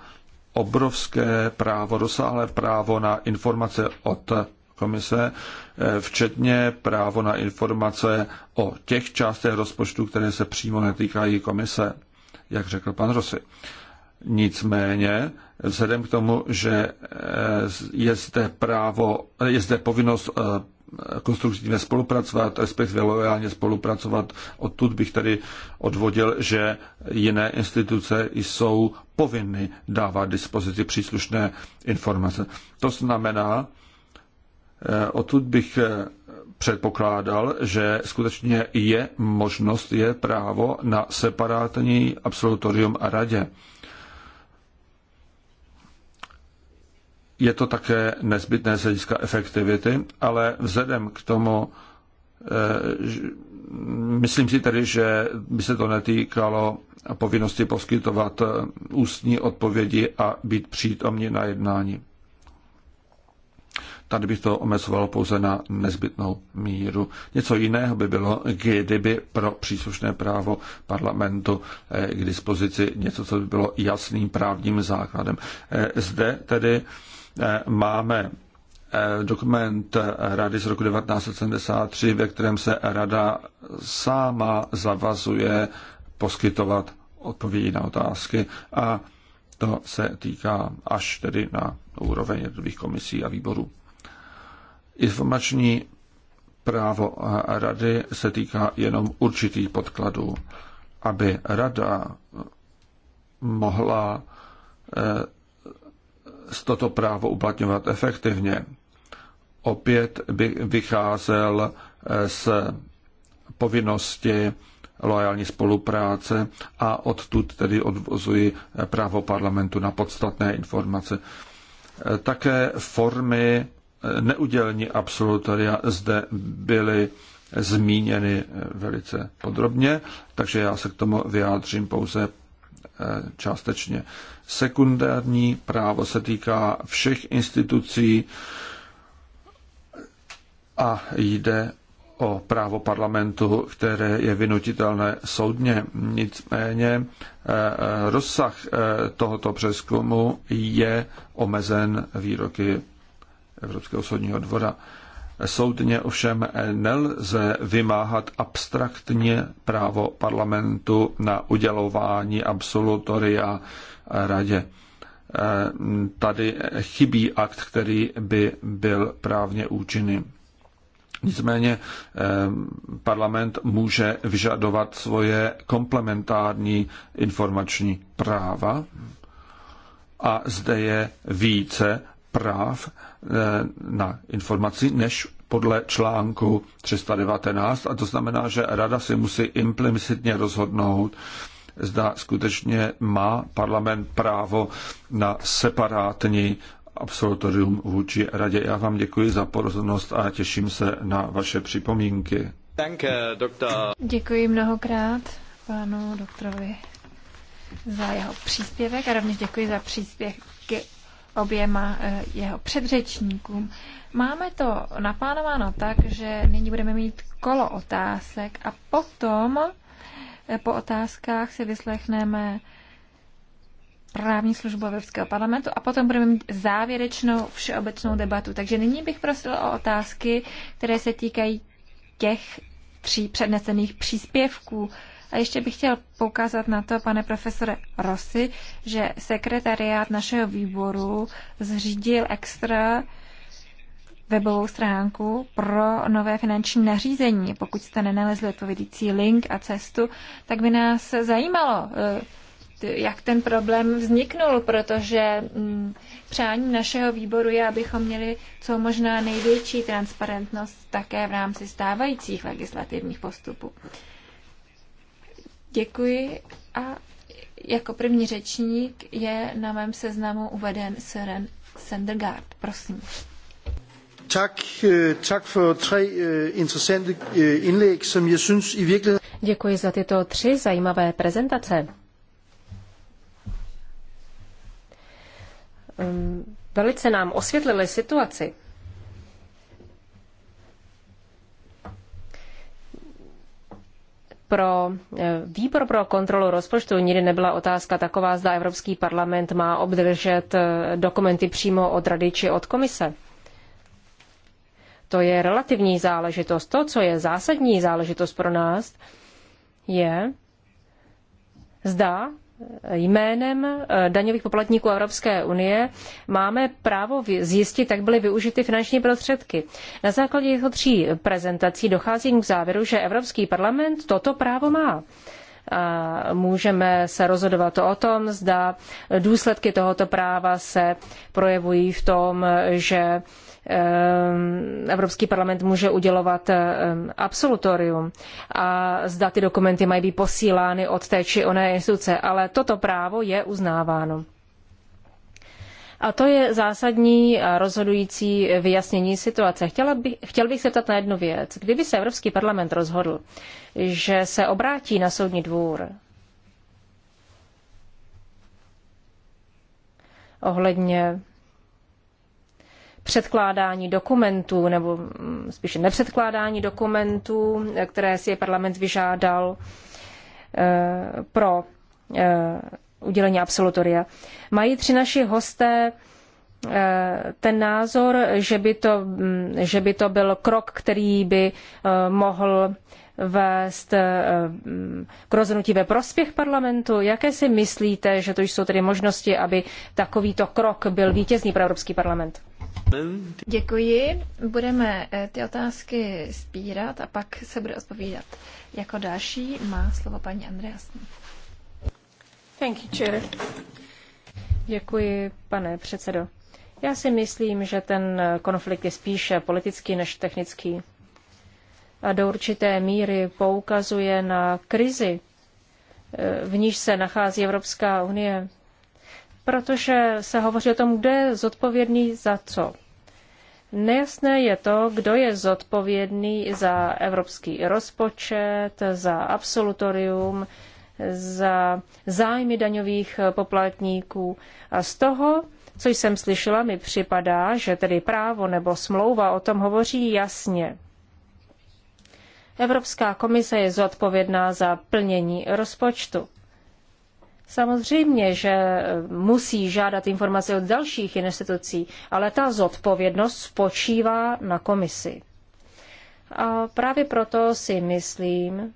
obrovské právo, dosáhlé právo na informace od komise, Eh, včetně právo na informace o těch částech rozpočtu, které se přímo netýkají komise, jak řekl pan Rosy. Nicméně, vzhledem k tomu, že eh, je zde, právo, je zde povinnost eh, konstruktivně spolupracovat, respektive lojálně spolupracovat. Odtud bych tady odvodil, že jiné instituce jsou povinny dávat dispozici příslušné informace. To znamená, Eh, odtud bych eh, předpokládal, že skutečně je možnost, je právo na separátní absolutorium a radě. Je to také nezbytné z hlediska efektivity, ale vzhledem k tomu, eh, myslím si tedy, že by se to netýkalo povinnosti poskytovat ústní odpovědi a být přítomni na jednání tady bych to omezoval pouze na nezbytnou míru. Něco jiného by bylo, kdyby pro příslušné právo parlamentu eh, k dispozici něco, co by bylo jasným právním základem. Eh, zde tedy eh, máme dokument Rady z roku 1973, ve kterém se Rada sama zavazuje poskytovat odpovědi na otázky a to se týká až tedy na úroveň jednotlivých komisí a výborů. Informační právo rady se týká jenom určitých podkladů. Aby rada mohla z eh, toto právo uplatňovat efektivně, opět by vycházel eh, z povinnosti loajální spolupráce a odtud tedy odvozuji eh, právo parlamentu na podstatné informace. Také formy neudělení absolutoria zde byly zmíněny velice podrobně, takže já se k tomu vyjádřím pouze eh, částečně. Sekundární právo se týká všech institucí a jde o právo parlamentu, které je vynutitelné soudně. Nicméně eh, rozsah eh, tohoto přeskumu je omezen výroky Evropského soudního dvora. Soudně ovšem nelze vymáhat abstraktně právo parlamentu na udělování absolutoria radě. Tady chybí akt, který by byl právně účinný. Nicméně eh, parlament může vyžadovat svoje komplementární informační práva a zde je více práv eh, na informaci než podle článku 319 a to znamená, že rada si musí implicitně rozhodnout, zda skutečně má parlament právo na separátní absolutorium vůči radě. Já vám děkuji za pozornost a těším se na vaše připomínky. Děkuji mnohokrát panu doktorovi za jeho příspěvek a rovněž děkuji za příspěvky oběma eh, jeho předřečníkům. Máme to naplánováno tak, že nyní budeme mít kolo otázek a potom eh, po otázkách si vyslechneme právní službu Evropského parlamentu a potom budeme mít závěrečnou všeobecnou debatu. Takže nyní bych prosila o otázky, které se týkají těch tří přednesených příspěvků. A ještě bych chtěl poukázat na to, pane profesore Rossi, že sekretariát našeho výboru zřídil extra webovou stránku pro nové finanční nařízení. Pokud jste nenalezli odpovědící link a cestu, tak by nás zajímalo, eh, jak ten problém vzniknul, protože mm, přání našeho výboru je, abychom měli co možná největší transparentnost také v rámci stávajících legislativních postupů. Děkuji a jako první řečník je na mém seznamu uveden Søren Sendergaard. Prosím. Tak, eh, tak for tre eh, interessante eh, indlæg, som jeg synes i virkeligheden... Děkuji za tyto tři zajímavé prezentace. Ehm, velice nám osvětlili situaci. pro eh, výbor pro kontrolu rozpočtu nikdy nebyla otázka taková, zda Evropský parlament má obdržet eh, dokumenty přímo od rady či od komise. To je relativní záležitost. To, co je zásadní záležitost pro nás, je, zda jménem eh, daňových poplatníků Evropské unie máme právo zjistit, jak byly využity finanční prostředky. Na základě těchto tří prezentací docházím k závěru, že Evropský parlament toto právo má. A můžeme se rozhodovat o tom, zda důsledky tohoto práva se projevují v tom, že Ehm, Evropský parlament může udělovat ehm, absolutorium a zda ty dokumenty mají být posílány od té či oné instituce, ale toto právo je uznáváno. A to je zásadní a rozhodující vyjasnění situace. Chtěla bych, chtěl bych se ptat na jednu věc. Kdyby se Evropský parlament rozhodl, že se obrátí na soudní dvůr ohledně předkládání dokumentů, nebo mm, spíše nepředkládání dokumentů, které si parlament vyžádal eh, pro eh, udělení absolutoria. Mají tři naši hosté eh, ten názor, že by, to, mm, že by to byl krok, který by mohl vést eh, k rozhodnutí ve prospěch parlamentu? Jaké si myslíte, že to jsou tedy možnosti, aby takovýto krok byl vítězný pro Evropský parlament? Děkuji. Budeme eh, ty otázky spírat a pak se bude odpovídat. Jako další má slovo paní Andreasny. Thank you, chair. Děkuji, pane předsedo. Já si myslím, že ten konflikt je spíše politický než technický a do určité míry poukazuje na krizi, eh, v níž se nachází Evropská unie, protože se hovoří o tom, kdo je zodpovědný za co. Nejasné je to, kdo je zodpovědný za evropský rozpočet, za absolutorium, za zájmy daňových poplatníků. A z toho, co jsem slyšela, mi připadá, že tedy právo nebo smlouva o tom hovoří jasně. Evropská komise je zodpovědná za plnění rozpočtu. Samozřejmě, že musí žádat informace od dalších institucí, ale ta zodpovědnost spočívá na komisi. A právě proto si myslím,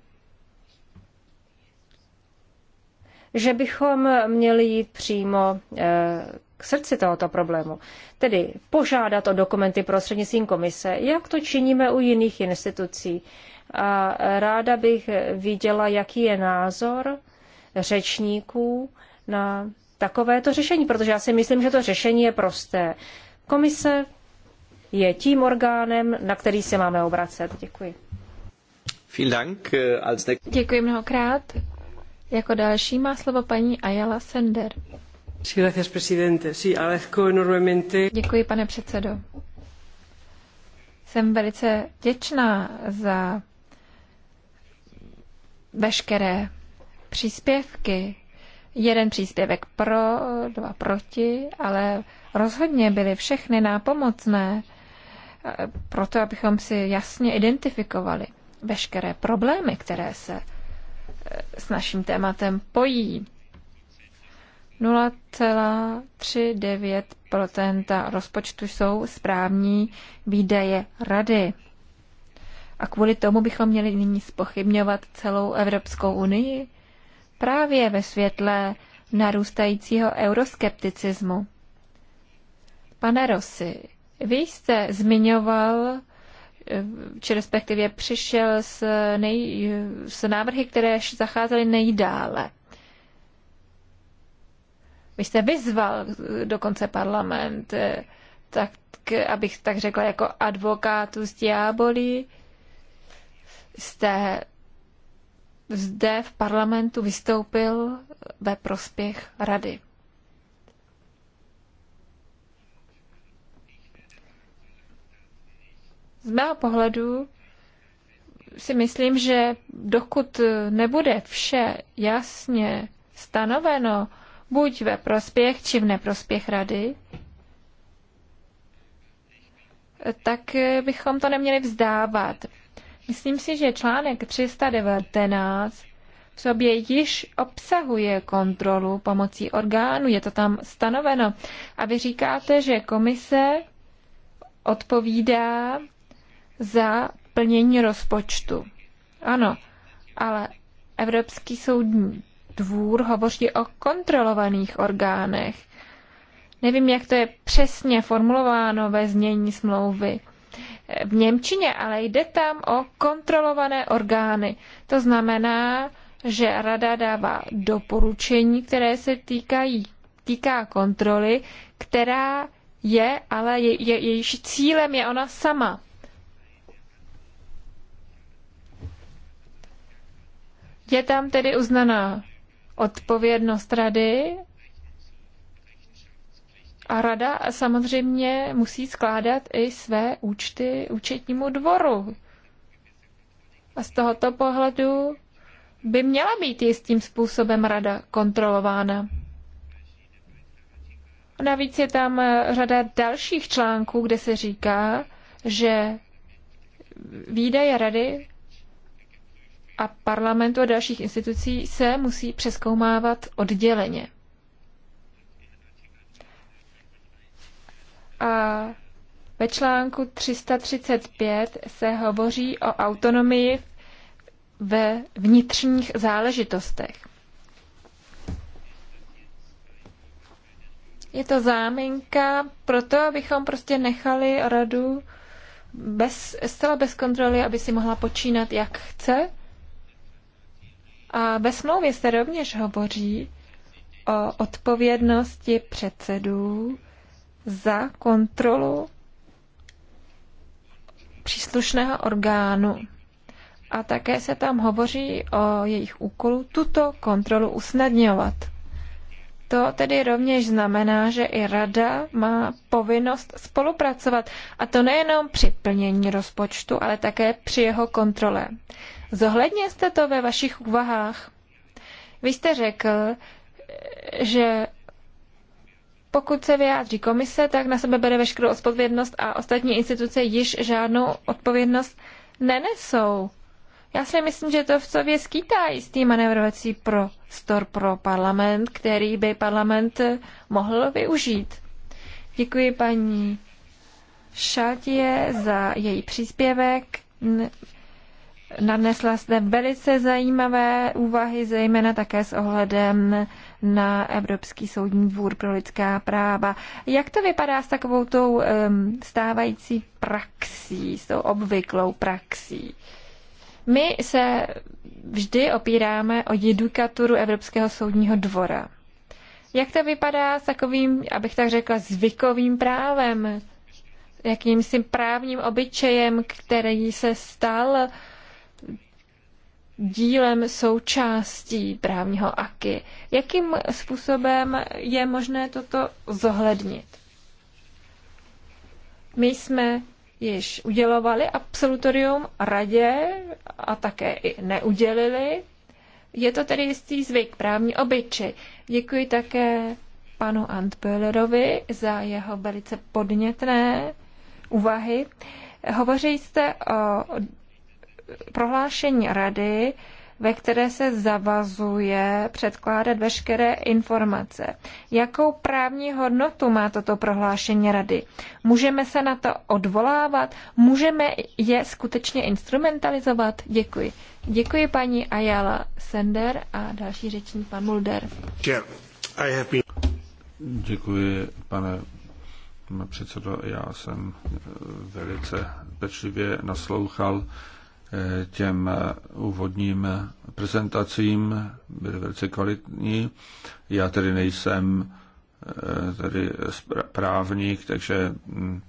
že bychom měli jít přímo eh, k srdci tohoto problému, tedy požádat o dokumenty prostřednictvím komise, jak to činíme u jiných institucí a ráda bych viděla, jaký je názor řečníků na takovéto řešení, protože já si myslím, že to řešení je prosté. Komise je tím orgánem, na který se máme obracet. Děkuji. Äh, Děkuji mnohokrát. Jako další má slovo paní Ayala Sender. Děkuji, pane předsedo. Jsem velice děčná za veškeré příspěvky. Jeden příspěvek pro, dva proti, ale rozhodně byly všechny nápomocné eh, proto, abychom si jasně identifikovali veškeré problémy, které se eh, s naším tématem pojí. 0,39 rozpočtu jsou správní výdaje rady. A kvůli tomu bychom měli nyní spochybňovat celou Evropskou unii? Právě ve světle narůstajícího euroskepticismu. Pane Rossi, vy jste zmiňoval, či respektive přišel s, nej, s návrhy, které zacházely nejdále. Vy jste vyzval dokonce parlament, eh, tak, abych tak řekla, jako advokátu z diabolí jste zde v parlamentu vystoupil ve prospěch rady. Z mého pohledu si myslím, že dokud nebude vše jasně stanoveno, buď ve prospěch či v neprospěch rady, tak bychom to neměli vzdávat. Myslím si, že článek 319 v sobě již obsahuje kontrolu pomocí orgánu, je to tam stanoveno. A vy říkáte, že komise odpovídá za plnění rozpočtu. Ano, ale Evropský soudní dvůr hovoří o kontrolovaných orgánech. Nevím, jak to je přesně formulováno ve znění smlouvy v Němčině, ale jde tam o kontrolované orgány. To znamená, že rada dává doporučení, které se týkají, týká kontroly, která je, ale je, je, jejíž cílem je ona sama. Je tam tedy uznaná odpovědnost rady a rada samozřejmě musí skládat i své účty účetnímu dvoru. A z tohoto pohledu by měla být jistým způsobem rada kontrolována. Navíc je tam řada dalších článků, kde se říká, že výdaje rady a parlamentu a dalších institucí se musí přeskoumávat odděleně. a ve článku 335 se hovoří o autonomii ve vnitřních záležitostech. Je to záminka pro to, abychom prostě nechali radu bez, zcela bez kontroly, aby si mohla počínat, jak chce. A ve smlouvě se rovněž hovoří o odpovědnosti předsedů za kontrolu příslušného orgánu. A také se tam hovoří o jejich úkolu tuto kontrolu usnadňovat. To tedy rovněž znamená, že i rada má povinnost spolupracovat. A to nejenom při plnění rozpočtu, ale také při jeho kontrole. Zohledně jste to ve vašich úvahách. Vy jste řekl, že pokud se vyjádří komise, tak na sebe bere veškerou odpovědnost a ostatní instituce již žádnou odpovědnost nenesou. Já si myslím, že to v sobě skýtá jistý manevrovací prostor pro parlament, který by parlament mohl využít. Děkuji paní Šatě za její příspěvek. Nadnesla jste velice zajímavé úvahy, zejména také s ohledem na Evropský soudní dvůr pro lidská práva. Jak to vypadá s takovou tou um, stávající praxí, s tou obvyklou praxí? My se vždy opíráme o judikaturu Evropského soudního dvora. Jak to vypadá s takovým, abych tak řekla, zvykovým právem, jakýmsi právním obyčejem, který se stal uh, dílem, součástí právního aky. Jakým způsobem je možné toto zohlednit? My jsme již udělovali absolutorium radě a také i neudělili. Je to tedy jistý zvyk, právní obyčej. Děkuji také panu Antpöllerovi za jeho velice podnětné úvahy. Hovoří jste o prohlášení rady, ve které se zavazuje předkládat veškeré informace. Jakou právní hodnotu má toto prohlášení rady? Můžeme se na to odvolávat? Můžeme je skutečně instrumentalizovat? Děkuji. Děkuji paní Ayala Sender a další řečník pan Mulder. Děkuji, pane předsedo. Já jsem velice pečlivě naslouchal těm úvodním prezentacím, byly velice kvalitní. Já tedy nejsem eh, tady právník, takže hm,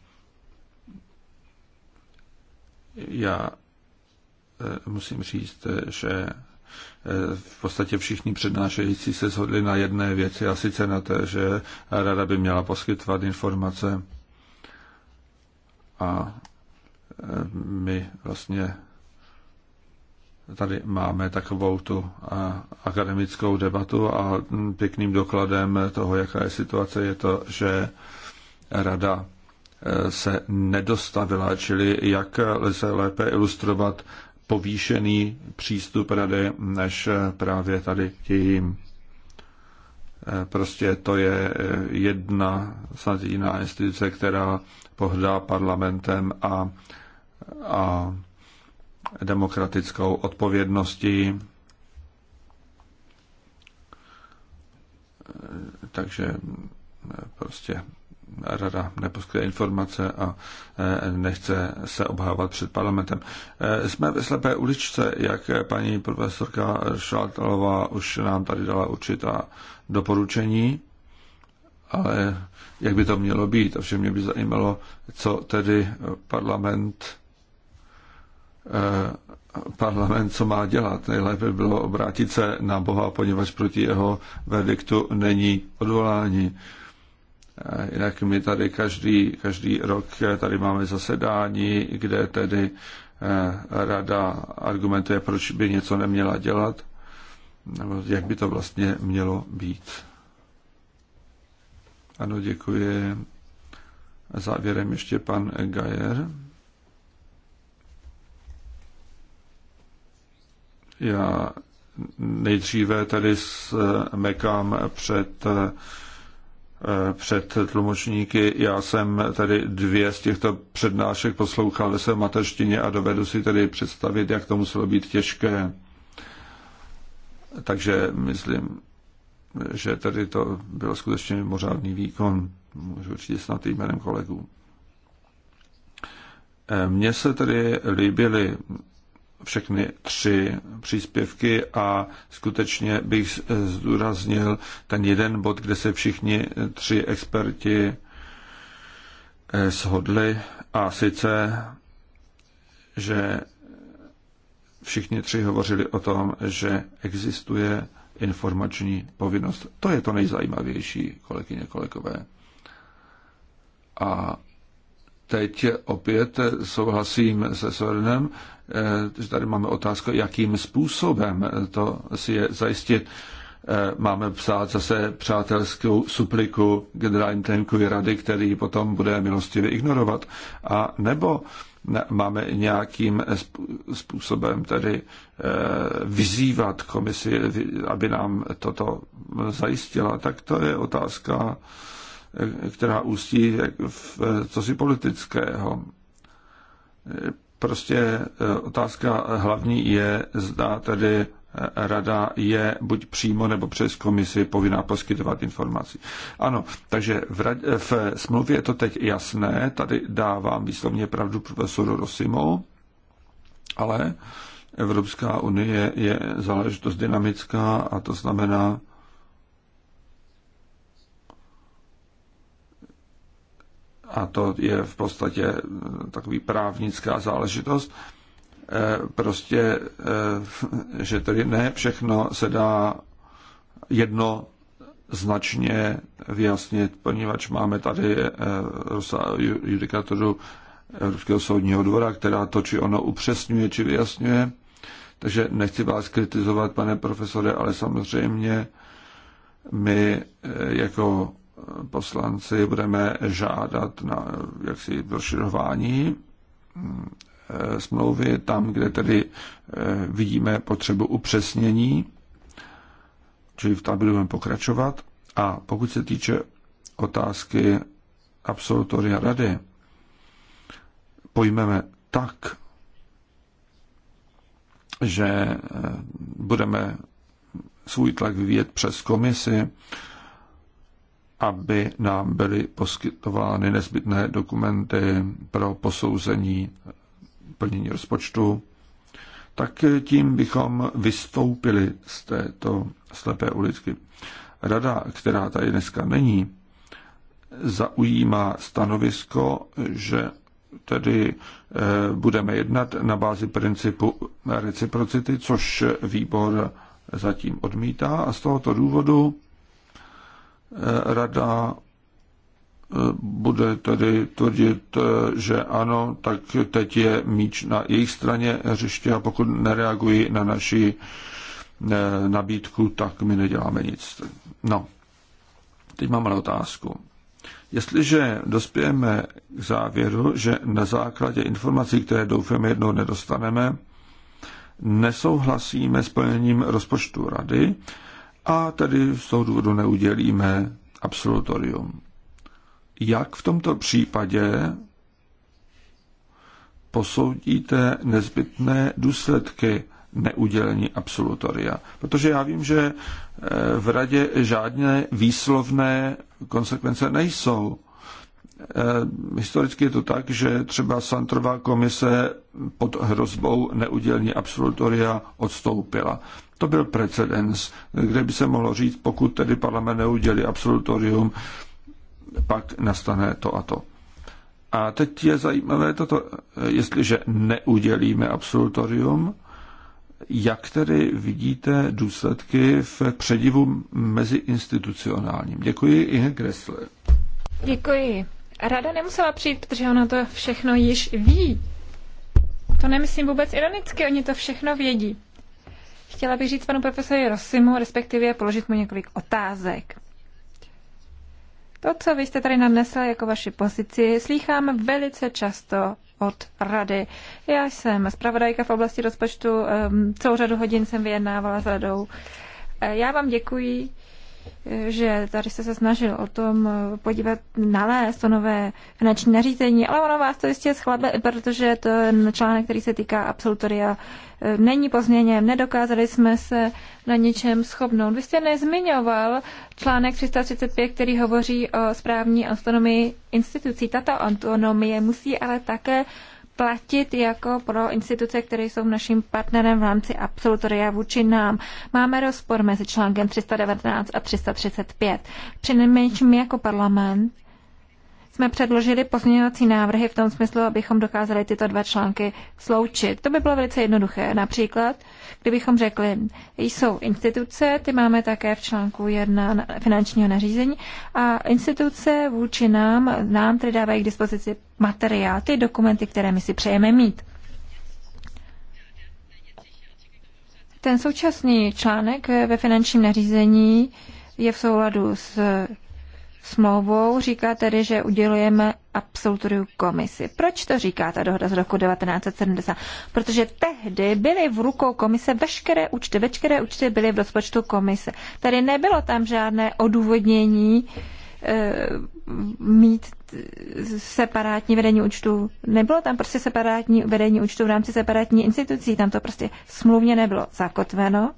já eh, musím říct, že eh, v podstatě všichni přednášející se shodli na jedné věci, a sice na té, že rada by měla poskytovat informace a my vlastně tady máme takovou tu akademickou debatu a mm, pěkným dokladem toho, jaká je situace, je to, že rada e, se nedostavila, čili jak se lépe ilustrovat povýšený přístup rady, než e, právě tady tím. E, prostě to je jedna, snad jiná instituce, která pohrdá parlamentem a, a demokratickou odpovědností. Takže prostě rada neposkytuje informace a e, nechce se obhávat před parlamentem. E, jsme ve slepé uličce, jak paní profesorka Šaltalová už nám tady dala určitá doporučení, ale jak by to mělo být? A mě by zajímalo, co tedy parlament Eh, parlament, co má dělat. Nejlépe bylo obrátit se na Boha, poněvadž proti jeho verdiktu není odvolání. Eh, jinak my tady každý, každý rok eh, tady máme zasedání, kde tedy rada argumentuje, proč by něco neměla dělat, nebo jak by to vlastně mělo být. Ano, děkuji. Závěrem ještě pan Gajer. Já nejdříve tady mekám před před tlumočníky. Já jsem tady dvě z těchto přednášek poslouchal ve své mateřštině a dovedu si tedy představit, jak to muselo být těžké. Takže myslím, že tady to byl skutečně mimořádný výkon, můžu určitě snad jménem kolegů. Mně se tedy líbily všechny tři příspěvky a skutečně bych zdůraznil ten jeden bod, kde se všichni tři experti eh, shodli a sice, že všichni tři hovořili o tom, že existuje informační povinnost. To je to nejzajímavější, kolegyně, kolegové. A teď opět souhlasím se Sorenem, Eh, že tady máme otázku, jakým způsobem eh, to si je zajistit. Eh, máme psát zase přátelskou supliku generálním tajemku rady, který potom bude milostivě ignorovat. A nebo máme nějakým způsobem tedy vyzývat komisi, aby nám toto zajistila, tak to je otázka, která ústí v cosi politického. Prostě eh, otázka hlavní je, zda tedy eh, rada je buď přímo nebo přes komisi povinná poskytovat informaci. Ano, takže v, rad, eh, v smluvě je to teď jasné, tady dávám výslovně pravdu profesoru Rosimo, ale Evropská unie je záležitost dynamická a to znamená, a to je v podstatě eh, takový právnická záležitost, eh, prostě, eh, že tedy ne všechno se dá jedno značně vyjasnit, poněvadž máme tady judikaturu Evropského soudního dvora, která to či ono upřesňuje či vyjasňuje. Takže nechci vás kritizovat, pane profesore, ale samozřejmě my jako poslanci budeme žádat na jaksi rozširování eh, smlouvy tam, kde tedy eh, vidíme potřebu upřesnění, čili v tom budeme pokračovat. A pokud se týče otázky absolutoria rady, pojmeme tak, že eh, budeme svůj tlak vyvíjet přes komisi, aby nám byly poskytovány nezbytné dokumenty pro posouzení plnění rozpočtu, tak tím bychom vystoupili z této slepé uličky. Rada, která tady dneska není, zaujímá stanovisko, že tedy eh, budeme jednat na bázi principu reciprocity, což výbor zatím odmítá a z tohoto důvodu rada eh, bude tedy tvrdit, eh, že ano, tak teď je míč na jejich straně hřiště a pokud nereagují na naši eh, nabídku, tak my neděláme nic. No, teď mám ale otázku. Jestliže dospějeme k závěru, že na základě informací, které doufáme jednou nedostaneme, nesouhlasíme s plněním rozpočtu rady, a tedy z toho důvodu neudělíme absolutorium. Jak v tomto případě posoudíte nezbytné důsledky neudělení absolutoria. Protože já vím, že eh, v radě žádné výslovné konsekvence nejsou. Eh, historicky je to tak, že třeba Santrová komise pod hrozbou neudělení absolutoria odstoupila. To byl precedens, kde by se mohlo říct, pokud tedy parlament neudělí absolutorium, pak nastane to a to. A teď je zajímavé toto, jestliže neudělíme absolutorium, jak tedy vidíte důsledky v předivu meziinstitucionálním? Děkuji, Inge Gressle. Děkuji. Rada nemusela přijít, protože ona to všechno již ví. To nemyslím vůbec ironicky, oni to všechno vědí. Chtěla bych říct panu profesoru Rosimu, respektive položit mu několik otázek. To, co vy jste tady nadnesl jako vaši pozici, slýchám velice často od rady. Já jsem zpravodajka v oblasti rozpočtu, celou řadu hodin jsem vyjednávala s radou. E, já vám děkuji že tady jste se snažil o tom eh, podívat, nalézt to nové finanční nařízení, ale ono vás to jistě schlabe, protože to článek, který se týká absolutoria, eh, není pozměněn, nedokázali jsme se na ničem schopnout. Vy jste nezmiňoval článek 335, který hovoří o správní autonomii institucí. Tato autonomie musí ale také platit jako pro instituce, které jsou naším partnerem v rámci absolutoria vůči nám. Máme rozpor mezi článkem 319 a 335. Přinejmenším my jako parlament jsme předložili pozměňovací návrhy v tom smyslu, abychom dokázali tyto dva články sloučit. To by bylo velice jednoduché. Například, kdybychom řekli, jsou instituce, ty máme také v článku 1 finančního nařízení a instituce vůči nám, nám tedy dávají k dispozici materiál, ty dokumenty, které my si přejeme mít. Ten současný článek ve finančním nařízení je v souladu s smlouvou říká tedy, že udělujeme absolutoriu komisi. Proč to říká ta dohoda z roku 1970? Protože tehdy byly v rukou komise veškeré účty, veškeré účty byly v rozpočtu komise. Tady nebylo tam žádné odůvodnění e, mít separátní vedení účtu. Nebylo tam prostě separátní vedení účtu v rámci separátní institucí, tam to prostě smluvně nebylo zakotveno.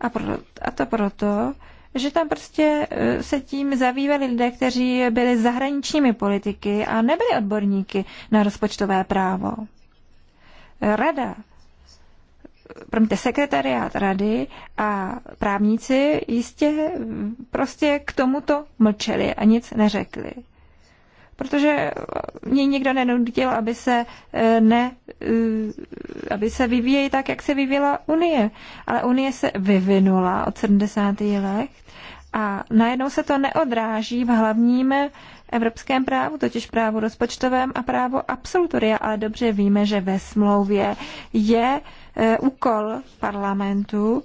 A, pro, a to proto, že tam prostě e, se tím zavývali lidé, kteří byli zahraničními politiky a nebyli odborníky na rozpočtové právo. Rada promiňte, sekretariát rady a právníci jistě prostě k tomuto mlčeli a nic neřekli protože mě nikdo nenudil, aby se, eh, ne, eh, aby se vyvíjeli tak, jak se vyvíjela Unie. Ale Unie se vyvinula od 70. let a najednou se to neodráží v hlavním evropském právu, totiž právu rozpočtovém a právu absolutoria, ale dobře víme, že ve smlouvě je eh, úkol parlamentu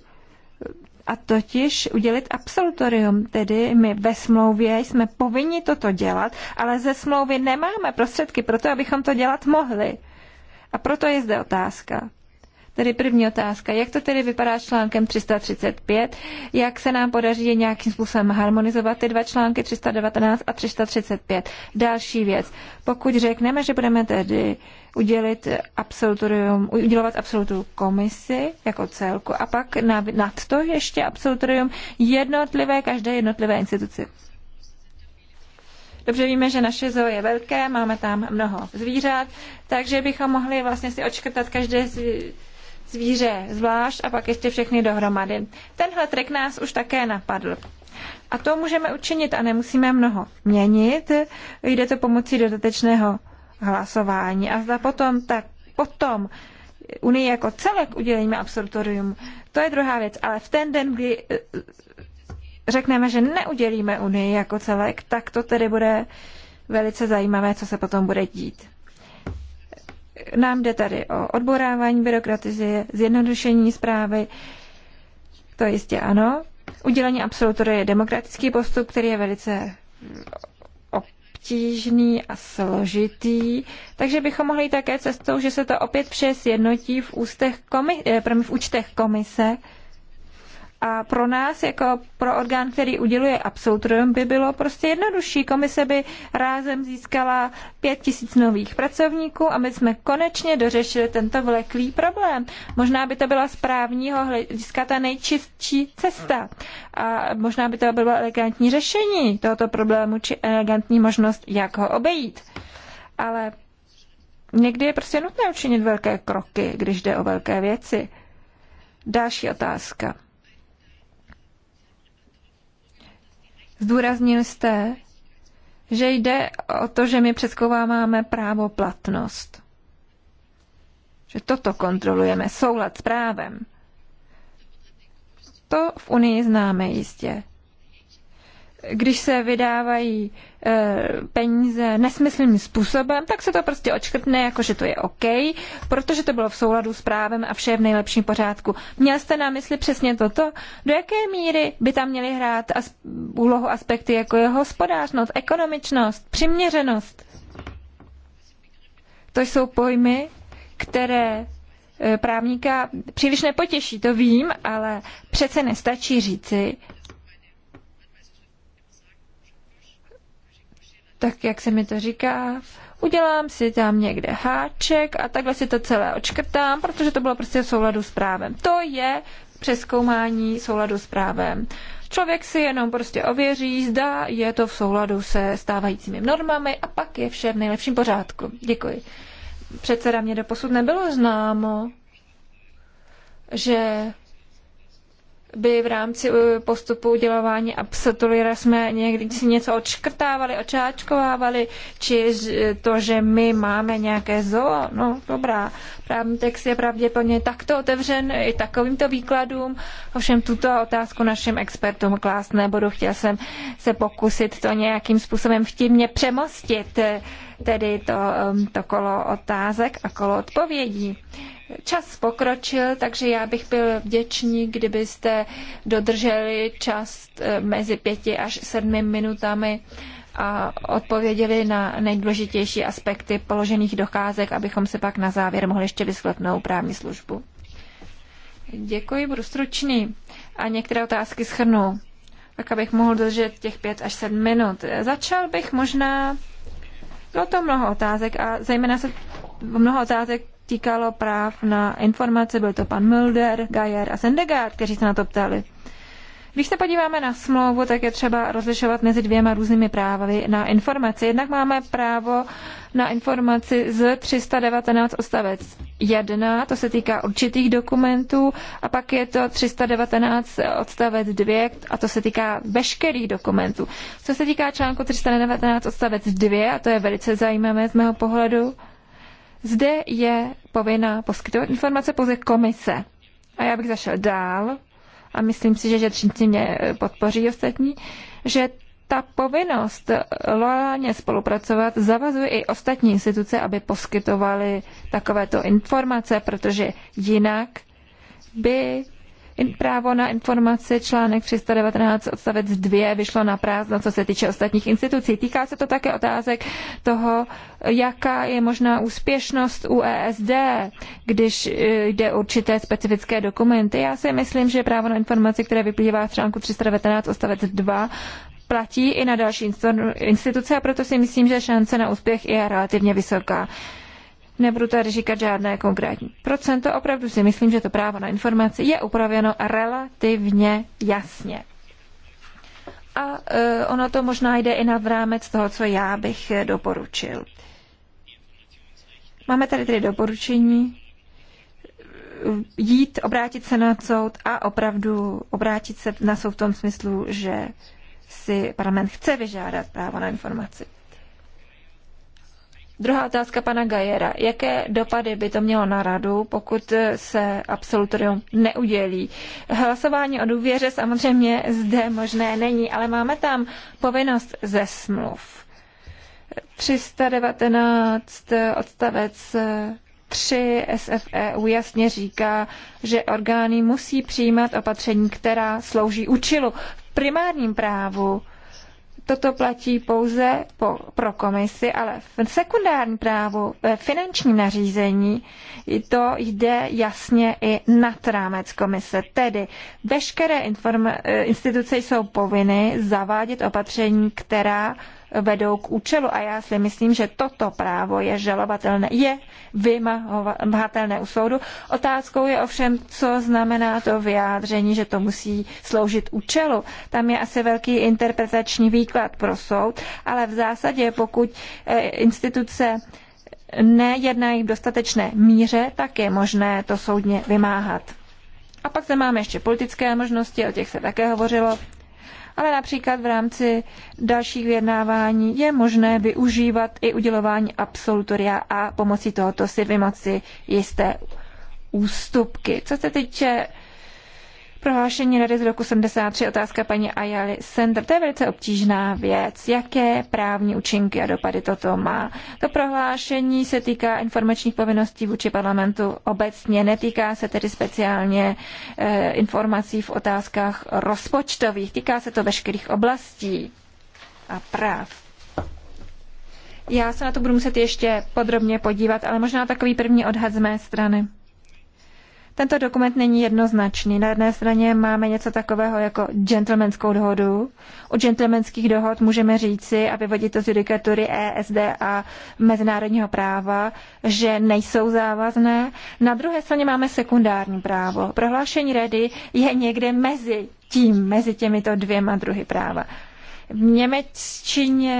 a totiž udělit absolutorium. Tedy my ve smlouvě jsme povinni toto dělat, ale ze smlouvy nemáme prostředky pro to, abychom to dělat mohli. A proto je zde otázka. Tedy první otázka, jak to tedy vypadá s článkem 335, jak se nám podaří je nějakým způsobem harmonizovat ty dva články 319 a 335. Další věc, pokud řekneme, že budeme tedy udělit absolutorium, udělovat absolutu komisi jako celku a pak nad to ještě absolutorium jednotlivé, každé jednotlivé instituci. Dobře víme, že naše zoo je velké, máme tam mnoho zvířat, takže bychom mohli vlastně si očkrtat každé zvíře zvlášť a pak ještě všechny dohromady. Tenhle trik nás už také napadl. A to můžeme učinit a nemusíme mnoho měnit. Jde to pomocí dodatečného hlasování. A zda potom, tak potom Unii jako celek udělíme absolutorium, to je druhá věc. Ale v ten den, kdy eh, řekneme, že neudělíme Unii jako celek, tak to tedy bude velice zajímavé, co se potom bude dít. Nám jde tady o odborávání byrokratizie, zjednodušení zprávy, to jistě ano. Udělení absolutory je demokratický postup, který je velice obtížný a složitý, takže bychom mohli jít také cestou, že se to opět jednotí v, ústech komi- eh, v účtech komise, a pro nás, jako pro orgán, který uděluje absolutorium, by bylo prostě jednodušší. Komise by rázem získala pět tisíc nových pracovníků a my jsme konečně dořešili tento vleklý problém. Možná by to byla z právního hlediska ta nejčistší cesta. A možná by to bylo elegantní řešení tohoto problému či elegantní možnost, jak ho obejít. Ale někdy je prostě nutné učinit velké kroky, když jde o velké věci. Další otázka. Zdůraznil jste, že jde o to, že my přeskoumáváme právo platnost. Že toto kontrolujeme, soulad s právem. To v Unii známe jistě když se vydávají eh, peníze nesmyslným způsobem, tak se to prostě očkrtne, jako že to je OK, protože to bylo v souladu s právem a vše je v nejlepším pořádku. Měl jste na mysli přesně toto? Do jaké míry by tam měly hrát as- úlohu aspekty, jako je hospodářnost, ekonomičnost, přiměřenost? To jsou pojmy, které eh, právníka příliš nepotěší, to vím, ale přece nestačí říci, tak jak se mi to říká, udělám si tam někde háček a takhle si to celé očkrtám, protože to bylo prostě v souladu s právem. To je přeskoumání souladu s právem. Člověk si jenom prostě ověří, zda je to v souladu se stávajícími normami a pak je vše v nejlepším pořádku. Děkuji. Předseda mě do posud nebylo známo, že by v rámci uh, postupu udělování absolutoria jsme někdy si něco odškrtávali, očáčkovávali, či eh, to, že my máme nějaké zoo. No dobrá, právní text je pravděpodobně takto otevřen i takovýmto výkladům. Ovšem tuto otázku našim expertům klást nebudu. Chtěl jsem se pokusit to nějakým způsobem vtipně přemostit, eh, tedy to, um, to kolo otázek a kolo odpovědí. Čas pokročil, takže já bych byl vděčný, kdybyste dodrželi čas eh, mezi pěti až sedmi minutami a odpověděli na nejdůležitější aspekty položených docházek, abychom se pak na závěr mohli ještě vyslechnout právní službu. Děkuji, budu stručný a některé otázky schrnu, tak abych mohl držet těch pět až sedm minut. Začal bych možná, bylo to mnoho otázek a zejména se mnoho otázek týkalo práv na informace, byl to pan Mulder, Gajer a Sendegard, kteří se na to ptali. Když se podíváme na smlouvu, tak je třeba rozlišovat mezi dvěma různými právy na informaci. Jednak máme právo na informaci z 319 odstavec 1, to se týká určitých dokumentů, a pak je to 319 odstavec 2, a to se týká veškerých dokumentů. Co se týká článku 319 odstavec 2, a to je velice zajímavé z mého pohledu, zde je povinna poskytovat informace pouze komise. A já bych zašel dál a myslím si, že řečníci mě eh, podpoří ostatní, že ta povinnost eh, loajálně spolupracovat zavazuje i ostatní instituce, aby poskytovaly takovéto informace, protože jinak by Právo na informace článek 319 odstavec 2 vyšlo na prázdno, co se týče ostatních institucí. Týká se to také otázek toho, jaká je možná úspěšnost u ESD, když eh, jde určité specifické dokumenty. Já si myslím, že právo na informace, které vyplývá v článku 319 odstavec 2, platí i na další instituce a proto si myslím, že šance na úspěch je relativně vysoká. Nebudu tady říkat žádné konkrétní procento, opravdu si myslím, že to právo na informaci je upraveno relativně jasně. A e, ono to možná jde i nad rámec toho, co já bych e, doporučil. Máme tady tedy doporučení e, jít, obrátit se na soud a opravdu obrátit se na soud v tom smyslu, že si parlament chce vyžádat právo na informaci. Druhá otázka pana Gajera. Jaké dopady by to mělo na radu, pokud se absolutorium neudělí? Hlasování o důvěře samozřejmě zde možné není, ale máme tam povinnost ze smluv. 319 odstavec 3 SFE jasně říká, že orgány musí přijímat opatření, která slouží účilu. V primárním právu Toto platí pouze po, pro komisi, ale v sekundární právu, ve eh, finančním nařízení, to jde jasně i nad rámec komise. Tedy veškeré eh, instituce jsou povinny zavádět opatření, která vedou k účelu. A já si myslím, že toto právo je žalovatelné, je vymahatelné u soudu. Otázkou je ovšem, co znamená to vyjádření, že to musí sloužit účelu. Tam je asi velký interpretační výklad pro soud, ale v zásadě, pokud eh, instituce nejednají v dostatečné míře, tak je možné to soudně vymáhat. A pak se máme ještě politické možnosti, o těch se také hovořilo ale například v rámci dalších vyjednávání je možné využívat i udělování absolutoria a pomocí tohoto si vymoci jisté ústupky. Co se týče Prohlášení Rady z roku 73, otázka paní Ayali Sender. To je velice obtížná věc. Jaké právní účinky a dopady toto má? To prohlášení se týká informačních povinností vůči parlamentu obecně, netýká se tedy speciálně e, informací v otázkách rozpočtových. Týká se to veškerých oblastí a práv. Já se na to budu muset ještě podrobně podívat, ale možná takový první odhad z mé strany. Tento dokument není jednoznačný. Na jedné straně máme něco takového jako gentlemanskou dohodu. O gentlemanských dohod můžeme říci a vyvodit to z judikatury ESD a mezinárodního práva, že nejsou závazné. Na druhé straně máme sekundární právo. Prohlášení rady je někde mezi tím, mezi těmito dvěma druhy práva. V Němečtině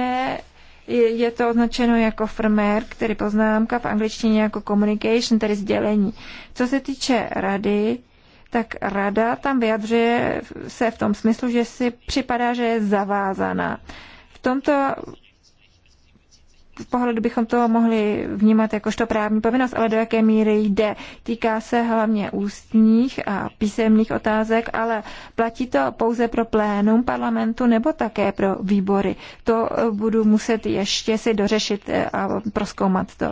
je to označeno jako firmware, který poznámka v angličtině jako communication, tedy sdělení. Co se týče rady, tak rada tam vyjadřuje se v tom smyslu, že si připadá, že je zavázaná. V tomto pohledu bychom to mohli vnímat jakožto právní povinnost, ale do jaké míry jde. Týká se hlavně ústních a písemných otázek, ale platí to pouze pro plénum parlamentu nebo také pro výbory. To budu muset ještě si dořešit eh, a proskoumat to.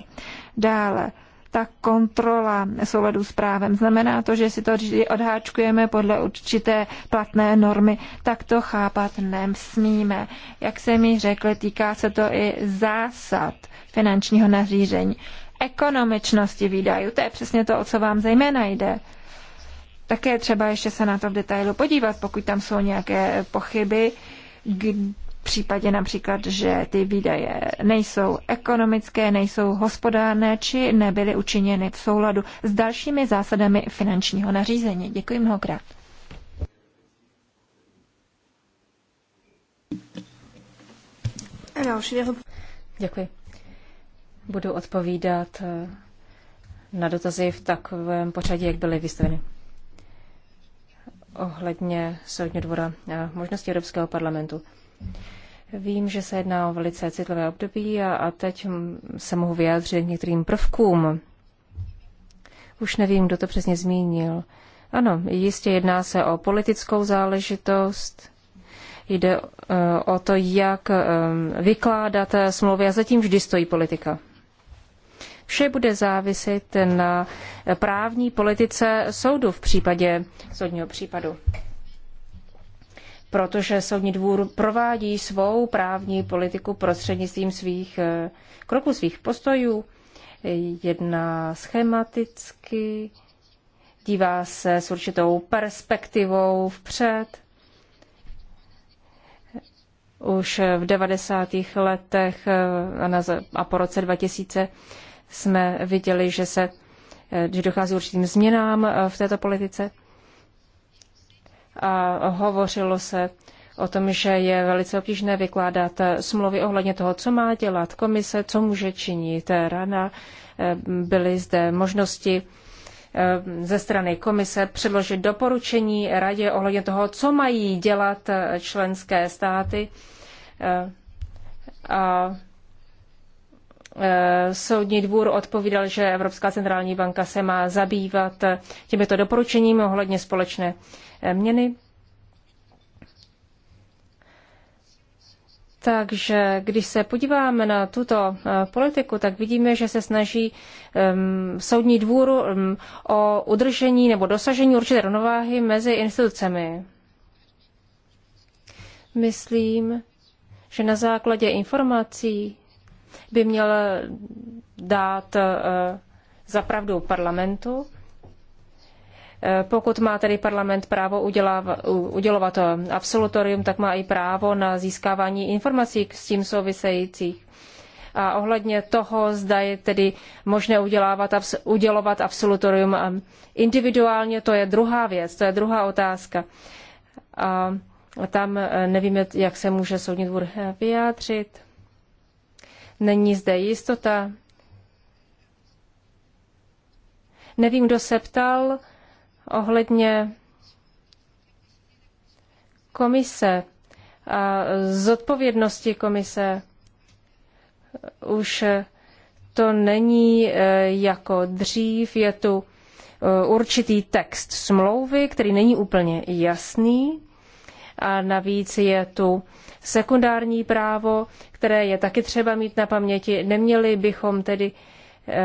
Dále ta kontrola souladu s právem. Znamená to, že si to odháčkujeme podle určité platné normy, tak to chápat nesmíme. Jak jsem mi řekl, týká se to i zásad finančního nařízení. Ekonomičnosti výdajů, to je přesně to, o co vám zejména jde. Také třeba ještě se na to v detailu podívat, pokud tam jsou nějaké pochyby, kdy případě například, že ty výdaje nejsou ekonomické, nejsou hospodárné či nebyly učiněny v souladu s dalšími zásadami finančního nařízení. Děkuji mnohokrát. Děkuji. Budu odpovídat eh, na dotazy v takovém pořadí, jak byly vystaveny ohledně soudního dvora eh, možnosti Evropského parlamentu. Vím, že se jedná o velice citlivé období a, a teď se mohu vyjádřit některým prvkům. Už nevím, kdo to přesně zmínil. Ano, jistě jedná se o politickou záležitost. Jde e, o to, jak e, vykládat e, smlouvy a zatím vždy stojí politika. Vše bude záviset na právní politice soudu v případě soudního případu protože Soudní dvůr provádí svou právní politiku prostřednictvím svých eh, kroků, svých postojů, jedná schematicky, dívá se s určitou perspektivou vpřed. Už v 90. letech eh, a po roce 2000 jsme viděli, že se eh, že dochází určitým změnám v této politice a hovořilo se o tom, že je velice obtížné vykládat smlouvy ohledně toho, co má dělat komise, co může činit rana. E, byly zde možnosti e, ze strany komise předložit doporučení radě ohledně toho, co mají dělat členské státy. E, a Eh, soudní dvůr odpovídal, že Evropská centrální banka se má zabývat eh, těmito doporučeními ohledně společné eh, měny. Takže když se podíváme na tuto politiku, tak vidíme, že se snaží um, soudní dvůr um, o udržení nebo dosažení určité rovnováhy mezi institucemi. Myslím, že na základě informací, by měl dát eh, zapravdu parlamentu. Eh, pokud má tedy parlament právo udělovat eh, absolutorium, tak má i právo na získávání informací s tím souvisejících. A ohledně toho, zda je tedy možné udělávat, udělovat absolutorium individuálně, to je druhá věc, to je druhá otázka. A tam nevíme, jak se může soudní dvůr vyjádřit. Není zde jistota. Nevím, kdo se ptal ohledně komise a zodpovědnosti komise. Už to není eh, jako dřív, je tu eh, určitý text smlouvy, který není úplně jasný a navíc je tu sekundární právo, které je taky třeba mít na paměti. Neměli bychom tedy eh,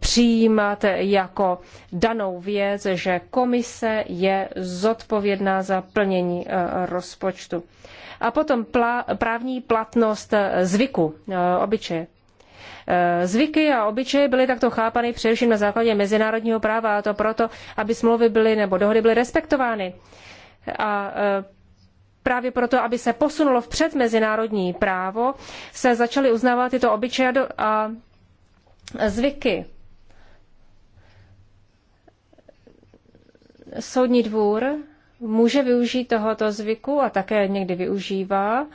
přijímat jako danou věc, že komise je zodpovědná za plnění eh, rozpočtu. A potom plá, právní platnost eh, zvyku, obyčeje. Zvyky a obyčeje byly takto chápany především na základě mezinárodního práva a to proto, aby smlouvy byly nebo dohody byly respektovány. A právě proto, aby se posunulo vpřed mezinárodní právo, se začaly uznávat tyto obyčeje a zvyky. Soudní dvůr může využít tohoto zvyku a také někdy využívá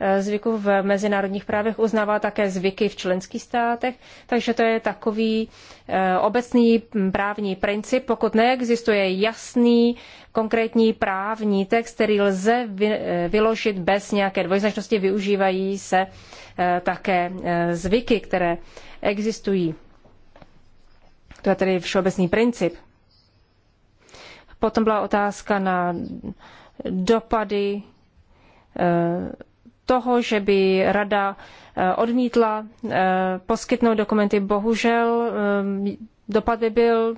eh, zvyku v mezinárodních právech, uznává také zvyky v členských státech, takže to je takový eh, obecný právní princip. Pokud neexistuje jasný konkrétní právní text, který lze eh, vyložit bez nějaké dvojznačnosti, využívají se eh, také eh, zvyky, které existují. To je tedy všeobecný princip. Potom byla otázka na dopady toho, že by rada odmítla poskytnout dokumenty. Bohužel dopad by byl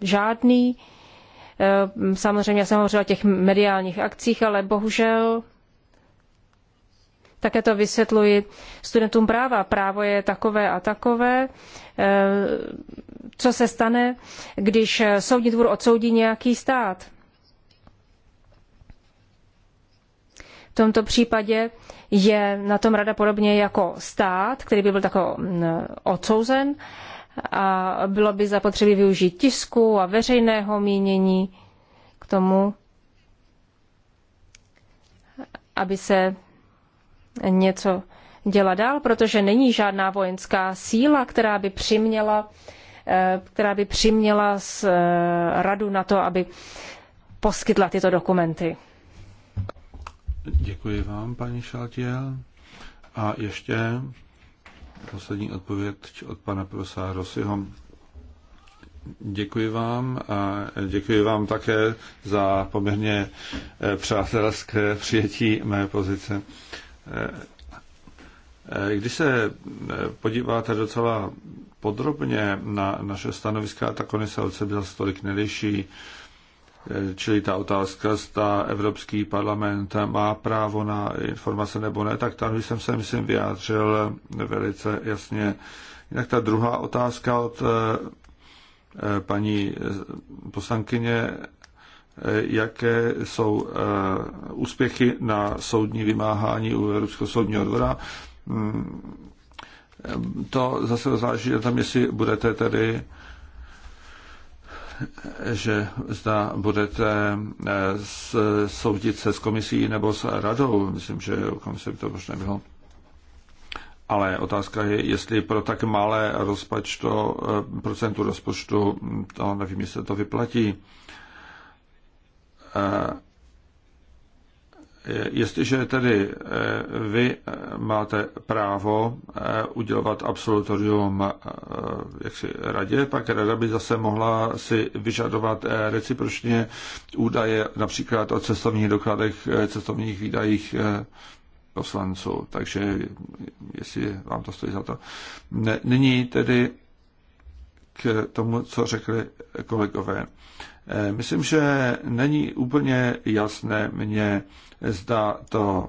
žádný. Ehm, samozřejmě jsem hovořila o těch mediálních akcích, ale bohužel také to vysvětluji studentům práva. Právo je takové a takové. Ehm, co se stane, když soudní dvůr odsoudí nějaký stát? V tomto případě je na tom rada podobně jako stát, který by byl takový ehm, odsouzen a bylo by zapotřebí využít tisku a veřejného mínění k tomu, aby se něco děla dál, protože není žádná vojenská síla, která by přiměla, eh, která by přiměla z eh, radu na to, aby poskytla tyto dokumenty. Děkuji vám, paní Šaltiel. A ještě poslední odpověď od pana profesora Rosyho. Děkuji vám a děkuji vám také za poměrně eh, přátelské přijetí mé pozice. Eh, eh, když se podíváte docela podrobně na naše stanoviska, tak oni se od sebe zase tolik neliší. Čili ta otázka, zda Evropský parlament má právo na informace nebo ne, tak tam jsem se, myslím, vyjádřil velice jasně. Jinak ta druhá otázka od eh, paní eh, poslankyně, eh, jaké jsou úspěchy na soudní vymáhání u Evropského soudního dvora. Mm, to zase záleží na tom, jestli budete tedy že zda budete eh, soudit se s komisí nebo s radou. Myslím, že komise by to už bylo. Ale otázka je, jestli pro tak malé rozpočto, eh, procentu rozpočtu, to nevím, jestli to vyplatí eh, Eh, jestliže tedy eh, vy eh, máte právo udělovat absolutorium jaksi radě, pak rada by zase mohla si vyžadovat recipročně údaje například o cestovních dokladech, cestovních výdajích poslanců. Takže jestli vám to stojí za to. Nyní tedy k tomu, co řekli kolegové. Myslím, že není úplně jasné mně, zda to eh,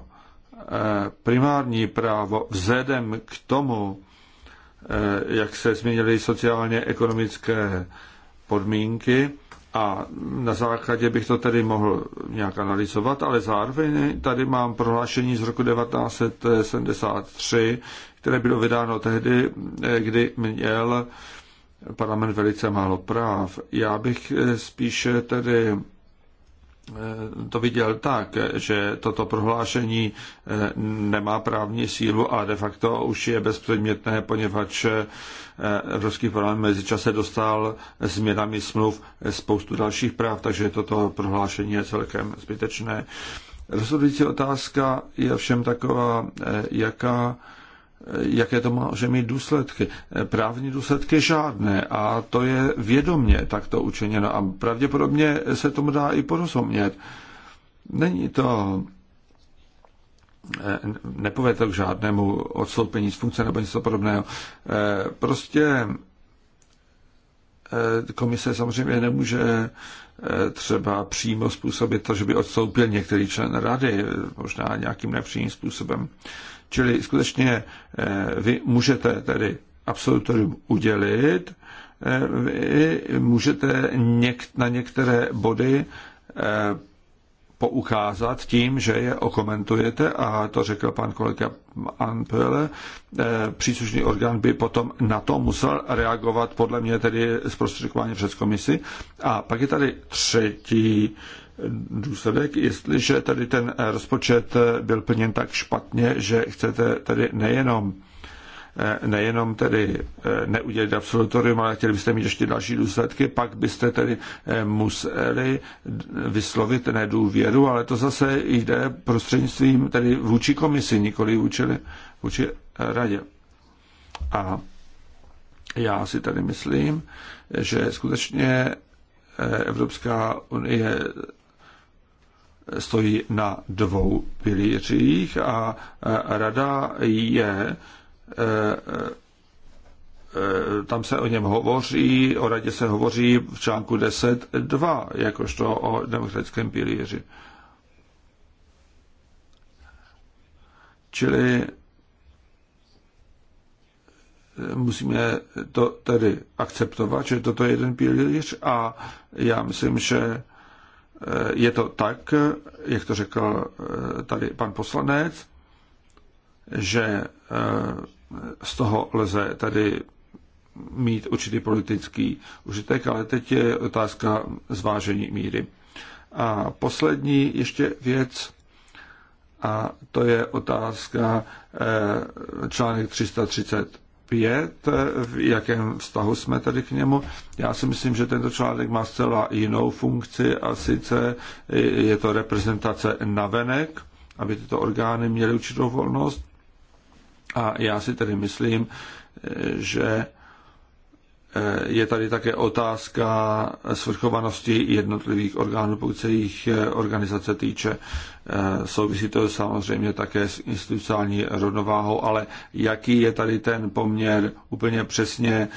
primární právo vzhledem k tomu, eh, jak se změnily sociálně ekonomické podmínky, a na základě bych to tedy mohl nějak analyzovat, ale zároveň tady mám prohlášení z roku 1973, které bylo vydáno tehdy, eh, kdy měl parlament velice málo práv. Já bych spíše tedy Eh, to viděl tak, že toto prohlášení eh, nemá právní sílu a de facto už je bezpředmětné, poněvadž eh, Evropský parlament mezi čase dostal změnami smluv spoustu dalších práv, takže toto prohlášení je celkem zbytečné. Rozhodující otázka je všem taková, jaká jaké to má že mít důsledky. Právní důsledky žádné a to je vědomně takto učiněno a pravděpodobně se tomu dá i porozumět. Není to eh, nepovede to k žádnému odstoupení z funkce nebo něco podobného. Eh, prostě eh, komise samozřejmě nemůže třeba přímo způsobit to, že by odstoupil některý člen rady, možná nějakým nepřímým způsobem. Čili skutečně eh, vy můžete tedy absolutorium udělit, eh, vy můžete něk- na některé body eh, poukázat tím, že je okomentujete, a to řekl pan kolega Anpele, příslušný orgán by potom na to musel reagovat, podle mě tedy zprostředkování přes komisi. A pak je tady třetí důsledek, jestliže tady ten rozpočet byl plněn tak špatně, že chcete tady nejenom eh, nejenom tedy eh, neudělit absolutorium, ale chtěli byste mít ještě další důsledky, pak byste tedy eh, museli vyslovit nedůvěru, ale to zase jde prostřednictvím tedy vůči komisi, nikoli vůči, vůči radě. A já si tady myslím, že skutečně Evropská unie stojí na dvou pilířích a rada je e, e, tam se o něm hovoří, o radě se hovoří v článku 10.2, jakožto o demokratickém pilíři. Čili musíme to tedy akceptovat, že toto je jeden pilíř a já myslím, že Eh, je to tak, jak to řekl eh, tady pan poslanec, že eh, z toho lze tady mít určitý politický užitek, ale teď je otázka zvážení míry. A poslední ještě věc, a to je otázka článek 330 5, v jakém vztahu jsme tady k němu. Já si myslím, že tento článek má zcela jinou funkci a sice je to reprezentace navenek, aby tyto orgány měly určitou volnost. A já si tedy myslím, že je tady také otázka svrchovanosti jednotlivých orgánů, pokud se jejich eh, organizace týče. Eh, souvisí to samozřejmě také s institucionální rovnováhou, ale jaký je tady ten poměr úplně přesně,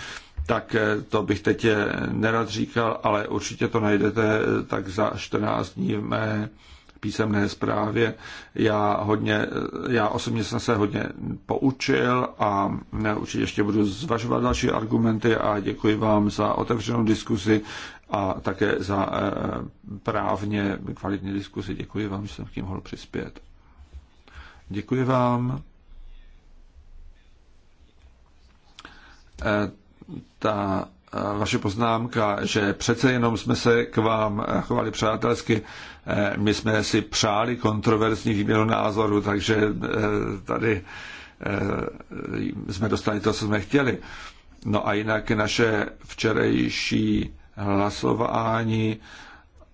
tak eh, to bych teď nerad říkal, ale určitě to najdete tak za 14 dní v mé písemné zprávě. Já, hodně, já osobně jsem se hodně poučil a určitě ještě budu zvažovat další argumenty a děkuji vám za otevřenou diskusi a také za eh, právně kvalitní diskusi. Děkuji vám, že jsem k tím mohl přispět. Děkuji vám. Eh, ta vaše poznámka, že přece jenom jsme se k vám chovali přátelsky. Eh, my jsme si přáli kontroverzní výměnu názoru, takže eh, tady eh, jsme dostali to, co jsme chtěli. No a jinak naše včerejší hlasování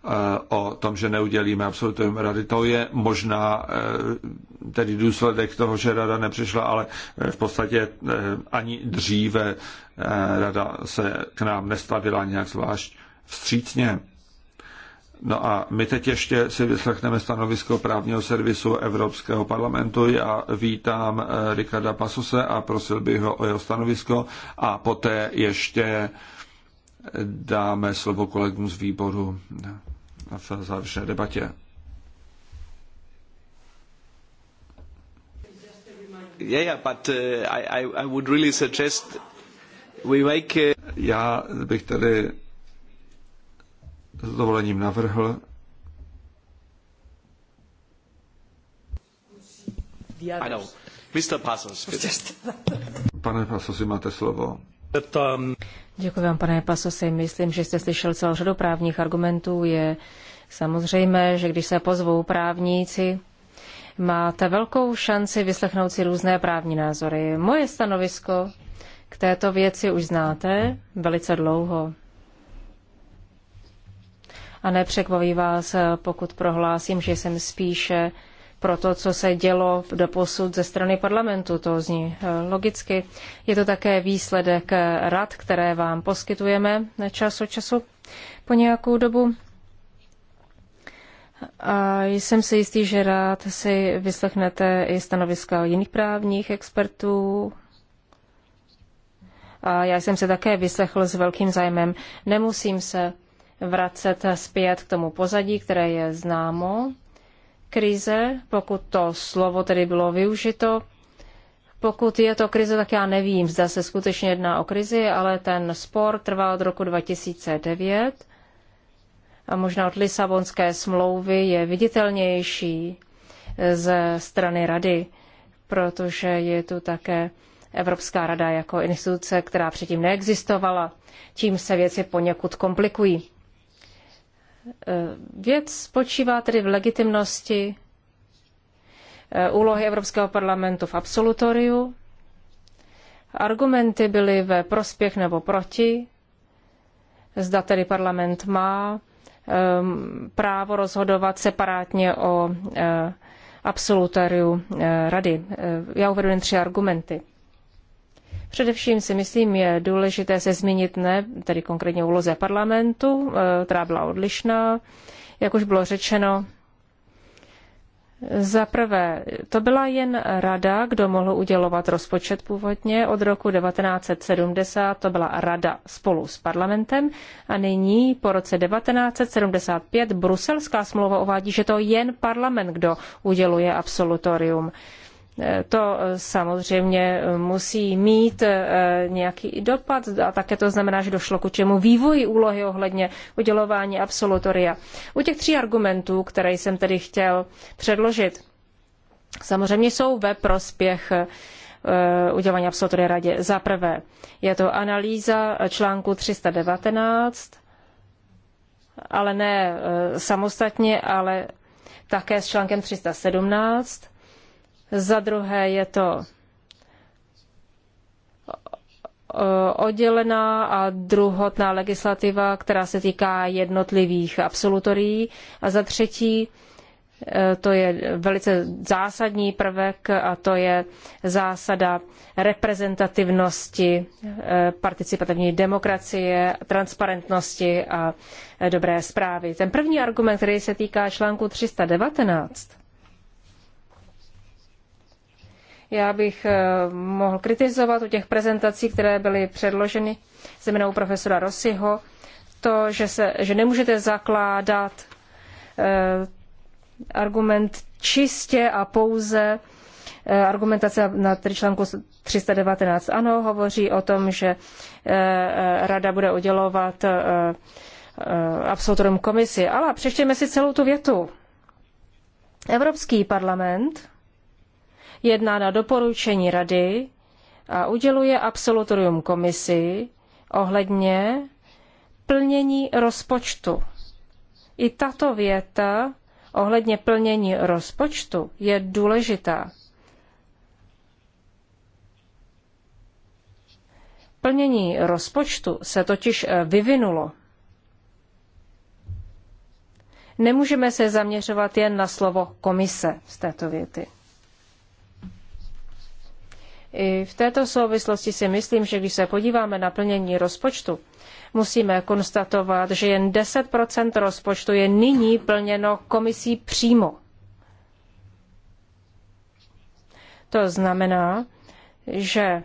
Eh, o tom, že neudělíme absolutorium rady. To je možná eh, tedy důsledek toho, že rada nepřišla, ale eh, v podstatě ani dříve rada se k nám nestavila nějak zvlášť vstřícně. No a my teď ještě si vyslechneme stanovisko právního servisu Evropského parlamentu. Já vítám Ricarda Pasuse a prosil bych ho o jeho stanovisko a poté ještě dáme slovo kolegům z výboru v závěrečné debatě. Já bych tady s dovolením navrhl, Ano, Mr. Pasos. Pane Pasosi, máte slovo. Děkuji vám, pane Pasosi. Myslím, že jste slyšel celou řadu právních argumentů. Je samozřejmé, že když se pozvou právníci, máte velkou šanci vyslechnout si různé právní názory. Moje stanovisko k této věci už znáte velice dlouho. A nepřekvaví vás, pokud prohlásím, že jsem spíše pro to, co se dělo do posud ze strany parlamentu. To zní eh, logicky. Je to také výsledek rad, které vám poskytujeme čas od času po nějakou dobu. A jsem si jistý, že rád si vyslechnete i stanoviska jiných právních expertů. A já jsem se také vyslechl s velkým zájmem. Nemusím se vracet zpět k tomu pozadí, které je známo krize, pokud to slovo tedy bylo využito. Pokud je to krize, tak já nevím, zda se skutečně jedná o krizi, ale ten spor trvá od roku 2009 a možná od Lisabonské smlouvy je viditelnější eh, ze strany rady, protože je tu také Evropská rada jako instituce, která předtím neexistovala. Tím se věci poněkud komplikují. Eh, věc spočívá tedy v legitimnosti eh, úlohy Evropského parlamentu v absolutoriu. Argumenty byly ve prospěch nebo proti. Zda tedy parlament má ehm, právo rozhodovat separátně o eh, absolutoriu rady. Já uvedu jen tři argumenty. Především si myslím, je důležité se zmínit ne, tedy konkrétně úloze parlamentu, eh, která byla odlišná, jak už bylo řečeno. Za prvé, to byla jen rada, kdo mohl udělovat rozpočet původně od roku 1970, to byla rada spolu s parlamentem a nyní po roce 1975 bruselská smlouva uvádí, že to jen parlament, kdo uděluje absolutorium. To eh, samozřejmě musí mít eh, nějaký dopad a také to znamená, že došlo k čemu vývoji úlohy ohledně udělování absolutoria. U těch tří argumentů, které jsem tedy chtěl předložit, samozřejmě jsou ve prospěch eh, udělování absolutoria radě. Za prvé je to analýza článku 319, ale ne samostatně, ale také s článkem 317 za druhé je to oddělená a druhotná legislativa, která se týká jednotlivých absolutorií. A za třetí, e, to je velice zásadní prvek a to je zásada reprezentativnosti, e, participativní demokracie, transparentnosti a e, dobré zprávy. Ten první argument, který se týká článku 319, Já bych eh, mohl kritizovat u těch prezentací, které byly předloženy zejména u profesora Rossiho, to, že, se, že nemůžete zakládat eh, argument čistě a pouze eh, argumentace na článku 319 ano, hovoří o tom, že rada bude udělovat absolutorium komisi. Ale přečtěme si celou tu větu. Evropský parlament jedná na doporučení rady a uděluje absolutorium komisi ohledně plnění rozpočtu. I tato věta ohledně plnění rozpočtu je důležitá. Plnění rozpočtu se totiž eh, vyvinulo. Nemůžeme se zaměřovat jen na slovo komise z této věty. I v této souvislosti si myslím, že když se podíváme na plnění rozpočtu, musíme konstatovat, že jen 10 rozpočtu je nyní plněno komisí přímo. To znamená, že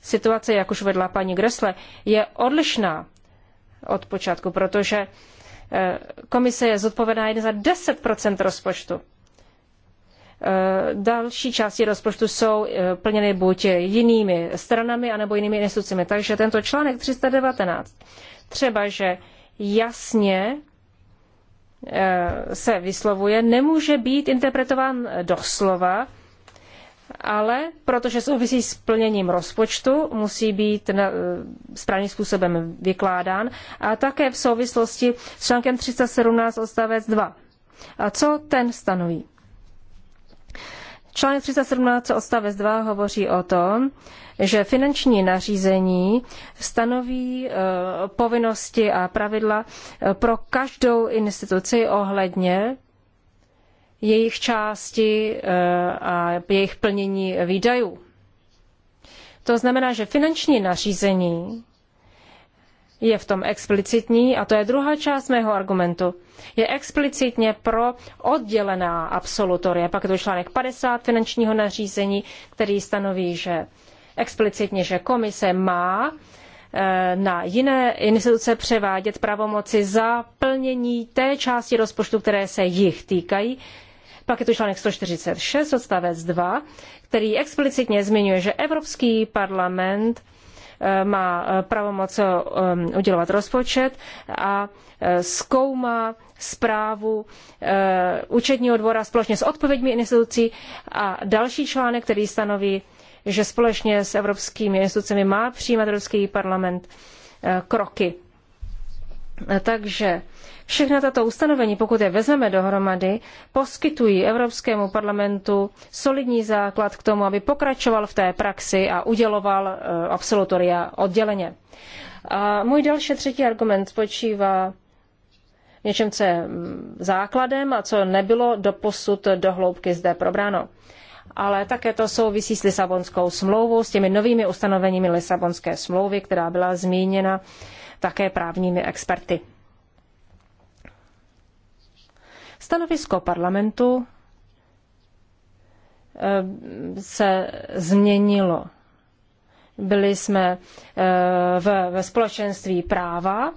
situace, jak už vedla paní Gresle, je odlišná od počátku, protože eh, komise je zodpovědná jen za 10 rozpočtu. Eh, další části rozpočtu jsou eh, plněny buď jinými stranami anebo jinými institucemi. Takže tento článek 319 třeba, že jasně eh, se vyslovuje, nemůže být interpretován doslova, ale protože souvisí s plněním rozpočtu, musí být správným způsobem vykládán a také v souvislosti s článkem 317 odstavec 2. A co ten stanoví? Článek 317 odstavec 2 hovoří o tom, že finanční nařízení stanoví e, povinnosti a pravidla e, pro každou instituci ohledně jejich části e, a jejich plnění výdajů. To znamená, že finanční nařízení je v tom explicitní, a to je druhá část mého argumentu, je explicitně pro oddělená absolutoria. Pak je to článek 50 finančního nařízení, který stanoví, že explicitně, že komise má eh, na jiné instituce převádět pravomoci za plnění té části rozpočtu, které se jich týkají. Pak je tu článek 146 odstavec 2, který explicitně zmiňuje, že Evropský parlament Eh, má eh, pravomoc eh, um, udělovat rozpočet a zkoumá zprávu účetního dvora společně s odpověďmi institucí a další článek, který stanoví, že společně s evropskými institucemi má přijímat Evropský parlament kroky takže všechna tato ustanovení, pokud je vezmeme dohromady, poskytují Evropskému parlamentu solidní základ k tomu, aby pokračoval v té praxi a uděloval eh, absolutoria odděleně. A můj další třetí argument spočívá v něčem, co je mm, základem a co nebylo doposud do hloubky zde probráno. Ale také to souvisí s Lisabonskou smlouvou, s těmi novými ustanoveními Lisabonské smlouvy, která byla zmíněna uh, také právními experty. Stanovisko parlamentu eh, se změnilo. Byli jsme eh, ve společenství práva,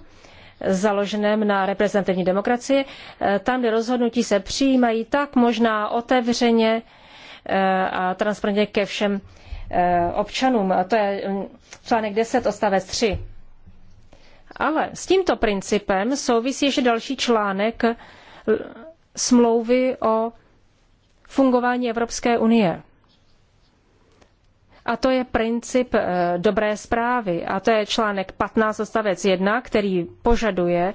založeném na reprezentativní demokracii. Eh, tam, kde rozhodnutí se přijímají tak možná otevřeně a transparentně ke všem občanům. To je mm, článek 10 odstavec 3. Ale s tímto principem souvisí ještě další článek smlouvy o fungování Evropské unie. A to je princip eh, dobré zprávy. A to je článek 15 odstavec 1, který požaduje,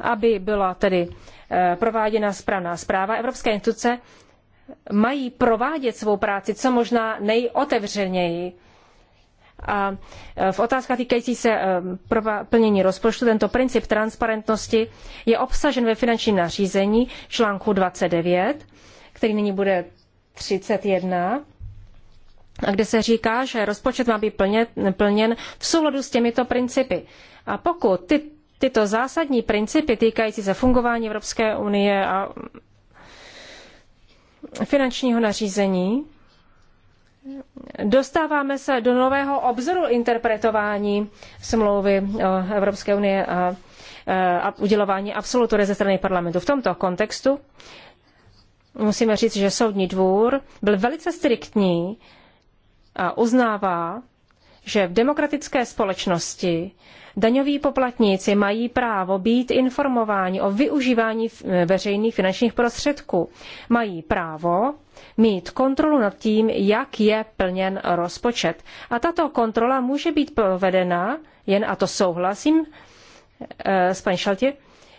aby byla tedy eh, prováděna správná zpráva. Evropské instituce mají provádět svou práci co možná nejotevřeněji a e, v otázkách týkající se e, plnění rozpočtu tento princip transparentnosti je obsažen ve finančním nařízení článku 29, který nyní bude 31, a kde se říká, že rozpočet má být plně, plněn v souladu s těmito principy. A pokud ty, tyto zásadní principy týkající se fungování Evropské unie a finančního nařízení dostáváme se do nového obzoru interpretování smlouvy eh, Evropské unie eh, a, udělování absolutory ze strany parlamentu. V tomto kontextu musíme říct, že soudní dvůr byl velice striktní a uznává, že v demokratické společnosti daňoví poplatníci mají právo být informováni o využívání veřejných finančních prostředků. Mají právo mít kontrolu nad tím, jak je plněn rozpočet. A tato kontrola může být provedena, jen a to souhlasím eh, s paní Šaltě,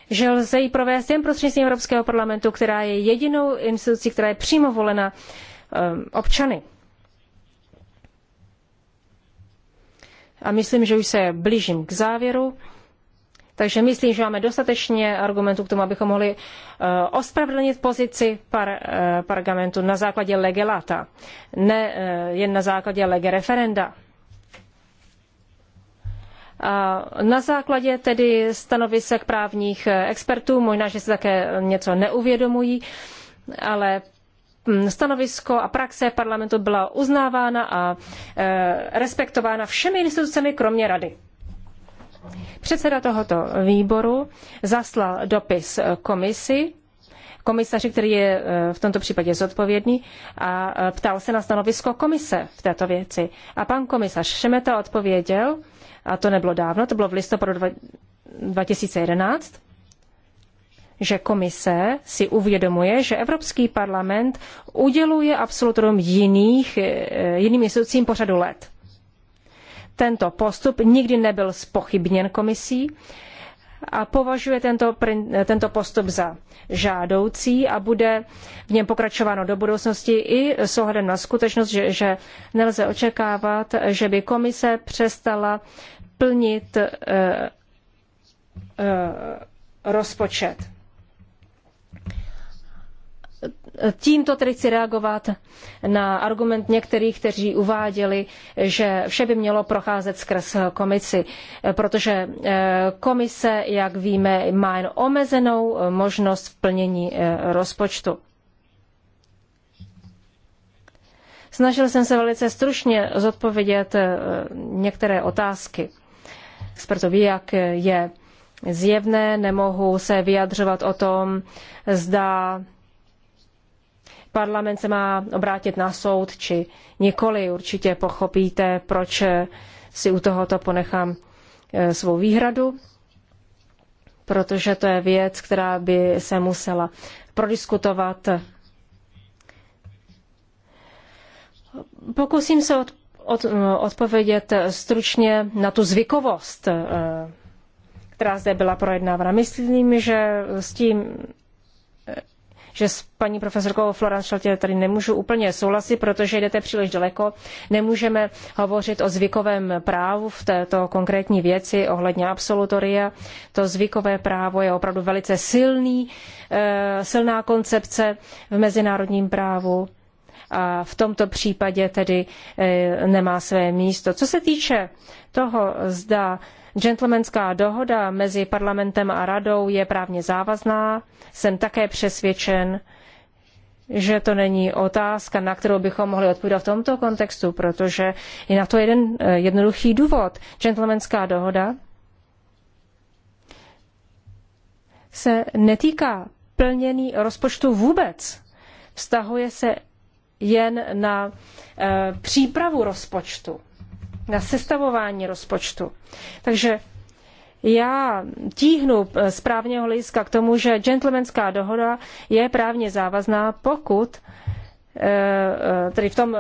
že lze ji provést jen prostřednictvím Evropského parlamentu, která je jedinou institucí, která je přímo volena eh, občany. A myslím, že už se blížím k závěru. Takže myslím, že máme dostatečně argumentů k tomu, abychom mohli uh, ospravedlnit pozici par, uh, parlamentu na základě legelata, ne uh, jen na základě lege referenda. A na základě tedy stanovisek právních expertů, možná, že se také něco neuvědomují, ale hm, stanovisko a praxe parlamentu byla uznávána a respektována všemi institucemi, kromě rady. Předseda tohoto výboru zaslal dopis komisi, komisaři, který je e, v tomto případě zodpovědný, a e, ptal se na stanovisko komise v této věci. A pan komisař Šemeta odpověděl, a to nebylo dávno, to bylo v listopadu 2011, že komise si uvědomuje, že Evropský parlament uděluje absolutorium jiných, e, jiným institucím po řadu let. Tento postup nikdy nebyl spochybněn komisí a považuje tento, tento postup za žádoucí a bude v něm pokračováno do budoucnosti i s ohledem na skutečnost, že, že nelze očekávat, že by komise přestala plnit eh, eh, rozpočet. Tímto tedy chci reagovat na argument některých, kteří uváděli, že vše by mělo procházet skrz komisi, protože eh, komise, jak víme, má jen omezenou eh, možnost plnění eh, rozpočtu. Snažil jsem se velice stručně zodpovědět některé otázky. Expertovi, jak je zjevné, nemohu se vyjadřovat o tom, zda parlament se má obrátit na soud, či nikoli. Určitě pochopíte, proč si u tohoto ponechám e, svou výhradu, protože to je věc, která by se musela prodiskutovat. Pokusím se od, od, odpovědět stručně na tu zvykovost, e, která zde byla projednávána. Myslím, že s tím že s paní profesorkou Florence Šaltě tady nemůžu úplně souhlasit, protože jdete příliš daleko. Nemůžeme hovořit o zvykovém právu v této konkrétní věci ohledně absolutoria. To zvykové právo je opravdu velice silný, eh, silná koncepce v mezinárodním právu a v tomto případě tedy eh, nemá své místo. Co se týče toho, zda gentlemanská dohoda mezi parlamentem a radou je právně závazná, jsem také přesvědčen, že to není otázka, na kterou bychom mohli odpovídat v tomto kontextu, protože je na to jeden eh, jednoduchý důvod. Gentlemanská dohoda se netýká plnění rozpočtu vůbec. Vztahuje se jen na eh, přípravu rozpočtu, na sestavování rozpočtu. Takže já tíhnu eh, z právního hlediska k tomu, že gentlemanská dohoda je právně závazná, pokud eh, tedy v, tom,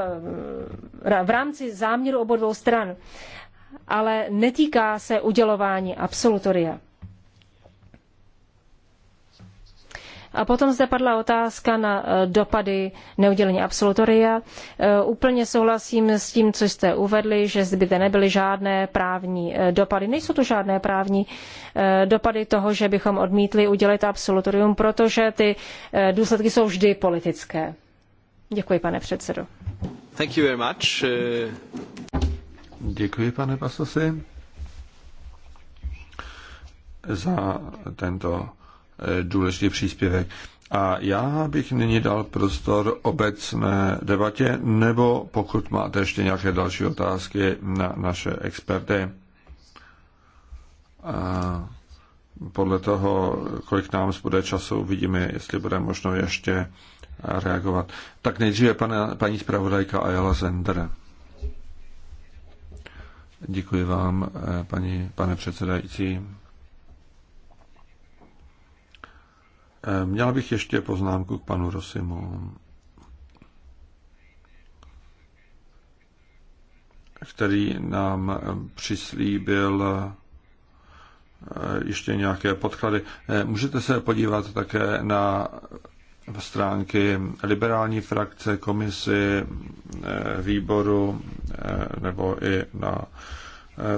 v rámci záměru obou dvou stran, ale netýká se udělování absolutoria. A potom zde padla otázka na e, dopady neudělení absolutoria. E, úplně souhlasím s tím, co jste uvedli, že by zde nebyly žádné právní e, dopady. Nejsou to žádné právní dopady toho, že bychom odmítli udělit absolutorium, protože ty důsledky jsou vždy politické. Děkuji, pane předsedo. Thank you very much. Děkuji, pane Pasosi, za tento důležitý příspěvek. A já bych nyní dal prostor obecné debatě, nebo pokud máte ještě nějaké další otázky na naše experty. A podle toho, kolik nám zbude času, uvidíme, jestli bude možno ještě reagovat. Tak nejdříve pana, paní zpravodajka Ayala Zender. Děkuji vám, eh, paní, pane předsedající. Eh, měla bych ještě poznámku k panu Rosimu, který nám eh, přislíbil eh, ještě nějaké podklady. Můžete se podívat také na stránky liberální frakce, komisi, výboru nebo i na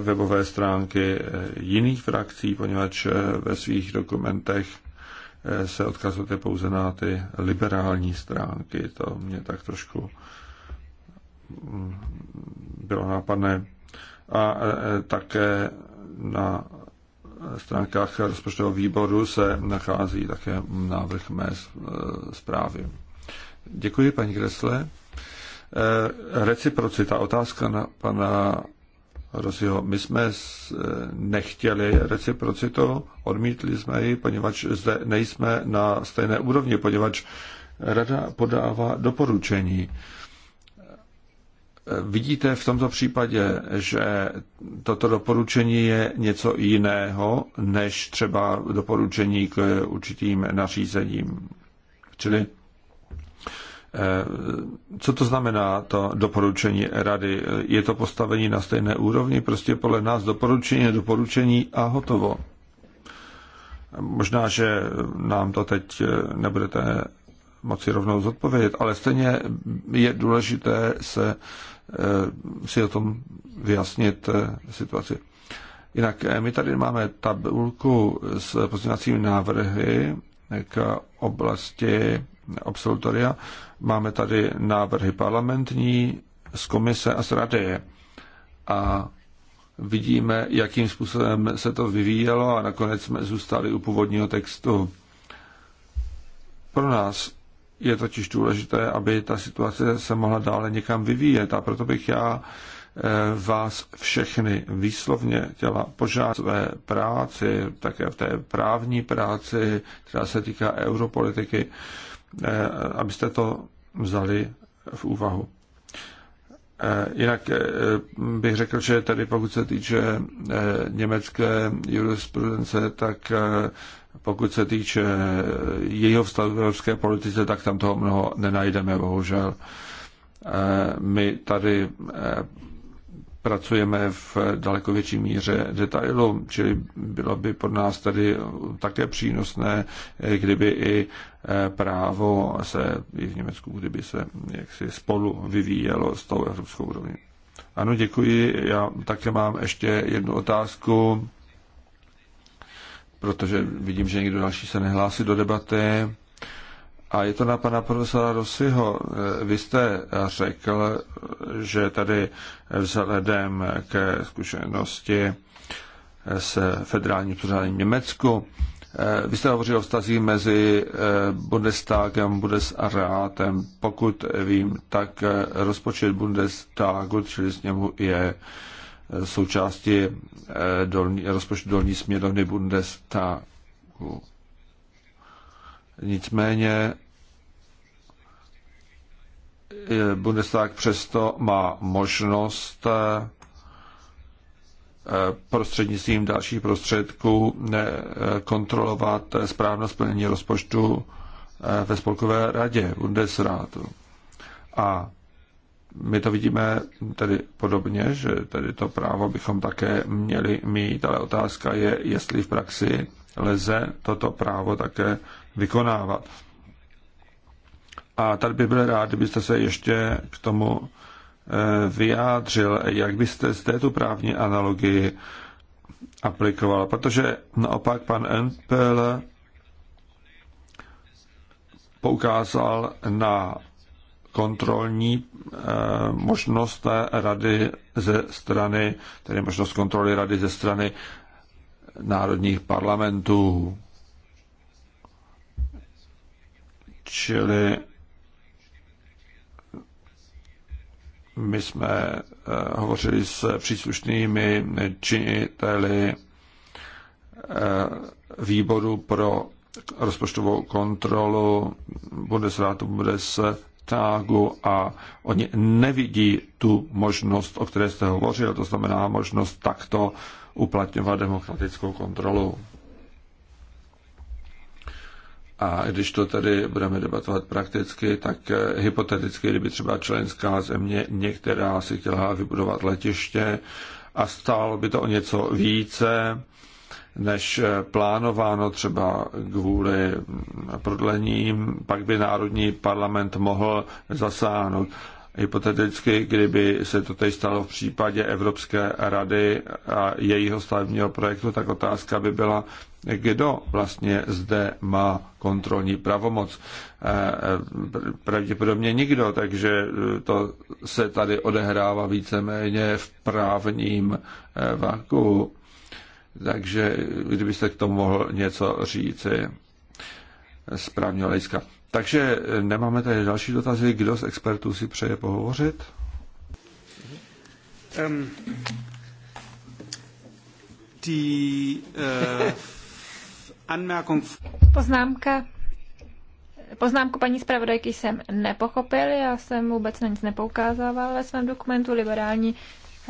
webové stránky jiných frakcí, poněvadž ve svých dokumentech Eh, se odkazujete pouze na ty liberální stránky. To mě tak trošku mm, bylo nápadné. A eh, také na stránkách rozpočtového výboru se nachází také návrh mé eh, zprávy. Děkuji, paní Kresle. Reciprocita. Otázka na pana Rosiho. My jsme eh, nechtěli reciprocitu, odmítli jsme ji, poněvadž zde nejsme na stejné úrovni, poněvadž rada podává doporučení. Eh, vidíte v tomto případě, že toto doporučení je něco jiného než třeba doporučení k určitým nařízením. Čili Eh, co to znamená to doporučení rady? Eh, je to postavení na stejné úrovni? Prostě podle nás doporučení je doporučení a hotovo. Možná, že nám to teď eh, nebudete moci rovnou zodpovědět, ale stejně je důležité se si o tom vyjasnit situaci. Jinak my tady máme tabulku s pozměňovacími návrhy k oblasti absolutoria. Máme tady návrhy parlamentní z komise a z rady. A vidíme, jakým způsobem se to vyvíjelo a nakonec jsme zůstali u původního textu. Pro nás je totiž důležité, aby ta situace se mohla dále někam vyvíjet a proto bych já eh, vás všechny výslovně chtěla požádat své práci, také v té právní práci, která se týká europolitiky, Eh, abyste to vzali v úvahu. Eh, jinak eh, bych řekl, že tady pokud se týče německé jurisprudence, tak pokud se týče jejího vztahu v evropské politice, tak tam toho mnoho nenajdeme, bohužel. My tady pracujeme v daleko větší míře detailu, čili bylo by pro nás tady také přínosné, kdyby i eh, právo se i v Německu, kdyby se jaksi spolu vyvíjelo s tou evropskou úrovní. Ano, děkuji. Já také mám ještě jednu otázku, protože vidím, že někdo další se nehlásí do debaty. A je to na pana profesora Rosyho. Vy jste řekl, že tady vzhledem ke zkušenosti s federálním pořádáním Německu, eh, vy jste hovořil o vztazích mezi eh, Bundestagem a Bundesrátem. Pokud vím, tak eh, rozpočet Bundestagu, čili němu je součástí dolní, rozpočtu dolní směrovny Bundestagu. Nicméně eh, Bundestag přesto má možnost eh, prostřednictvím dalších prostředků eh, kontrolovat správnost plnění rozpočtu ve spolkové radě Bundesrátu. A my to vidíme tedy podobně, že tedy to právo bychom také měli mít, ale otázka je, jestli v praxi lze toto právo také vykonávat. A tady bych byl rád, kdybyste se ještě k tomu eh, vyjádřil, jak byste z této právní analogii aplikoval, protože naopak pan Empel poukázal na kontrolní eh, možnost rady ze strany, tedy možnost kontroly rady ze strany národních parlamentů. Čili my jsme eh, hovořili s příslušnými činiteli eh, výboru pro rozpočtovou kontrolu Bundesrátu Bundes Bundestagu a oni nevidí tu možnost, o které jste hovořil, to znamená možnost takto uplatňovat demokratickou kontrolu. A když to tedy budeme debatovat prakticky, tak eh, hypoteticky, kdyby třeba členská země některá si chtěla vybudovat letiště a stálo by to o něco více, než eh, plánováno třeba kvůli prodlením, pak by Národní parlament mohl zasáhnout. Hypoteticky, kdyby se to teď stalo v případě Evropské rady a jejího stavebního projektu, tak otázka by byla, kdo vlastně zde má kontrolní pravomoc. Eh, pravděpodobně nikdo, takže eh, to se tady odehrává víceméně v právním vaku. Takže kdybyste k tomu mohl něco říct, z právního hlediska. Takže nemáme tady další dotazy. Kdo z expertů si přeje pohovořit? Um, die, uh, Anmerkung. Poznámka. Poznámku paní zpravodajky jsem nepochopil, já jsem vůbec na nic nepoukázával ve svém dokumentu, liberální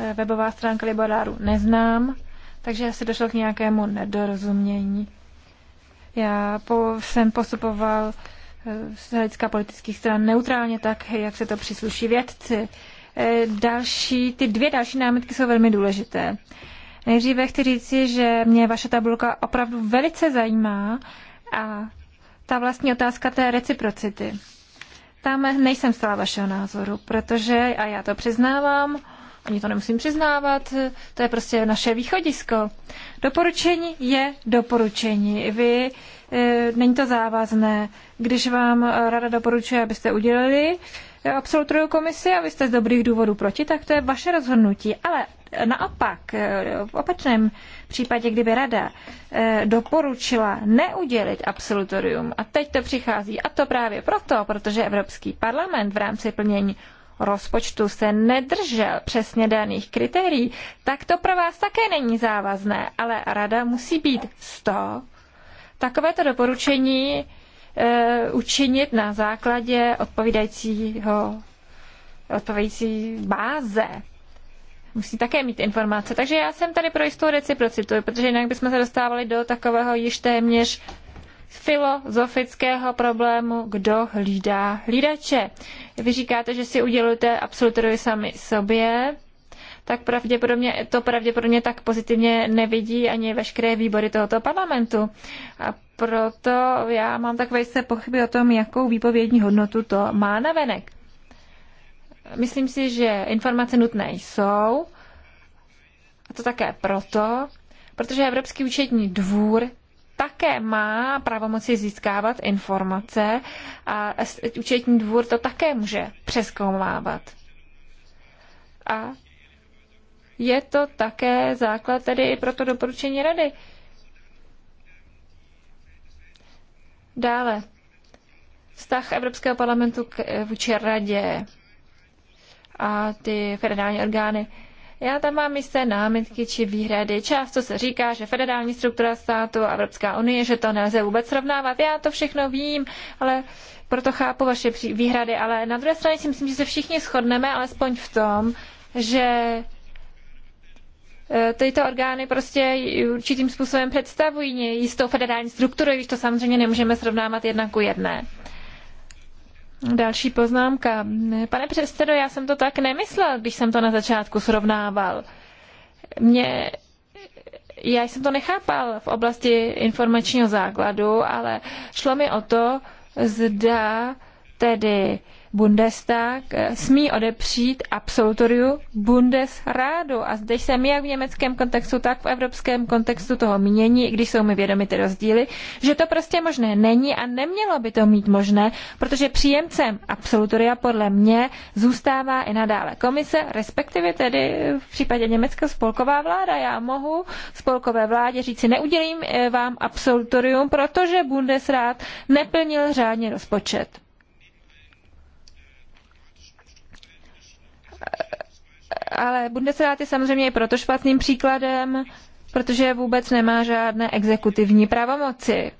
eh, webová stránka liberáru neznám takže asi došlo k nějakému nedorozumění. Já po, jsem postupoval eh, z hlediska politických stran neutrálně tak, jak se to přísluší vědci. Eh, další, ty dvě další námitky jsou velmi důležité. Nejdříve chci říci, že mě vaše tabulka opravdu velice zajímá a ta vlastní otázka té reciprocity. Tam nejsem stala vašeho názoru, protože, a já to přiznávám, ani to nemusím přiznávat, to je prostě naše východisko. Doporučení je doporučení. Vy, e, není to závazné. Když vám rada doporučuje, abyste udělali e, absolutoriu komisi a vy jste z dobrých důvodů proti, tak to je vaše rozhodnutí. Ale naopak, e, v opačném případě, kdyby rada e, doporučila neudělit absolutorium, a teď to přichází, a to právě proto, protože Evropský parlament v rámci plnění rozpočtu se nedržel přesně daných kritérií, tak to pro vás také není závazné, ale rada musí být z toho takovéto doporučení e, učinit na základě odpovídajícího, odpovídající báze musí také mít informace. Takže já jsem tady pro jistou reciprocitu, protože jinak bychom se dostávali do takového již téměř filozofického problému, kdo hlídá hlídače. Vy říkáte, že si udělujete absolutory sami sobě, tak pravděpodobně, to pravděpodobně tak pozitivně nevidí ani veškeré výbory tohoto parlamentu. A proto já mám takové se pochyby o tom, jakou výpovědní hodnotu to má na venek. Myslím si, že informace nutné jsou, a to také proto, protože Evropský účetní dvůr také má pravomoci získávat informace a účetní dvůr to také může přeskoumávat. A je to také základ tedy i pro to doporučení rady. Dále, vztah Evropského parlamentu k, vůči radě a ty federální orgány. Já tam mám jisté námitky či výhrady. Často se říká, že federální struktura státu a Evropská unie, že to nelze vůbec srovnávat. Já to všechno vím, ale proto chápu vaše výhrady. Ale na druhé straně si myslím, že se všichni shodneme, alespoň v tom, že e, tyto orgány prostě určitým způsobem představují jistou federální strukturu, když to samozřejmě nemůžeme srovnávat jedna ku jedné. Další poznámka. Pane předsedo, já jsem to tak nemyslel, když jsem to na začátku srovnával. Mě, já jsem to nechápal v oblasti informačního základu, ale šlo mi o to, zda tedy Bundestag eh, smí odepřít absolutoriu Bundesrádu. A zde jsem jak v německém kontextu, tak v evropském kontextu toho mínění, i když jsou mi vědomi ty rozdíly, že to prostě možné není a nemělo by to mít možné, protože příjemcem absolutoria podle mě zůstává i nadále komise, respektive tedy v případě Německa spolková vláda. Já mohu spolkové vládě říci, neudělím eh, vám absolutorium, protože Bundesrát neplnil řádně rozpočet. ale Bundesrat je samozřejmě i proto špatným příkladem, protože vůbec nemá žádné exekutivní pravomoci.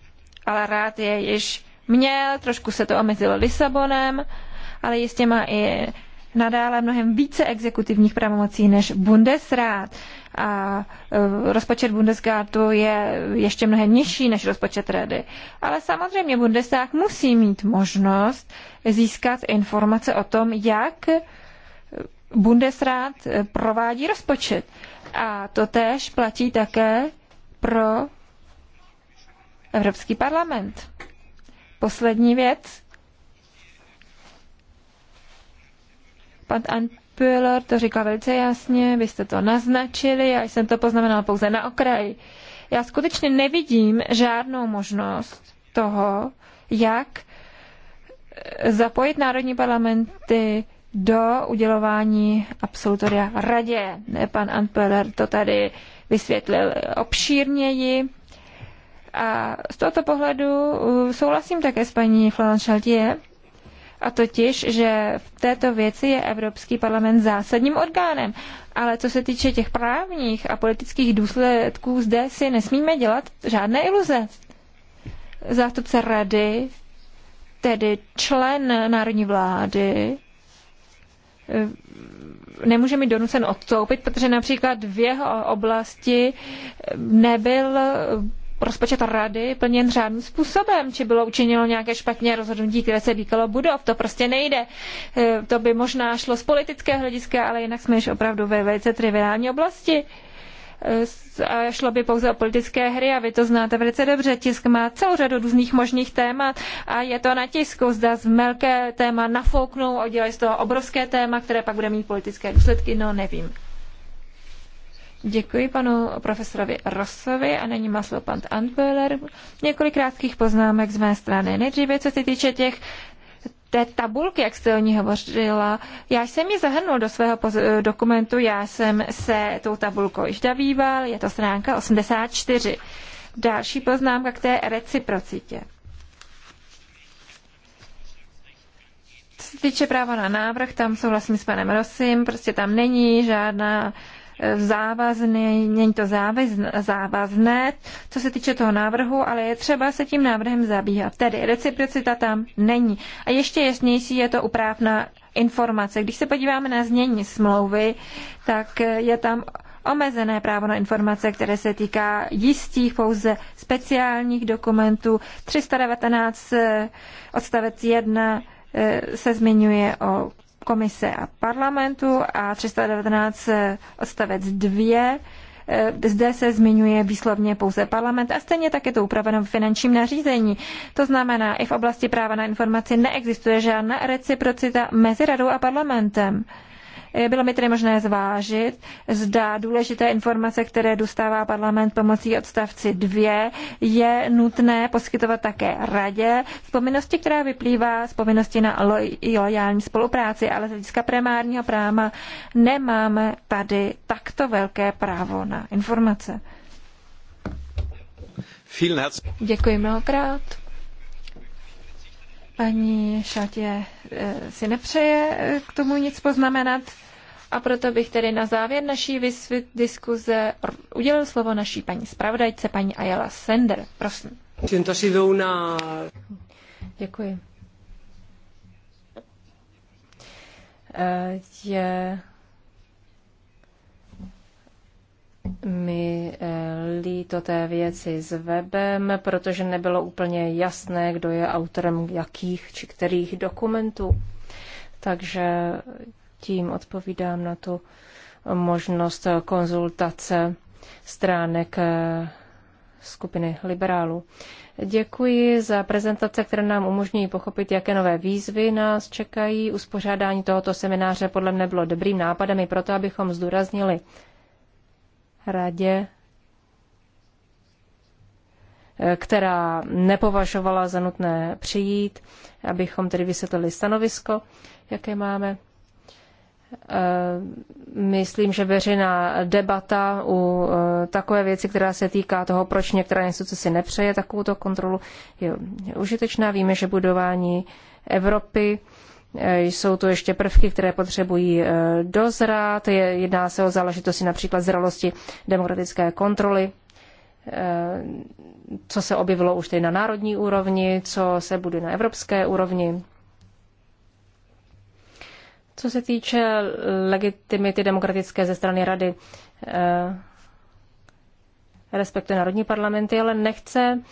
Ale rád je již měl, trošku se to omezilo Lisabonem, ale jistě má i nadále mnohem více exekutivních pravomocí než Bundesrat. A e, rozpočet Bundesgátu je ještě mnohem nižší než rozpočet Rady. Ale samozřejmě Bundestag musí mít možnost získat informace o tom, jak Bundesrat eh, provádí rozpočet. A to též platí také pro Evropský parlament. Poslední věc. Pan Anpüller to říkal velice jasně, vy jste to naznačili, já jsem to poznamenal pouze na okraji. Já skutečně nevidím žádnou možnost toho, jak eh, zapojit národní parlamenty do udělování absolutoria radě. Pan Antpeller to tady vysvětlil obšírněji. A z tohoto pohledu uh, souhlasím také s paní Florence Chaltier, a totiž, že v této věci je Evropský parlament zásadním orgánem. Ale co se týče těch právních a politických důsledků, zde si nesmíme dělat žádné iluze. Zástupce rady, tedy člen národní vlády, Eh, nemůže mít donucen odstoupit, protože například v jeho oblasti eh, nebyl eh, rozpočet rady plněn řádným způsobem, či bylo učiněno nějaké špatně rozhodnutí, které se týkalo budov. To prostě nejde. To by možná šlo z politického hlediska, ale jinak jsme již opravdu ve velice triviální oblasti a šlo by pouze o politické hry a vy to znáte velice dobře. Tisk má celou řadu různých možných témat a je to na tisku. Zda z velké téma nafouknou a dělají z toho obrovské téma, které pak bude mít politické důsledky, no nevím. Děkuji panu profesorovi Rosovi a není má slovo pan Antweiler. Několik krátkých poznámek z mé strany. Nejdříve, co se týče těch té tabulky, jak jste o ní hovořila, já jsem ji zahrnul do svého dokumentu, já jsem se tou tabulkou již davýval, je to stránka 84. Další poznámka k té reciprocitě. Co se týče práva na návrh, tam souhlasím s panem Rosim, prostě tam není žádná závazný, není to závazné, co se týče toho návrhu, ale je třeba se tím návrhem zabývat. Tedy reciprocita tam není. A ještě jasnější je to upráv na informace. Když se podíváme na znění smlouvy, tak je tam omezené právo na informace, které se týká jistých pouze speciálních dokumentů. 319 eh, odstavec 1 eh, se zmiňuje o komise a parlamentu a 319 eh, odstavec 2 eh, zde se zmiňuje výslovně pouze parlament a stejně tak je to upraveno v finančním nařízení. To znamená, i v oblasti práva na informaci neexistuje žádná reciprocita mezi radou a parlamentem. Eh, bylo mi tedy možné zvážit, zda důležité informace, které dostává parlament pomocí odstavci 2, je nutné poskytovat také radě z povinnosti, která vyplývá z povinnosti na lojální spolupráci, ale z hlediska primárního práva nemáme tady takto velké právo na informace. Děkuji mnohokrát. Paní Šatě eh, si nepřeje eh, k tomu nic poznamenat a proto bych tedy na závěr naší diskuze udělil slovo naší paní zpravodajce, paní Ayala Sender. Prosím. Děkuji. Eh, je mi eh, líto té věci s webem, protože nebylo úplně jasné, kdo je autorem jakých či kterých dokumentů. Takže tím odpovídám na tu možnost konzultace stránek eh, skupiny liberálů. Děkuji za prezentace, které nám umožňují pochopit, jaké nové výzvy nás čekají. Uspořádání tohoto semináře podle mne bylo dobrým nápadem i proto, abychom zdůraznili radě, eh, která nepovažovala za nutné přijít, abychom tedy vysvětlili stanovisko, jaké máme. Eh, myslím, že veřejná debata u eh, takové věci, která se týká toho, proč některá instituce si nepřeje takovouto kontrolu, je užitečná. Víme, že budování Evropy Eh, jsou tu ještě prvky, které potřebují eh, dozrát. Jedná se o záležitosti například zralosti demokratické kontroly, eh, co se objevilo už tedy na národní úrovni, co se bude na evropské úrovni. Co se týče legitimity demokratické ze strany rady, respektuje národní parlamenty, ale nechce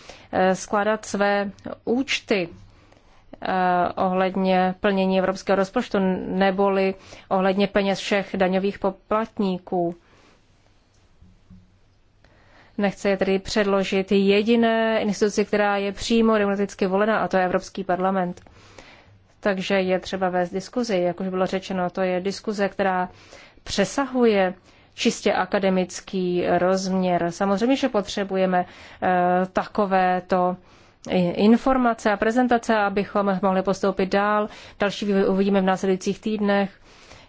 skládat své účty Eh, ohledně plnění evropského rozpočtu, neboli ohledně peněz všech daňových poplatníků. Nechce je tedy předložit jediné instituci, která je přímo demokraticky volena, a to je Evropský parlament. Takže je třeba vést diskuzi, jak už bylo řečeno, to je diskuze, která přesahuje čistě akademický rozměr. Samozřejmě, že potřebujeme eh, takovéto informace a prezentace, abychom mohli postoupit dál. Další vývoj uvidíme v následujících týdnech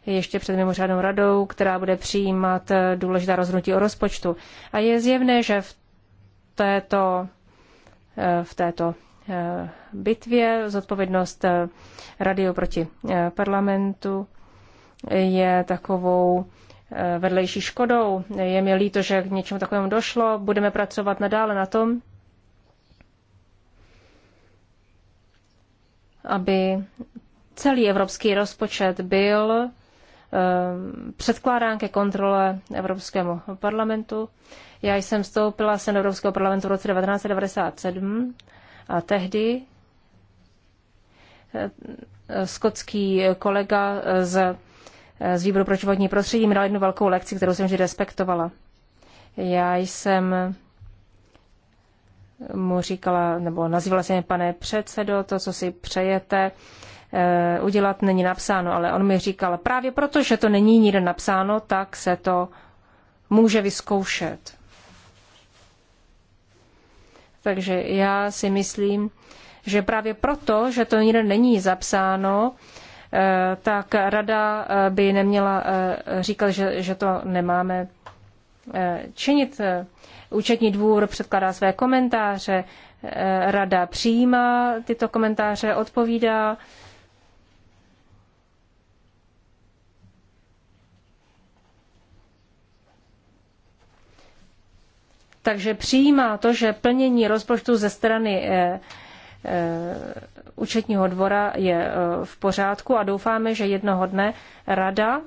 ještě před mimořádnou radou, která bude přijímat důležitá rozhodnutí o rozpočtu. A je zjevné, že v této, eh, v této eh, bitvě zodpovědnost eh, radio proti parlamentu je takovou vedlejší škodou. Je mi líto, že k něčemu takovému došlo. Budeme pracovat nadále na tom, aby celý evropský rozpočet byl eh, předkládán ke kontrole Evropskému parlamentu. Já jsem vstoupila sem do Evropského parlamentu v roce 1997 a tehdy eh, skotský kolega z, eh, z výboru pro životní prostředí mi dal jednu velkou lekci, kterou jsem vždy respektovala. Já jsem mu říkala, nebo nazývala se mě pane předsedo, to, co si přejete e, udělat, není napsáno, ale on mi říkal, právě proto, že to není nikde napsáno, tak se to může vyzkoušet. Takže já si myslím, že právě proto, že to nikde není zapsáno, e, tak rada eh, by neměla e, říkat, že, že to nemáme činit. Účetní dvůr předkládá své komentáře, eh, rada přijímá tyto komentáře, odpovídá. Takže přijímá to, že plnění rozpočtu ze strany eh, eh, účetního dvora je v pořádku a doufáme, že jednoho dne rada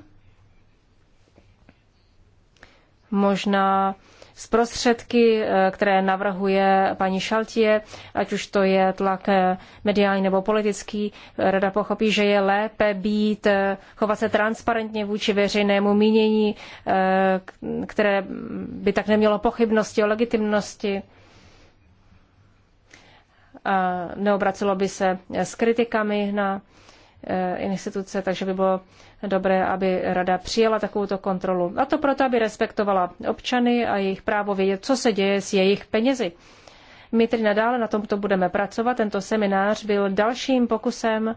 možná z prostředky, eh, které navrhuje paní Šaltě, ať už to je tlak eh, mediální nebo politický, rada pochopí, že je lépe být, eh, chovat se transparentně vůči veřejnému mínění, které by tak nemělo pochybnosti o legitimnosti. Neobracelo by se s kritikami na Eh, instituce, takže by bylo dobré, aby rada přijela takovouto kontrolu. A to proto, aby respektovala občany a jejich právo vědět, co se děje s jejich penězi. My tedy nadále na tomto budeme pracovat. Tento seminář byl dalším pokusem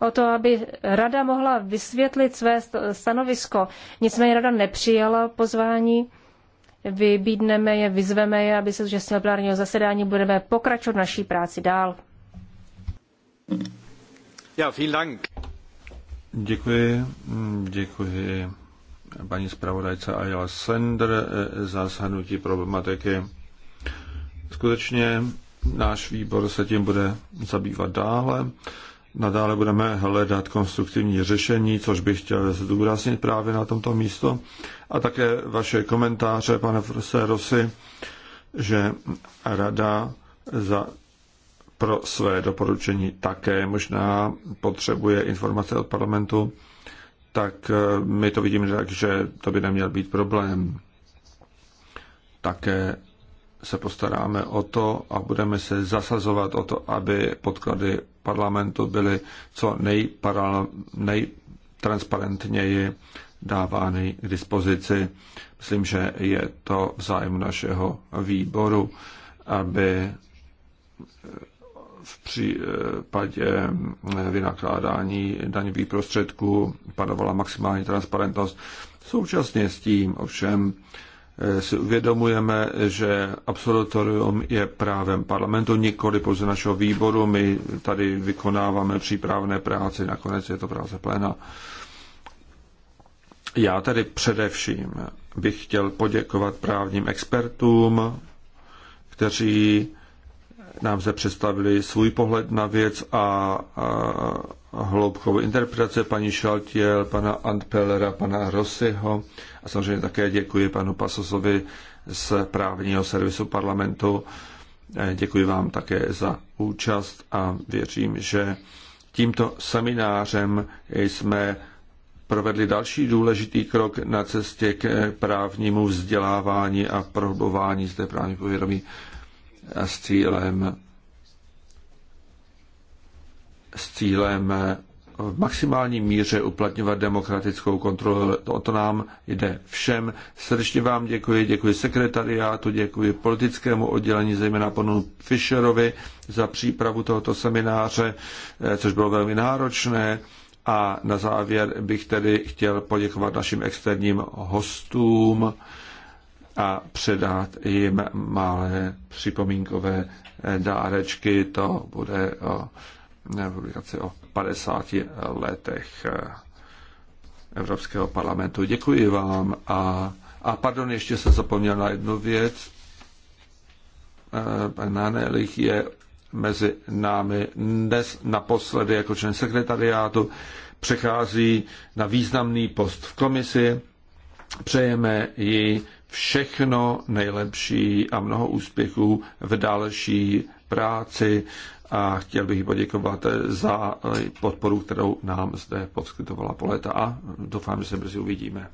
o to, aby rada mohla vysvětlit své stanovisko. Nicméně rada nepřijala pozvání vybídneme je, vyzveme je, aby se zúčastnili plenárního zasedání, budeme pokračovat naší práci dál. Ja, vielen Dank. Děkuji, děkuji paní zpravodajce Ayala Sender eh, za shrnutí problematiky. Skutečně náš výbor se tím bude zabývat dále. Nadále budeme hledat konstruktivní řešení, což bych chtěl zdůraznit právě na tomto místo. A také vaše komentáře, pane profesor Rosy, že rada za, pro své doporučení také možná potřebuje informace od parlamentu, tak eh, my to vidíme tak, že to by neměl být problém. Také se postaráme o to a budeme se zasazovat o to, aby podklady parlamentu byly co nejparal, nejtransparentněji dávány k dispozici. Myslím, že je to v zájmu našeho výboru, aby v případě vynakládání daňových prostředků panovala maximální transparentnost. Současně s tím ovšem Eh, si uvědomujeme, že absolutorium je právem parlamentu, nikoli pouze našeho výboru. My tady vykonáváme přípravné práci, nakonec je to práce pléna. Já tedy především bych chtěl poděkovat právním expertům, kteří nám se představili svůj pohled na věc a, a hloubkovou interpretace paní Šaltiel, pana Antpellera, pana Rossiho a samozřejmě také děkuji panu Pasosovi z právního servisu parlamentu. Eh, děkuji vám také za účast a věřím, že tímto seminářem jsme provedli další důležitý krok na cestě k právnímu vzdělávání a prohlubování zde právní povědomí s cílem s cílem v maximální míře uplatňovat demokratickou kontrolu. O to nám jde všem. Srdečně vám děkuji, děkuji sekretariátu, děkuji politickému oddělení, zejména panu Fischerovi za přípravu tohoto semináře, eh, což bylo velmi náročné. A na závěr bych tedy chtěl poděkovat našim externím hostům, a předat jim malé připomínkové dárečky. To bude o, ne, o 50 letech Evropského parlamentu. Děkuji vám a, a pardon, ještě se zapomněl na jednu věc. E, pan Nanelich je mezi námi dnes naposledy jako člen sekretariátu přechází na významný post v komisi. Přejeme ji všechno nejlepší a mnoho úspěchů v další práci a chtěl bych poděkovat za podporu, kterou nám zde poskytovala Poleta a doufám, že se brzy uvidíme.